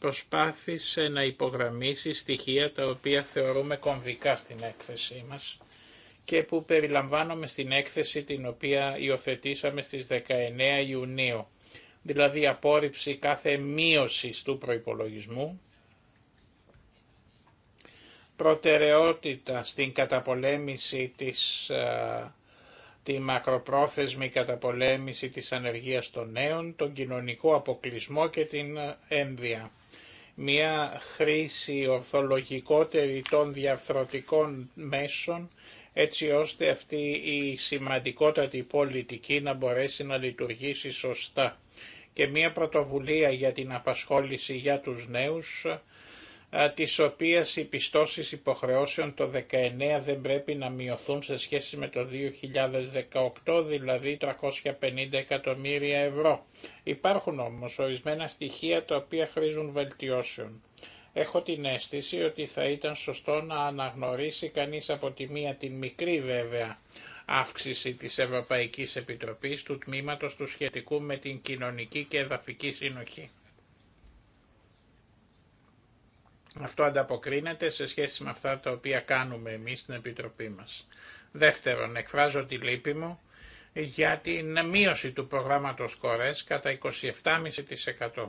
B: προσπάθησε να υπογραμμίσει στοιχεία τα οποία θεωρούμε κομβικά στην έκθεσή μας και που περιλαμβάνομαι στην έκθεση την οποία υιοθετήσαμε στις 19 Ιουνίου, δηλαδή απόρριψη κάθε μείωση του προϋπολογισμού, προτεραιότητα στην καταπολέμηση της, τη μακροπρόθεσμη καταπολέμηση της ανεργίας των νέων, τον κοινωνικό αποκλεισμό και την ε, ένδυα μια χρήση ορθολογικότερη των διαφθρωτικών μέσων έτσι ώστε αυτή η σημαντικότατη πολιτική να μπορέσει να λειτουργήσει σωστά. Και μια πρωτοβουλία για την απασχόληση για τους νέους τις οποίες οι πιστώσεις υποχρεώσεων το 19 δεν πρέπει να μειωθούν σε σχέση με το 2018, δηλαδή 350 εκατομμύρια ευρώ. Υπάρχουν όμως ορισμένα στοιχεία τα οποία χρήζουν βελτιώσεων. Έχω την αίσθηση ότι θα ήταν σωστό να αναγνωρίσει κανείς από τη μία την μικρή βέβαια αύξηση της Ευρωπαϊκής Επιτροπής του τμήματος του σχετικού με την κοινωνική και εδαφική συνοχή. Αυτό ανταποκρίνεται σε σχέση με αυτά τα οποία κάνουμε εμείς στην Επιτροπή μας. Δεύτερον, εκφράζω τη λύπη μου για την μείωση του προγράμματος Κορές κατά 27,5%.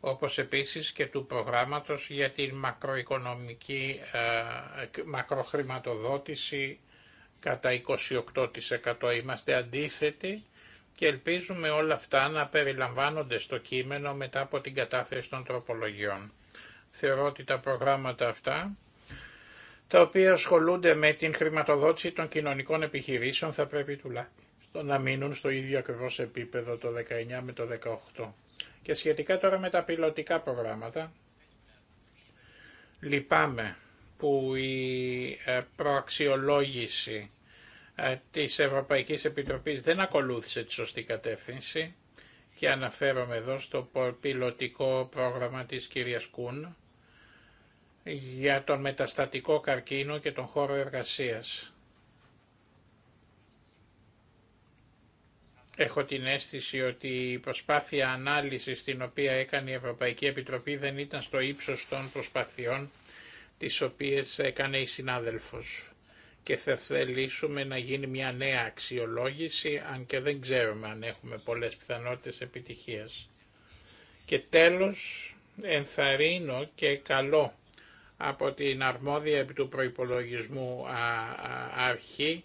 B: Όπως επίσης και του προγράμματος για την μακροοικονομική ε, μακροχρηματοδότηση κατά 28%. Είμαστε αντίθετοι και ελπίζουμε όλα αυτά να περιλαμβάνονται στο κείμενο μετά από την κατάθεση των τροπολογιών. Θεωρώ ότι τα προγράμματα αυτά, τα οποία ασχολούνται με την χρηματοδότηση των κοινωνικών επιχειρήσεων, θα πρέπει τουλάχιστον να μείνουν στο ίδιο ακριβώ επίπεδο το 19 με το 18. Και σχετικά τώρα με τα πιλωτικά προγράμματα, λυπάμαι που η ε, προαξιολόγηση ε, της Ευρωπαϊκής Επιτροπής δεν ακολούθησε τη σωστή κατεύθυνση και αναφέρομαι εδώ στο πιλωτικό πρόγραμμα της κυρίας Κούν για τον μεταστατικό καρκίνο και τον χώρο εργασίας. Έχω την αίσθηση ότι η προσπάθεια ανάλυσης την οποία έκανε η Ευρωπαϊκή Επιτροπή δεν ήταν στο ύψος των προσπαθειών τις οποίες έκανε η συνάδελφος και θα θελήσουμε να γίνει μια νέα αξιολόγηση αν και δεν ξέρουμε αν έχουμε πολλές πιθανότητες επιτυχίας. Και τέλος ενθαρρύνω και καλό από την αρμόδια επί του προϋπολογισμού αρχή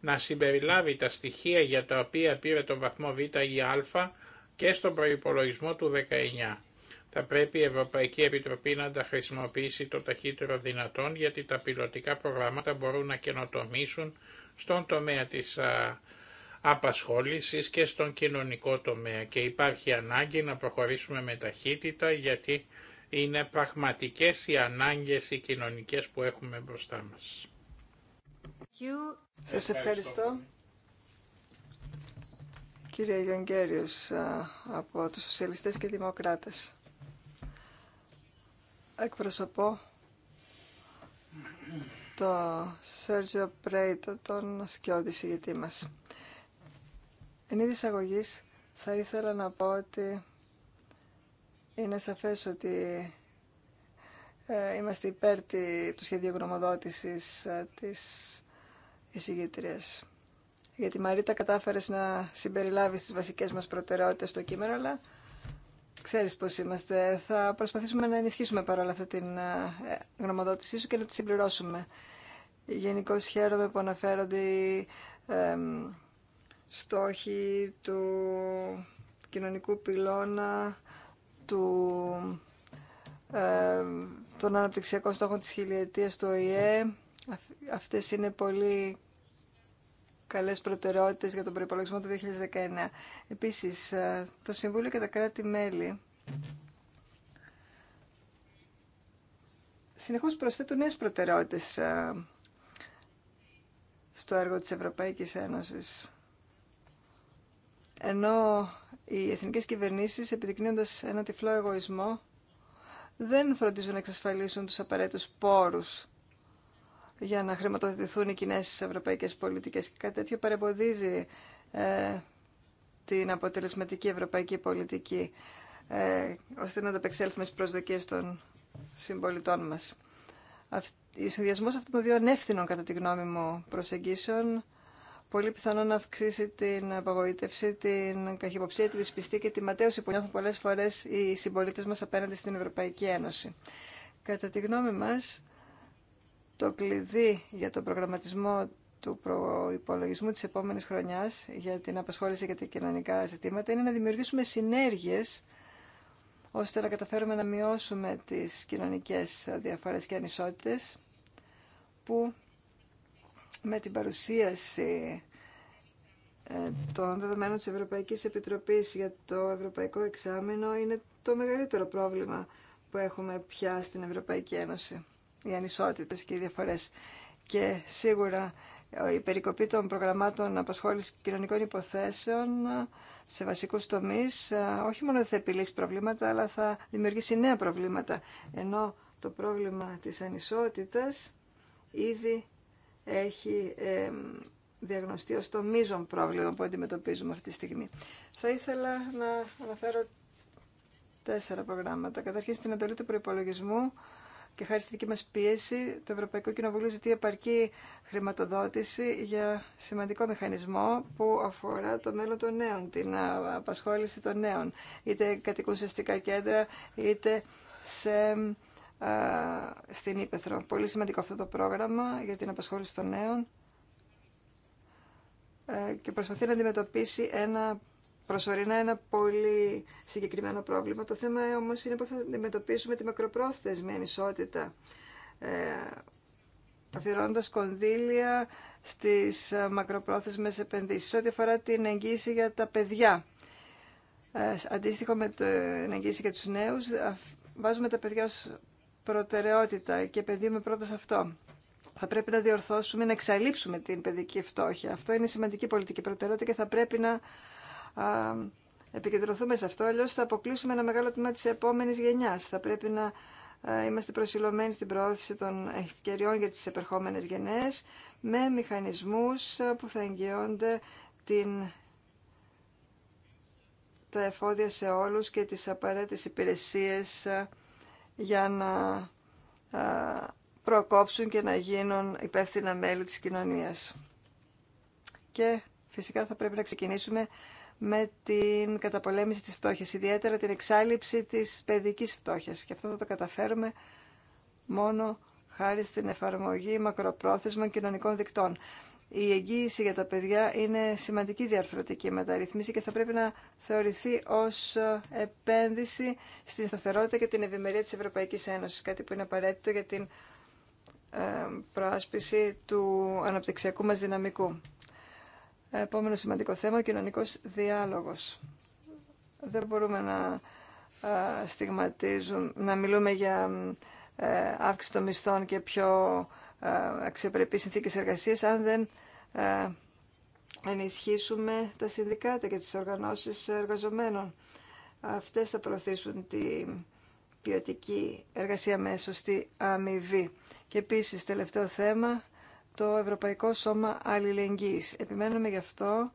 B: να συμπεριλάβει τα στοιχεία για τα οποία πήρε το βαθμό Β ή Α και στον προϋπολογισμό του 19. Θα πρέπει η Ευρωπαϊκή Επιτροπή να τα χρησιμοποιήσει το ταχύτερο δυνατόν γιατί τα πιλωτικά προγράμματα μπορούν να καινοτομήσουν στον τομέα της απασχόλησης και στον κοινωνικό τομέα και υπάρχει ανάγκη να προχωρήσουμε με ταχύτητα γιατί είναι πραγματικές οι ανάγκες οι κοινωνικές που έχουμε μπροστά μας.
C: Σας ευχαριστώ. Κύριε Γιονγκέριος από τους Σοσιαλιστές και Δημοκράτες. Εκπροσωπώ το Σέργιο Πρέιτο, τον σκιώδη συγγετή μας. Εν είδης αγωγής θα ήθελα να πω ότι είναι σαφές ότι ε, είμαστε υπέρ του σχεδίου γνωμοδότησης ε, της εισηγήτριας. Γιατί η Μαρίτα κατάφερε να συμπεριλάβει τις βασικές μας προτεραιότητες το κείμενο, αλλά ξέρεις πώς είμαστε. Θα προσπαθήσουμε να ενισχύσουμε παρόλα αυτά την ε, γνωμοδότησή σου και να τη συμπληρώσουμε. Γενικώ χαίρομαι που αναφέρονται οι στόχοι του κοινωνικού πυλώνα, του, ε, των αναπτυξιακών στόχων της χιλιετίας του ΟΗΕ. Αυτές είναι πολύ καλές προτεραιότητες για τον προϋπολογισμό του 2019. Επίσης, ε, το Συμβούλιο και τα κράτη-μέλη συνεχώς προσθέτουν νέες προτεραιότητες ε, στο έργο της Ευρωπαϊκής Ένωσης. Ενώ οι εθνικές κυβερνήσεις, επιδεικνύοντας ένα τυφλό εγωισμό, δεν φροντίζουν να εξασφαλίσουν τους απαραίτητους πόρους για να χρηματοδοτηθούν οι κοινέ ευρωπαϊκές πολιτικές και κάτι τέτοιο παρεμποδίζει ε, την αποτελεσματική ευρωπαϊκή πολιτική ε, ώστε να ανταπεξέλθουμε στις προσδοκίες των συμπολιτών μας. Ο συνδυασμό αυτών των δύο ανεύθυνων, κατά τη γνώμη μου, προσεγγίσεων πολύ πιθανό να αυξήσει την απαγοήτευση, την καχυποψία, τη δυσπιστή και τη ματέωση που νιώθουν πολλές φορές οι συμπολίτες μας απέναντι στην Ευρωπαϊκή Ένωση. Κατά τη γνώμη μας, το κλειδί για τον προγραμματισμό του προϋπολογισμού της επόμενης χρονιάς για την απασχόληση και τα κοινωνικά ζητήματα είναι να δημιουργήσουμε συνέργειες ώστε να καταφέρουμε να μειώσουμε τις κοινωνικές διαφορές και ανισότητες που με την παρουσίαση ε, των δεδομένων της Ευρωπαϊκής Επιτροπής για το Ευρωπαϊκό Εξάμεινο είναι το μεγαλύτερο πρόβλημα που έχουμε πια στην Ευρωπαϊκή Ένωση. Οι ανισότητες και οι διαφορές. Και σίγουρα ε, η περικοπή των προγραμμάτων απασχόλησης κοινωνικών υποθέσεων ε, σε βασικούς τομείς όχι μόνο δεν θα επιλύσει προβλήματα, αλλά θα δημιουργήσει νέα προβλήματα. Ενώ το πρόβλημα της ανισότητας ήδη έχει διαγνωστεί ως το μείζον πρόβλημα που αντιμετωπίζουμε αυτή τη στιγμή. Θα ήθελα να αναφέρω τέσσερα προγράμματα. Καταρχήν στην εντολή του προπολογισμού και χάρη στη δική μας πίεση, το Ευρωπαϊκό Κοινοβούλιο ζητεί επαρκή χρηματοδότηση για σημαντικό μηχανισμό που αφορά το μέλλον των νέων, την απασχόληση των νέων, είτε κατοικούν σε αστικά κέντρα, είτε σε στην Ήπεθρο. Πολύ σημαντικό αυτό το πρόγραμμα για την απασχόληση των νέων ε, και προσπαθεί να αντιμετωπίσει ένα προσωρινά ένα πολύ συγκεκριμένο πρόβλημα. Το θέμα όμως είναι πώς θα αντιμετωπίσουμε τη μακροπρόθεσμη ανισότητα ε, αφιερώνοντας κονδύλια στις ε, μακροπρόθεσμες επενδύσεις. Ό,τι αφορά την εγγύηση για τα παιδιά, αντίστοιχο με την εγγύηση για τους νέους, βάζουμε τα παιδιά ως προτεραιότητα και με πρώτα σε αυτό. Θα πρέπει να διορθώσουμε, να εξαλείψουμε την παιδική φτώχεια. Αυτό είναι σημαντική πολιτική προτεραιότητα και θα πρέπει να α, επικεντρωθούμε σε αυτό, αλλιώ θα αποκλείσουμε ένα μεγάλο τμήμα της επόμενης γενιάς. Θα πρέπει να είμαστε προσιλωμένοι στην προώθηση των ευκαιριών για τι επερχόμενε γενναίε με μηχανισμού που θα εγγυώνται την τα εφόδια σε όλους και τις απαραίτητες υπηρεσίες για να ε, προκόψουν και να γίνουν υπεύθυνα μέλη της κοινωνίας. Και φυσικά θα πρέπει να ξεκινήσουμε με την καταπολέμηση της φτώχειας, ιδιαίτερα την εξάλληψη της παιδικής φτώχειας. Και αυτό θα το καταφέρουμε μόνο χάρη στην εφαρμογή μακροπρόθεσμων κοινωνικών δικτών η εγγύηση για τα παιδιά είναι σημαντική διαρθρωτική μεταρρυθμίση και θα πρέπει να θεωρηθεί ως ε, επένδυση στην σταθερότητα και την ευημερία της Ευρωπαϊκής Ένωσης, κάτι που είναι απαραίτητο για την ε, προάσπιση του αναπτυξιακού μας δυναμικού. Επόμενο σημαντικό θέμα, ο κοινωνικός διάλογος. Δεν μπορούμε να ε, στιγματίζουμε, να μιλούμε για αύξηση των μισθών και πιο αξιοπρεπή συνθήκες εργασίας αν δεν ε, ενισχύσουμε τα συνδικάτα και τις οργανώσεις εργαζομένων. Αυτές θα προωθήσουν τη ποιοτική εργασία μέσω στη αμοιβή. Και επίσης, τελευταίο θέμα, το Ευρωπαϊκό Σώμα Αλληλεγγύης. Επιμένουμε γι' αυτό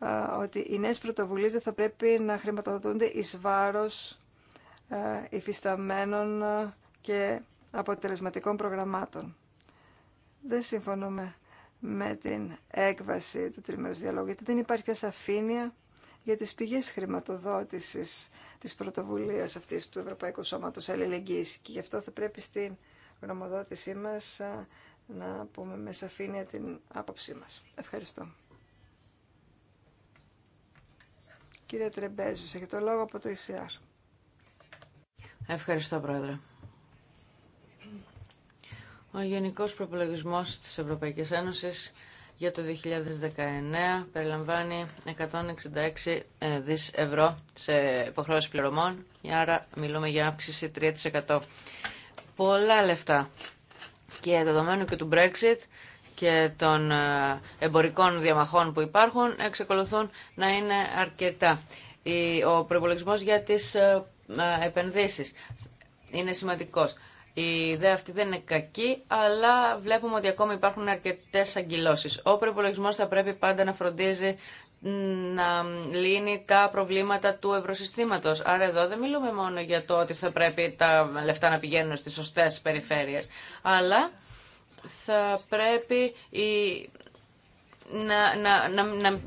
C: ε, ότι οι νέες πρωτοβουλίες δεν θα πρέπει να χρηματοδοτούνται εις βάρος ε, υφισταμένων και αποτελεσματικών προγραμμάτων. Δεν συμφωνούμε με την έκβαση του τριμερούς διαλόγου, γιατί δεν υπάρχει πια σαφήνεια για τις πηγές χρηματοδότησης της πρωτοβουλίας αυτής του Ευρωπαϊκού Σώματος Αλληλεγγύης και γι' αυτό θα πρέπει στην γνωμοδότησή μας να πούμε με σαφήνεια την άποψή μας. Ευχαριστώ. Κύριε Τρεμπέζος, έχει το λόγο από το ECR.
D: Ευχαριστώ, Πρόεδρε. Ο Γενικός Προπολογισμός της Ευρωπαϊκής Ένωσης για το 2019 περιλαμβάνει 166 ε, δις ευρώ σε υποχρεώσεις πληρωμών, άρα μιλούμε για αύξηση 3%. Πολλά λεφτά. Και δεδομένου και του Brexit και των ε, εμπορικών διαμαχών που υπάρχουν, εξακολουθούν να είναι αρκετά. Ο προπολογισμό για τις ε, επενδύσεις είναι σημαντικός. Η ιδέα αυτή δεν είναι κακή, αλλά βλέπουμε ότι ακόμα υπάρχουν αρκετέ αγκυλώσει. Ο προπολογισμό θα πρέπει πάντα να φροντίζει να λύνει τα προβλήματα του ευρωσυστήματο. Άρα εδώ δεν μιλούμε μόνο για το ότι θα πρέπει τα λεφτά να πηγαίνουν στις σωστέ περιφέρειες, αλλά θα πρέπει η να, να, να,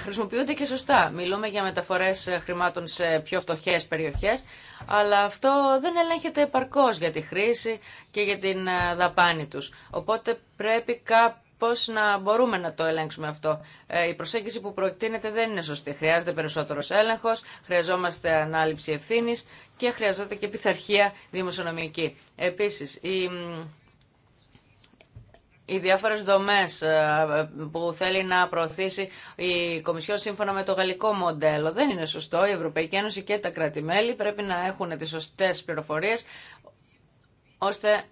D: χρησιμοποιούνται και σωστά. Μιλούμε για μεταφορές ε, χρημάτων σε πιο φτωχές περιοχές, αλλά αυτό δεν ελέγχεται επαρκώς για τη χρήση και για την ε, δαπάνη τους. Οπότε πρέπει κάπως να μπορούμε να το ελέγξουμε αυτό. Ε, η προσέγγιση που προεκτείνεται δεν είναι σωστή. Χρειάζεται περισσότερος έλεγχος, χρειαζόμαστε ανάληψη ευθύνης και χρειαζόταν και πειθαρχία δημοσιονομική. Επίσης, η οι διάφορες δομές ε, που θέλει να προωθήσει η Κομισιόν σύμφωνα με το γαλλικό μοντέλο. Δεν είναι σωστό. Η Ευρωπαϊκή Ένωση και τα κρατη πρέπει να έχουν τι σωστέ πληροφορίες ώστε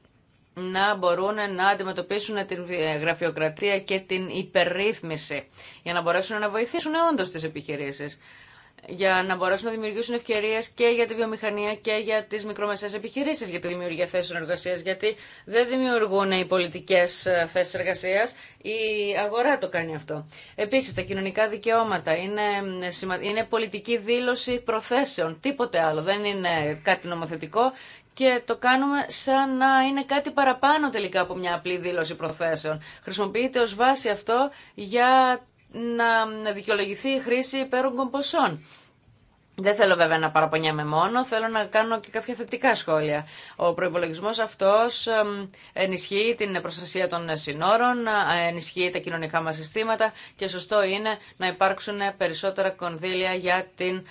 D: να μπορούν να αντιμετωπίσουν την γραφειοκρατία και την υπερρύθμιση για να μπορέσουν να βοηθήσουν όντως τις επιχειρήσεις για να μπορέσουν να δημιουργήσουν ευκαιρίες και για τη βιομηχανία και για τις μικρομεσαίες επιχειρήσεις για τη δημιουργία θέσεων εργασία, γιατί δεν δημιουργούν οι πολιτικές ε, θέσει εργασία. η αγορά το κάνει αυτό. Επίσης, τα κοινωνικά δικαιώματα είναι, είναι πολιτική δήλωση προθέσεων, τίποτε άλλο, δεν είναι κάτι νομοθετικό και το κάνουμε σαν να είναι κάτι παραπάνω τελικά από μια απλή δήλωση προθέσεων. Χρησιμοποιείται ως βάση αυτό για να δικαιολογηθεί η χρήση υπέρογκων ποσών. Δεν θέλω βέβαια να παραπονιάμαι μόνο, θέλω να κάνω και κάποια θετικά σχόλια. Ο προπολογισμό αυτό ενισχύει την προστασία των συνόρων, ε, ενισχύει τα κοινωνικά μα συστήματα και σωστό είναι να υπάρξουν περισσότερα κονδύλια για, την,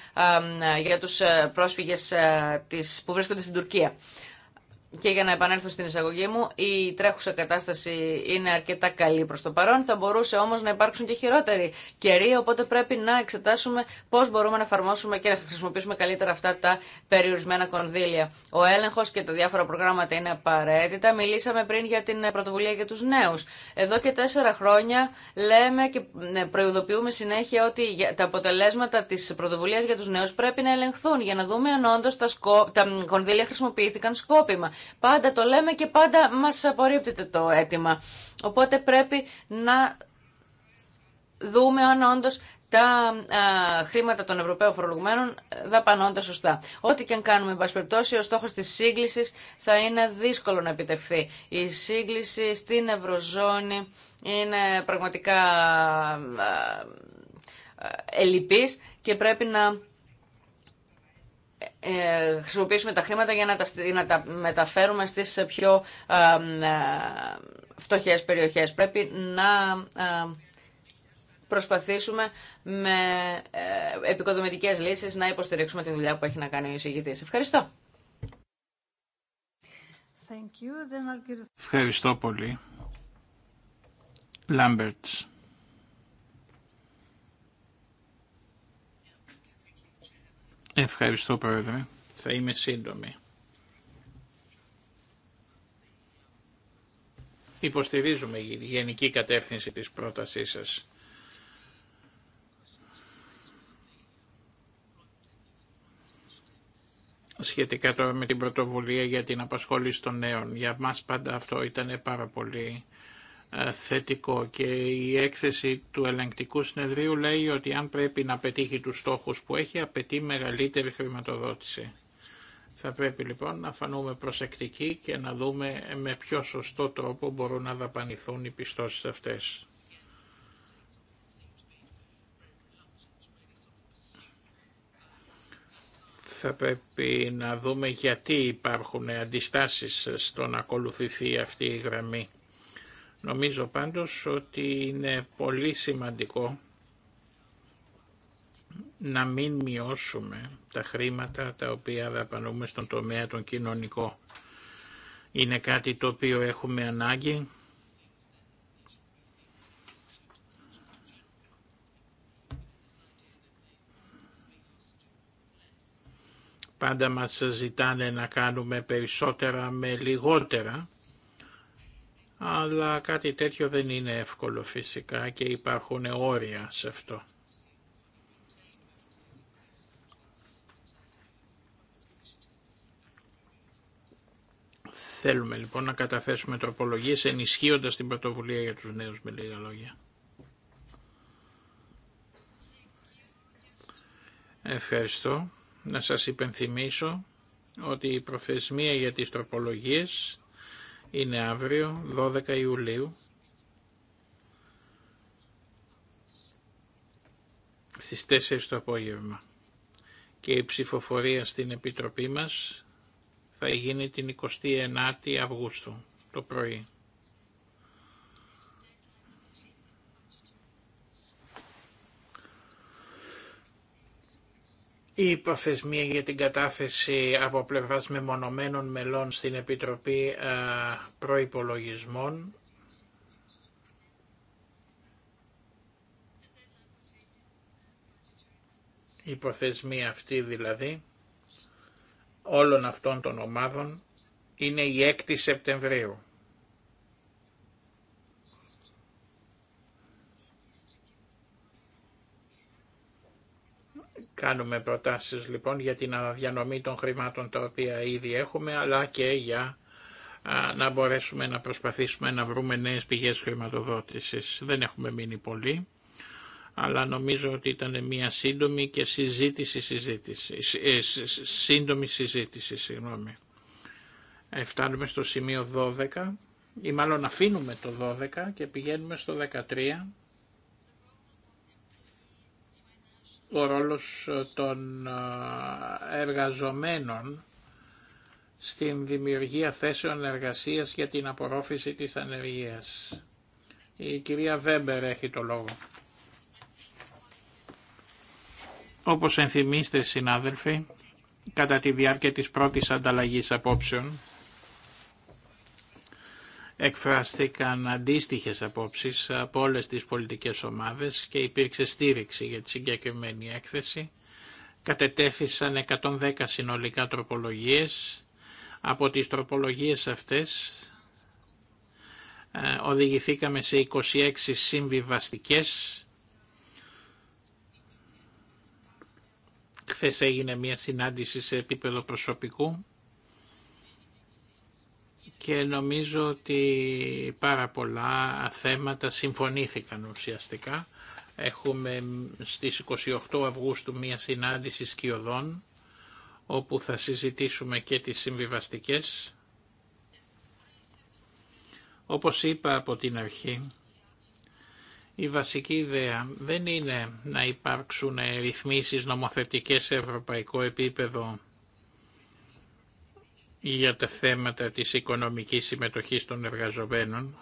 D: για τους ε, πρόσφυγες ε, που βρίσκονται στην Τουρκία και για να επανέλθω στην εισαγωγή μου, η τρέχουσα κατάσταση είναι αρκετά καλή προ το παρόν, θα μπορούσε όμω να υπάρξουν και χειρότεροι καιροί, οπότε πρέπει να εξετάσουμε πώ μπορούμε να εφαρμόσουμε και να χρησιμοποιήσουμε καλύτερα αυτά τα περιορισμένα κονδύλια. Ο έλεγχο και τα διάφορα προγράμματα είναι απαραίτητα. Μιλήσαμε πριν για την πρωτοβουλία για του νέου. Εδώ και τέσσερα χρόνια λέμε και ναι, προειδοποιούμε συνέχεια ότι τα αποτελέσματα τη πρωτοβουλία για του νέου πρέπει να ελεγχθούν για να δούμε αν όντω τα, τα κονδύλια χρησιμοποιήθηκαν σκόπιμα. Πάντα το λέμε και πάντα μας απορρίπτεται το αίτημα. Οπότε πρέπει να δούμε αν όντως τα χρήματα των Ευρωπαίων φορολογουμένων ε, δαπανώνται σωστά. Ό,τι και αν κάνουμε, εν ο στόχο της σύγκληση θα είναι δύσκολο να επιτευχθεί. Η σύγκληση στην Ευρωζώνη είναι πραγματικά ε, ελλειπής και πρέπει να ε, χρησιμοποιήσουμε τα χρήματα για να τα, να τα μεταφέρουμε στις πιο ε, φτωχές περιοχές. Πρέπει να προσπαθήσουμε με ε, επικοδομητικές λύσεις να υποστηρίξουμε τη δουλειά που έχει να κάνει ο εισηγητής. Ευχαριστώ.
B: Ευχαριστώ πολύ. Lamberts. Ευχαριστώ Πρόεδρε. Θα είμαι σύντομη. Υποστηρίζουμε η γενική κατεύθυνση της πρότασής σας. Σχετικά τώρα με την πρωτοβουλία για την απασχόληση των νέων. Για μας πάντα αυτό ήταν πάρα πολύ ε, θετικό και η έκθεση του ελεγκτικού συνεδρίου λέει ότι αν πρέπει να πετύχει τους στόχους που έχει απαιτεί μεγαλύτερη χρηματοδότηση. Θα πρέπει λοιπόν να φανούμε προσεκτικοί και να δούμε με ποιο σωστό τρόπο μπορούν να δαπανηθούν οι πιστώσεις αυτές. θα πρέπει να δούμε γιατί υπάρχουν αντιστάσεις στο να ακολουθηθεί αυτή η γραμμή. Νομίζω πάντως ότι είναι πολύ σημαντικό να μην μειώσουμε τα χρήματα τα οποία δαπανούμε στον τομέα τον κοινωνικό. Είναι κάτι το οποίο έχουμε ανάγκη. Πάντα μας ζητάνε να κάνουμε περισσότερα με λιγότερα αλλά κάτι τέτοιο δεν είναι εύκολο φυσικά και υπάρχουν όρια σε αυτό. Θέλουμε λοιπόν να καταθέσουμε τροπολογίες ενισχύοντας την πρωτοβουλία για τους νέους με λίγα λόγια. Ευχαριστώ. Να σας υπενθυμίσω ότι η προθεσμία για τις τροπολογίες είναι αύριο 12 Ιουλίου στις 4 το απόγευμα και η ψηφοφορία στην Επιτροπή μας θα γίνει την 29η Αυγούστου το πρωί. Η υποθεσμία για την κατάθεση από πλευράς μεμονωμένων μελών στην Επιτροπή ε, Προϋπολογισμών η υποθεσμία αυτή δηλαδή όλων αυτών των ομάδων είναι η 6η Σεπτεμβρίου. Κάνουμε προτάσεις λοιπόν για την αναδιανομή των χρημάτων τα οποία ήδη έχουμε, αλλά και για να μπορέσουμε να προσπαθήσουμε να βρούμε νέες πηγές χρηματοδότησης. Δεν έχουμε μείνει πολύ, αλλά νομίζω ότι ήταν μια σύντομη και συζήτηση συζήτηση, ε, σύντομη συζήτηση, συγγνώμη. Ε, φτάνουμε στο σημείο 12, ή μάλλον αφήνουμε το 12 και πηγαίνουμε στο 13, ο ρόλος ε, των ε, εργαζομένων στην δημιουργία θέσεων εργασίας για την απορρόφηση της ανεργίας. Η κυρία Βέμπερ έχει το λόγο. Όπως ενθυμίστε συνάδελφοι, κατά τη διάρκεια της πρώτης ανταλλαγής απόψεων, εκφράστηκαν αντίστοιχες απόψεις από όλες τις πολιτικές ομάδες και υπήρξε στήριξη για τη συγκεκριμένη έκθεση. Κατετέθησαν 110 συνολικά τροπολογίες. Από τις τροπολογίες αυτές ε, οδηγηθήκαμε σε 26 συμβιβαστικές. Χθε έγινε μια συνάντηση σε επίπεδο προσωπικού και νομίζω ότι πάρα πολλά θέματα συμφωνήθηκαν ουσιαστικά. Έχουμε στις 28 Αυγούστου μία συνάντηση σκιωδών όπου θα συζητήσουμε και τις συμβιβαστικές. Όπως είπα από την αρχή, η βασική ιδέα δεν είναι να υπάρξουν ρυθμίσεις νομοθετικές σε ευρωπαϊκό επίπεδο για τα θέματα της οικονομικής συμμετοχής των εργαζομένων,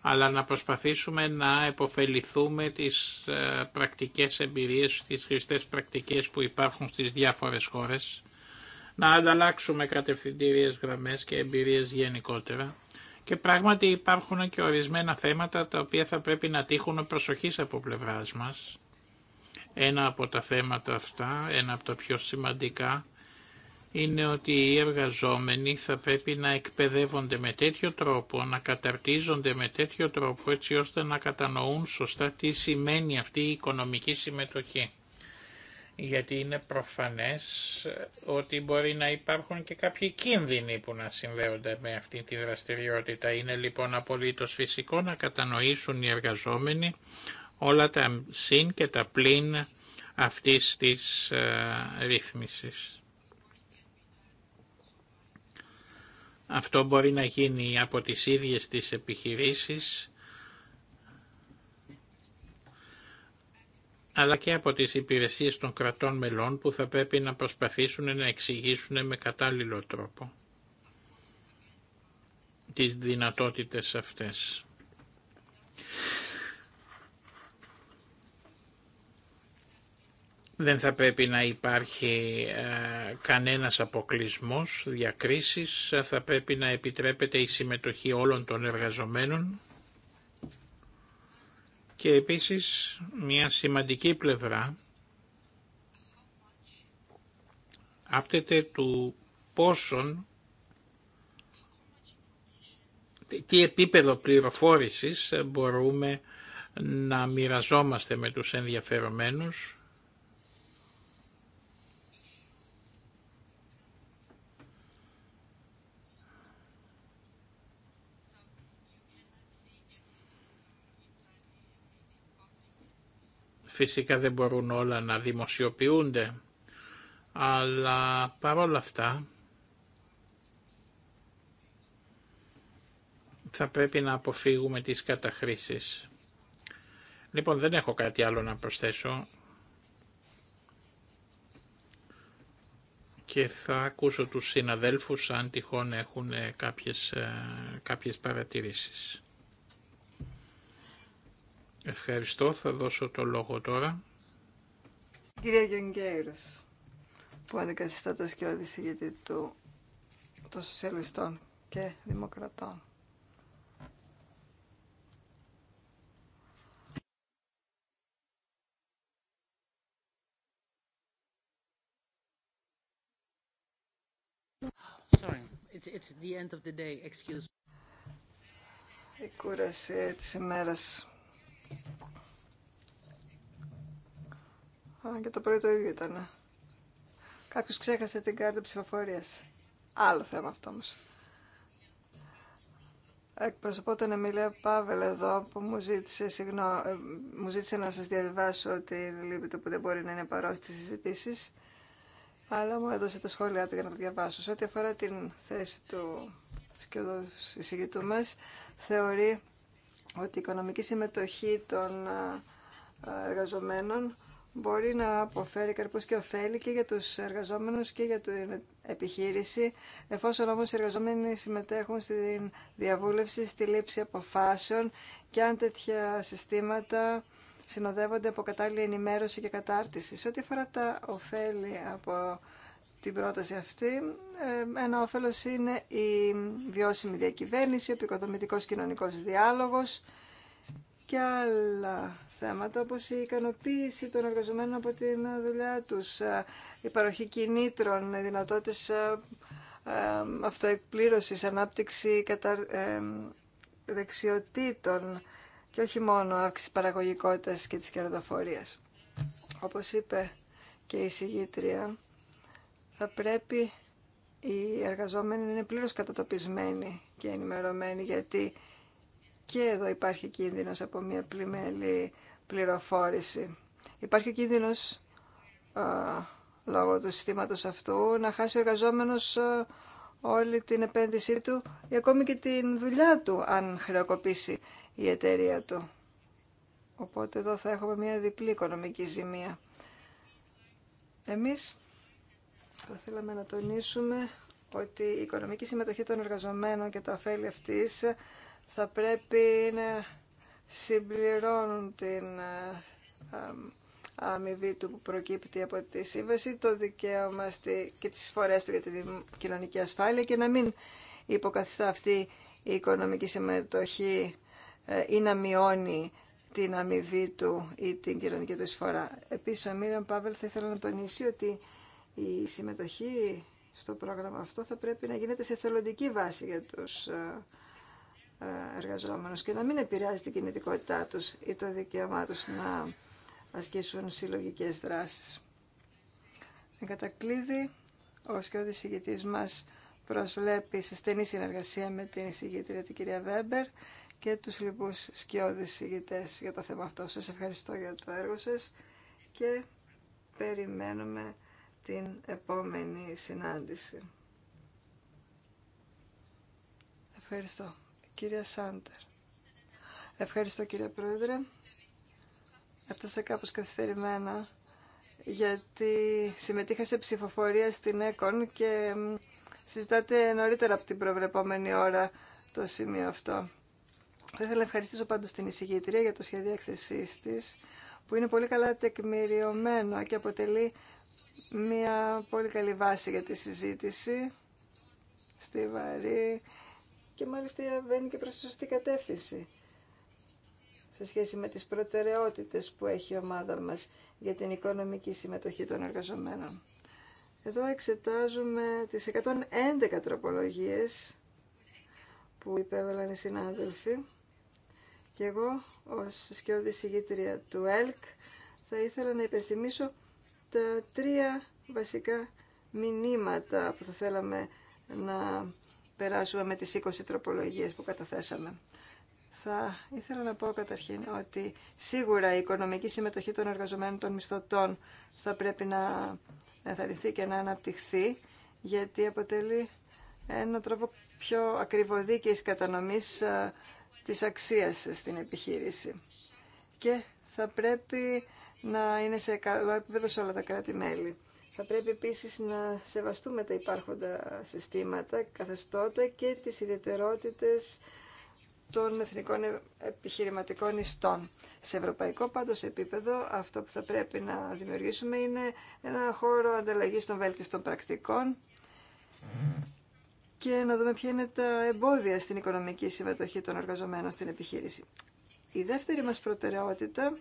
B: αλλά να προσπαθήσουμε να επωφεληθούμε τις ε, πρακτικές εμπειρίες, τις χρηστές πρακτικές που υπάρχουν στις διάφορες χώρες, να ανταλλάξουμε κατευθυντήριες γραμμές και εμπειρίες γενικότερα. Και πράγματι υπάρχουν και ορισμένα θέματα τα οποία θα πρέπει να τύχουν προσοχής από πλευράς μας. Ένα από τα θέματα αυτά, ένα από τα πιο σημαντικά, είναι ότι οι εργαζόμενοι θα πρέπει να εκπαιδεύονται με τέτοιο τρόπο, να καταρτίζονται με τέτοιο τρόπο έτσι ώστε να κατανοούν σωστά τι σημαίνει αυτή η οικονομική συμμετοχή. Γιατί είναι προφανές ε, ότι μπορεί να υπάρχουν και κάποιοι κίνδυνοι που να συνδέονται με αυτή τη δραστηριότητα. Είναι λοιπόν απολύτως φυσικό να κατανοήσουν οι εργαζόμενοι όλα τα συν και τα πλήν αυτής της ε, ρύθμισης. Αυτό μπορεί να γίνει από τις ίδιες τις επιχειρήσεις αλλά και από τις υπηρεσίες των κρατών μελών που θα πρέπει να προσπαθήσουν να εξηγήσουν με κατάλληλο τρόπο τις δυνατότητες αυτές. Δεν θα πρέπει να υπάρχει ε, κανένας αποκλεισμός, διακρίσεις, θα πρέπει να επιτρέπεται η συμμετοχή όλων των εργαζομένων και επίσης μια σημαντική πλευρά άπτεται του πόσον τι επίπεδο πληροφόρησης μπορούμε να μοιραζόμαστε με τους ενδιαφερομένους Φυσικά δεν μπορούν όλα να δημοσιοποιούνται, αλλά παρόλα αυτά θα πρέπει να αποφύγουμε τις καταχρήσεις. Λοιπόν, δεν έχω κάτι άλλο να προσθέσω και θα ακούσω τους συναδέλφους αν τυχόν έχουν ε, κάποιες, ε, κάποιες παρατηρήσεις. Ευχαριστώ. Θα δώσω το λόγο τώρα.
C: Κυρία Γιονγκέρος, που ανεκαθιστά το σκιώδηση γιατί του των Σοσιαλιστών και Δημοκρατών.
D: Sorry. It's, it's Η
C: κούραση της ημέρας Α, και το πρωί το ίδιο ήταν. κάποιο ξέχασε την κάρτα ψηφοφορίας. Άλλο θέμα αυτό όμω. Εκπροσωπώ τον Εμίλια Πάβελ εδώ που μου ζήτησε, ε, μου ζήτησε να σας διαβιβάσω ότι λείπει που δεν μπορεί να είναι παρόν στις συζητήσεις αλλά μου έδωσε τα σχόλιά του για να το διαβάσω. Σε ό,τι αφορά την θέση του σκιωδού εισηγητού μας θεωρεί ότι η οικονομική συμμετοχή των ε, εργαζομένων μπορεί να αποφέρει καρπούς και ωφέλη και για τους εργαζόμενους και για την επιχείρηση, εφόσον όμως οι εργαζόμενοι συμμετέχουν στη διαβούλευση, στη λήψη αποφάσεων και αν τέτοια συστήματα συνοδεύονται από κατάλληλη ενημέρωση και κατάρτιση. Σε ό,τι αφορά τα ωφέλη από την πρόταση αυτή, ε, ένα όφελος είναι η βιώσιμη διακυβέρνηση, ο επικοδομητικός κοινωνικός διάλογος και άλλα θέματα όπως η ικανοποίηση των εργαζομένων από την δουλειά τους, ε, η παροχή κινήτρων, οι δυνατότητες ε, ε, αυτοεκπλήρωσης, ανάπτυξη δεξιοτήτων και όχι μόνο αύξηση παραγωγικότητας και της κερδοφορίας. Όπως είπε και η συγγήτρια, θα πρέπει οι εργαζόμενοι να είναι πλήρως κατατοπισμένοι και ενημερωμένοι γιατί και εδώ υπάρχει κίνδυνος από μια πλημέλη πληροφόρηση. Υπάρχει κίνδυνος α, λόγω του συστήματος αυτού να χάσει ο εργαζόμενος όλη την επένδυσή του ή ακόμη και την δουλειά του αν χρεοκοπήσει η εταιρεία του. Οπότε εδώ θα έχουμε μια διπλή οικονομική ζημία. Εμείς θα θέλαμε να τονίσουμε ότι η οικονομική συμμετοχή των εργαζομένων και τα ωφέλη αυτής θα πρέπει να συμπληρώνουν την ε, αμοιβή του που προκύπτει από τη σύμβαση, το δικαίωμα και τις φορές του για την κοινωνική ασφάλεια και να μην υποκαθιστά αυτή η οικονομική συμμετοχή ε, ή να μειώνει την αμοιβή του ή την κοινωνική του εισφορά. Επίσης, ο Μίριαν Πάβελ θα ήθελα να τονίσει ότι η συμμετοχή στο πρόγραμμα αυτό θα πρέπει να γίνεται σε θελοντική βάση για τους ε, ε, Εργαζομένος και να μην επηρεάζει την κινητικότητά τους ή το δικαίωμά τους να ασκήσουν συλλογικές δράσεις. Εν ο σκιώδης ηγητής μας προσβλέπει σε στενή συνεργασία με την εισηγήτρια την κυρία Βέμπερ και τους λοιπούς σκιώδης ηγητές για το θέμα αυτό. Σας ευχαριστώ για το έργο σας και περιμένουμε την επόμενη συνάντηση. Ευχαριστώ. Κυρία Σάντερ. Ευχαριστώ κύριε Πρόεδρε. Έφτασα κάπως καθυστερημένα γιατί συμμετείχα σε ψηφοφορία στην ΕΚΟΝ και συζητάτε νωρίτερα από την προβλεπόμενη ώρα το σημείο αυτό. Θα ήθελα να ευχαριστήσω πάντως την εισηγήτρια για το σχέδιο έκθεσή τη. που είναι πολύ καλά τεκμηριωμένο και αποτελεί μια πολύ καλή βάση για τη συζήτηση στη βαρύ και μάλιστα βαίνει και προς τη σωστή κατεύθυνση σε σχέση με τις προτεραιότητες που έχει η ομάδα μας για την οικονομική συμμετοχή των εργαζομένων. Εδώ εξετάζουμε τις 111 τροπολογίες που υπέβαλαν οι συνάδελφοι και εγώ ως σκιώδη συγγήτρια του ΕΛΚ θα ήθελα να υπενθυμίσω τα τρία βασικά μηνύματα που θα θέλαμε να περάσουμε με τις 20 τροπολογίες που καταθέσαμε. Θα ήθελα να πω καταρχήν ότι σίγουρα η οικονομική συμμετοχή των εργαζομένων των μισθωτών θα πρέπει να ενθαρρυνθεί και να αναπτυχθεί, γιατί αποτελεί ένα τρόπο πιο ακριβοδίκης κατανομής της αξίας στην επιχείρηση. Και θα πρέπει να είναι σε καλό επίπεδο σε όλα τα κράτη-μέλη. Θα πρέπει επίσης να σεβαστούμε τα υπάρχοντα συστήματα, καθεστώτα και τις ιδιαιτερότητες των εθνικών ε, επιχειρηματικών ιστών. Σε ευρωπαϊκό πάντως επίπεδο αυτό που θα πρέπει να δημιουργήσουμε είναι ένα χώρο ανταλλαγής των βέλτιστων πρακτικών και να δούμε ποια είναι τα εμπόδια στην οικονομική συμμετοχή των εργαζομένων στην επιχείρηση. Η δεύτερη μας προτεραιότητα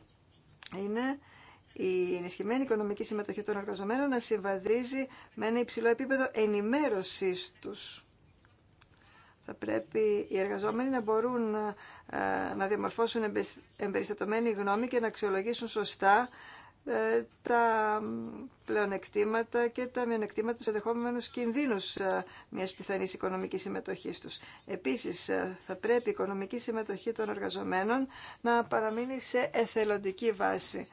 C: είναι η ενισχυμένη οικονομική συμμετοχή των εργαζομένων να συμβαδίζει με ένα υψηλό επίπεδο ενημέρωσής τους. Θα πρέπει οι εργαζόμενοι να μπορούν να, ε, να διαμορφώσουν εμπεριστατωμένη γνώμη και να αξιολογήσουν σωστά ε, τα πλεονεκτήματα και τα μειονεκτήματα του ενδεχόμενου κινδύνου ε, μια πιθανή οικονομική συμμετοχή του. Επίση, θα πρέπει η οικονομική συμμετοχή των εργαζομένων να παραμείνει σε εθελοντική βάση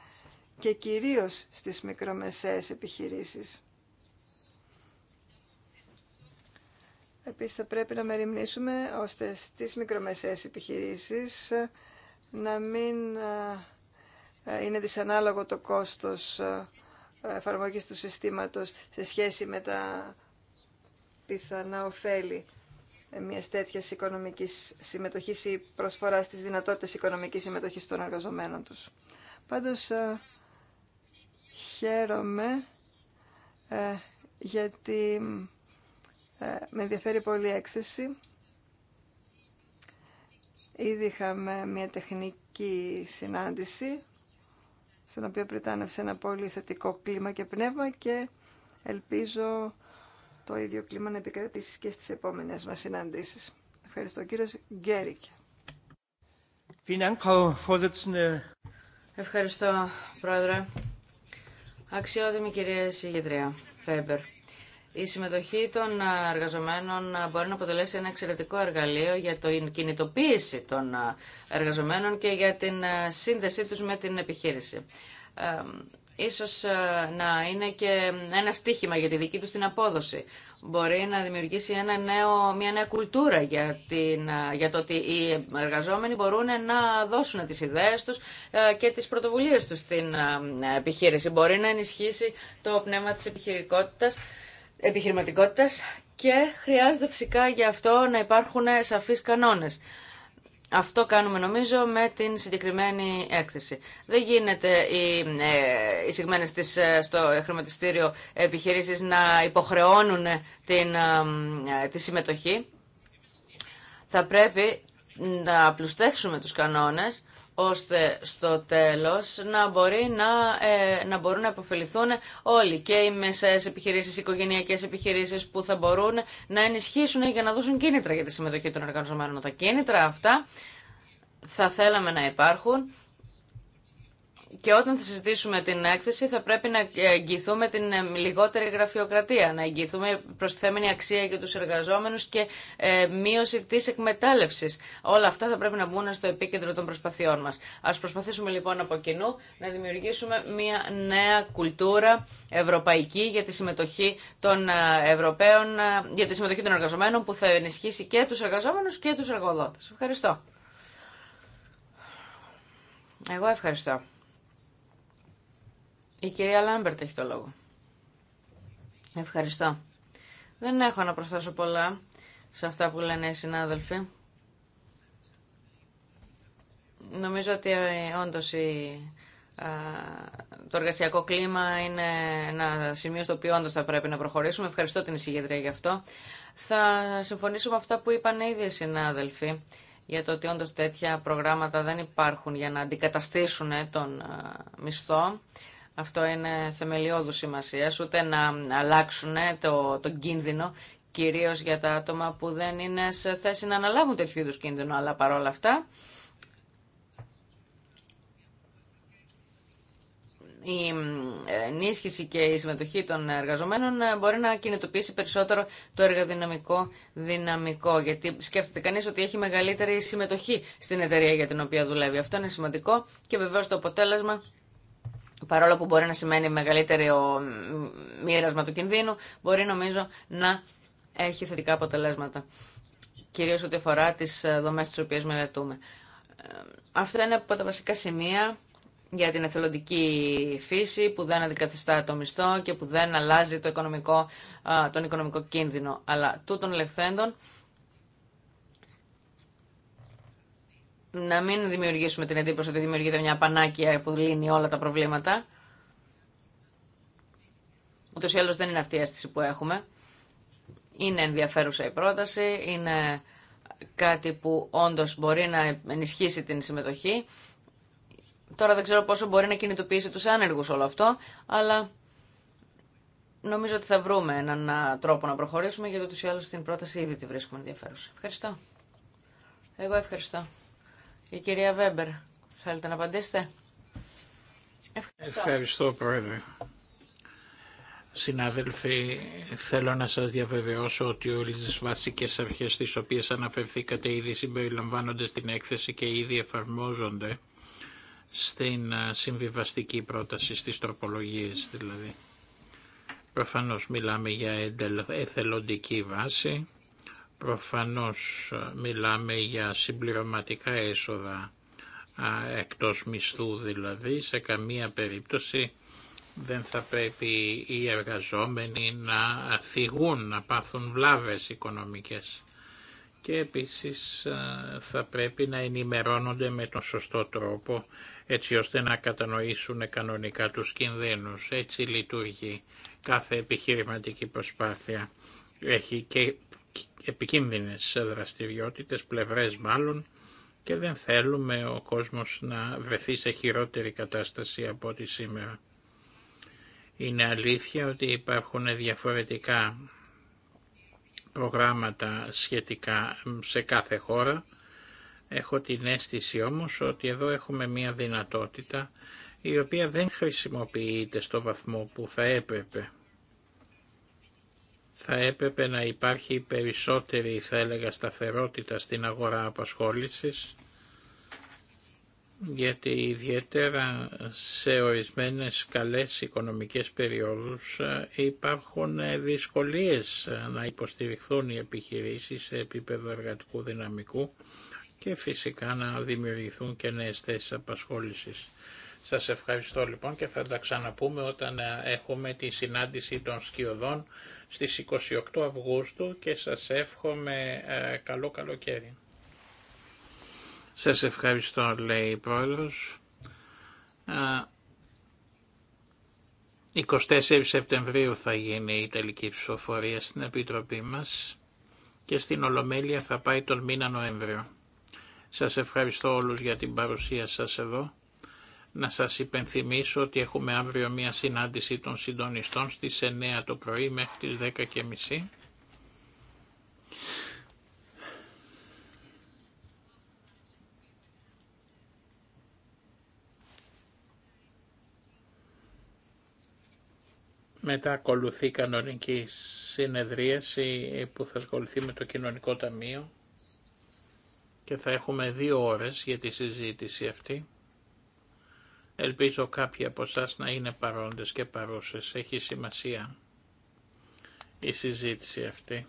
C: και κυρίως στις μικρομεσαίες επιχειρήσεις. Επίσης θα πρέπει να μεριμνήσουμε ώστε στις μικρομεσαίες επιχειρήσεις να μην ε, είναι δυσανάλογο το κόστος ε, εφαρμογής του συστήματος σε σχέση με τα πιθανά ωφέλη ε, μια τέτοια οικονομική συμμετοχή ή προσφορά στι δυνατότητε οικονομική συμμετοχή των εργαζομένων του. Πάντω, Χαίρομαι ε, γιατί ε, με ενδιαφέρει πολύ η έκθεση. Ήδη είχαμε μια τεχνική συνάντηση στην οποία πριτάνευσε ένα πολύ θετικό κλίμα και πνεύμα και ελπίζω το ίδιο κλίμα να επικρατήσει και στις επόμενες μας συναντήσεις. Ευχαριστώ κύριο Γκέρικε.
D: Ευχαριστώ, Πρόεδρε. Αξιότιμη κυρία Συγγετρία Φέμπερ. Η συμμετοχή των εργαζομένων μπορεί να αποτελέσει ένα εξαιρετικό εργαλείο για την κινητοποίηση των εργαζομένων και για την σύνδεσή τους με την επιχείρηση. Ε, ίσως να είναι και ένα στίχημα για τη δική τους την απόδοση μπορεί να δημιουργήσει ένα νέο, μια νέα κουλτούρα για, την, για το ότι οι εργαζόμενοι μπορούν να δώσουν τις ιδέες τους και τις πρωτοβουλίες τους στην επιχείρηση. Μπορεί να ενισχύσει το πνεύμα της επιχειρηματικότητας, επιχειρηματικότητας και χρειάζεται φυσικά για αυτό να υπάρχουν σαφείς κανόνες. Αυτό κάνουμε νομίζω με την συγκεκριμένη έκθεση. Δεν γίνεται οι ε, συγμένε ε, στο χρηματιστήριο επιχειρήσει να υποχρεώνουν την, ε, τη συμμετοχή. Θα πρέπει να απλουστεύσουμε τους κανόνες ώστε στο τέλος να, μπορεί να, ε, να μπορούν να αποφεληθούν όλοι και οι μεσαίες επιχειρήσεις, οι οικογενειακές επιχειρήσεις που θα μπορούν να ενισχύσουν για να δώσουν κίνητρα για τη συμμετοχή των εργαζομένων. Τα κίνητρα αυτά θα θέλαμε να υπάρχουν και όταν θα συζητήσουμε την έκθεση θα πρέπει να εγγυηθούμε την ε, λιγότερη γραφειοκρατία, να εγγυηθούμε προστιθέμενη αξία για τους εργαζόμενους και ε, μείωση της εκμετάλλευσης. Όλα αυτά θα πρέπει να μπουν στο επίκεντρο των προσπαθειών μας. Ας προσπαθήσουμε λοιπόν από κοινού να δημιουργήσουμε μια νέα κουλτούρα ευρωπαϊκή για τη συμμετοχή των ε, Ευρωπαίων, για τη συμμετοχή των εργαζομένων που θα ενισχύσει και τους εργαζόμενους και τους εργοδότες. Ευχαριστώ. Εγώ ευχαριστώ. Η κυρία Λάμπερτ έχει το λόγο. Ευχαριστώ. Δεν έχω να προσθέσω πολλά σε αυτά που λένε οι συνάδελφοι. Νομίζω ότι ε, όντως η, ε, το εργασιακό κλίμα είναι ένα σημείο στο οποίο όντως θα πρέπει να προχωρήσουμε. Ευχαριστώ την εισηγητρία για αυτό. Θα συμφωνήσω με αυτά που είπαν οι οι συνάδελφοι για το ότι όντως τέτοια προγράμματα δεν υπάρχουν για να αντικαταστήσουν ε, τον μισθό. Αυτό είναι θεμελιώδου σημασία, ούτε να αλλάξουν το, κίνδυνο, κυρίω για τα άτομα που δεν είναι σε θέση να αναλάβουν τέτοιου είδου κίνδυνο, αλλά παρόλα αυτά η ενίσχυση και η συμμετοχή των εργαζομένων μπορεί να κινητοποιήσει περισσότερο το εργαδυναμικό δυναμικό. Γιατί σκέφτεται κανείς ότι έχει μεγαλύτερη συμμετοχή στην εταιρεία για την οποία δουλεύει. Αυτό είναι σημαντικό και βεβαίως το αποτέλεσμα παρόλο που μπορεί να σημαίνει μεγαλύτερο μοίρασμα του κινδύνου, μπορεί νομίζω να έχει θετικά αποτελέσματα. Κυρίω ό,τι αφορά τι ε, δομέ τι οποίε μελετούμε. Ε, αυτά είναι από τα βασικά σημεία για την εθελοντική φύση που δεν αντικαθιστά το μισθό και που δεν αλλάζει το οικονομικό, τον οικονομικό κίνδυνο. Αλλά τούτων λεχθέντων να μην δημιουργήσουμε την εντύπωση ότι δημιουργείται μια πανάκια που λύνει όλα τα προβλήματα. Ούτω ή άλλω δεν είναι αυτή η αίσθηση που έχουμε. Είναι ενδιαφέρουσα η πρόταση, είναι κάτι που όντω μπορεί να ενισχύσει την συμμετοχή. Τώρα δεν ξέρω πόσο μπορεί να κινητοποιήσει τους άνεργους όλο αυτό, αλλά νομίζω ότι θα βρούμε έναν τρόπο να προχωρήσουμε, γιατί ούτως ή άλλως την πρόταση ήδη τη βρίσκουμε ενδιαφέρουσα. Ευχαριστώ. Εγώ ευχαριστώ. Η κυρία Βέμπερ, θέλετε να απαντήσετε.
B: Ευχαριστώ. Ευχαριστώ, Πρόεδρε. Συνάδελφοι, θέλω να σας διαβεβαιώσω ότι όλες τις βασικές αρχές τις οποίες αναφερθήκατε ήδη συμπεριλαμβάνονται στην έκθεση και ήδη εφαρμόζονται στην ε, συμβιβαστική πρόταση, στις τροπολογίες δηλαδή. Προφανώς μιλάμε για εθελοντική βάση Προφανώς ε, μιλάμε για συμπληρωματικά έσοδα εκτός μισθού δηλαδή, σε καμία περίπτωση δεν θα πρέπει οι εργαζόμενοι να θυγούν, να πάθουν βλάβες οικονομικές. Και επίσης ε, θα πρέπει να ενημερώνονται με τον σωστό τρόπο, έτσι ώστε να κατανοήσουν κανονικά τους κινδύνους. Έτσι λειτουργεί κάθε επιχειρηματική προσπάθεια. Έχει και επικίνδυνες δραστηριότητες, πλευρές μάλλον, και δεν θέλουμε ο κόσμος να βρεθεί σε χειρότερη κατάσταση από ό,τι σήμερα. Είναι αλήθεια ότι υπάρχουν διαφορετικά προγράμματα σχετικά σε κάθε χώρα. Έχω την αίσθηση όμως ότι εδώ έχουμε μία δυνατότητα η οποία δεν χρησιμοποιείται στο βαθμό που θα έπρεπε θα έπρεπε να υπάρχει περισσότερη, θα έλεγα, σταθερότητα στην αγορά απασχόλησης, γιατί ιδιαίτερα σε ορισμένες καλές οικονομικές περιόδους ε, υπάρχουν ε, δυσκολίες να υποστηριχθούν οι επιχειρήσεις σε επίπεδο εργατικού δυναμικού και φυσικά να δημιουργηθούν και νέες θέσεις απασχόλησης. Σας ευχαριστώ λοιπόν και θα τα ξαναπούμε όταν ε, έχουμε τη συνάντηση των σκιωδών στις 28 Αυγούστου και σας εύχομαι ε, καλό καλοκαίρι. Σας ευχαριστώ λέει η Πρόεδρος. 24 Σεπτεμβρίου θα γίνει η τελική ψηφοφορία στην Επιτροπή μας και στην Ολομέλεια θα πάει τον μήνα Νοέμβριο. Σας ευχαριστώ όλους για την παρουσία σας εδώ να σας υπενθυμίσω ότι έχουμε αύριο μια συνάντηση των συντονιστών στις 9 το πρωί μέχρι τις μισή. Μετά ακολουθεί η κανονική συνεδρίαση που θα ασχοληθεί με το κοινωνικό ταμείο και θα έχουμε δύο ώρες για τη συζήτηση αυτή. Ελπίζω κάποιοι από εσά να είναι παρόντες και παρούσες. Έχει σημασία η συζήτηση αυτή.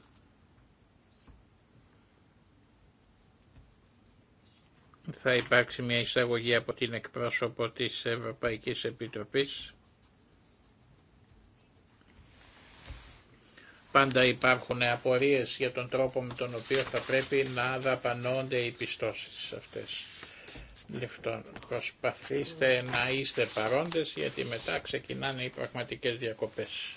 B: Θα υπάρξει μια εισαγωγή από την εκπρόσωπο της Ευρωπαϊκής Επιτροπής. Πάντα υπάρχουν απορίες για τον τρόπο με τον οποίο θα πρέπει να δαπανώνται οι πιστώσεις αυτές. Λοιπόν, προσπαθήστε να είστε παρόντες γιατί μετά ξεκινάνε οι πραγματικές διακοπές.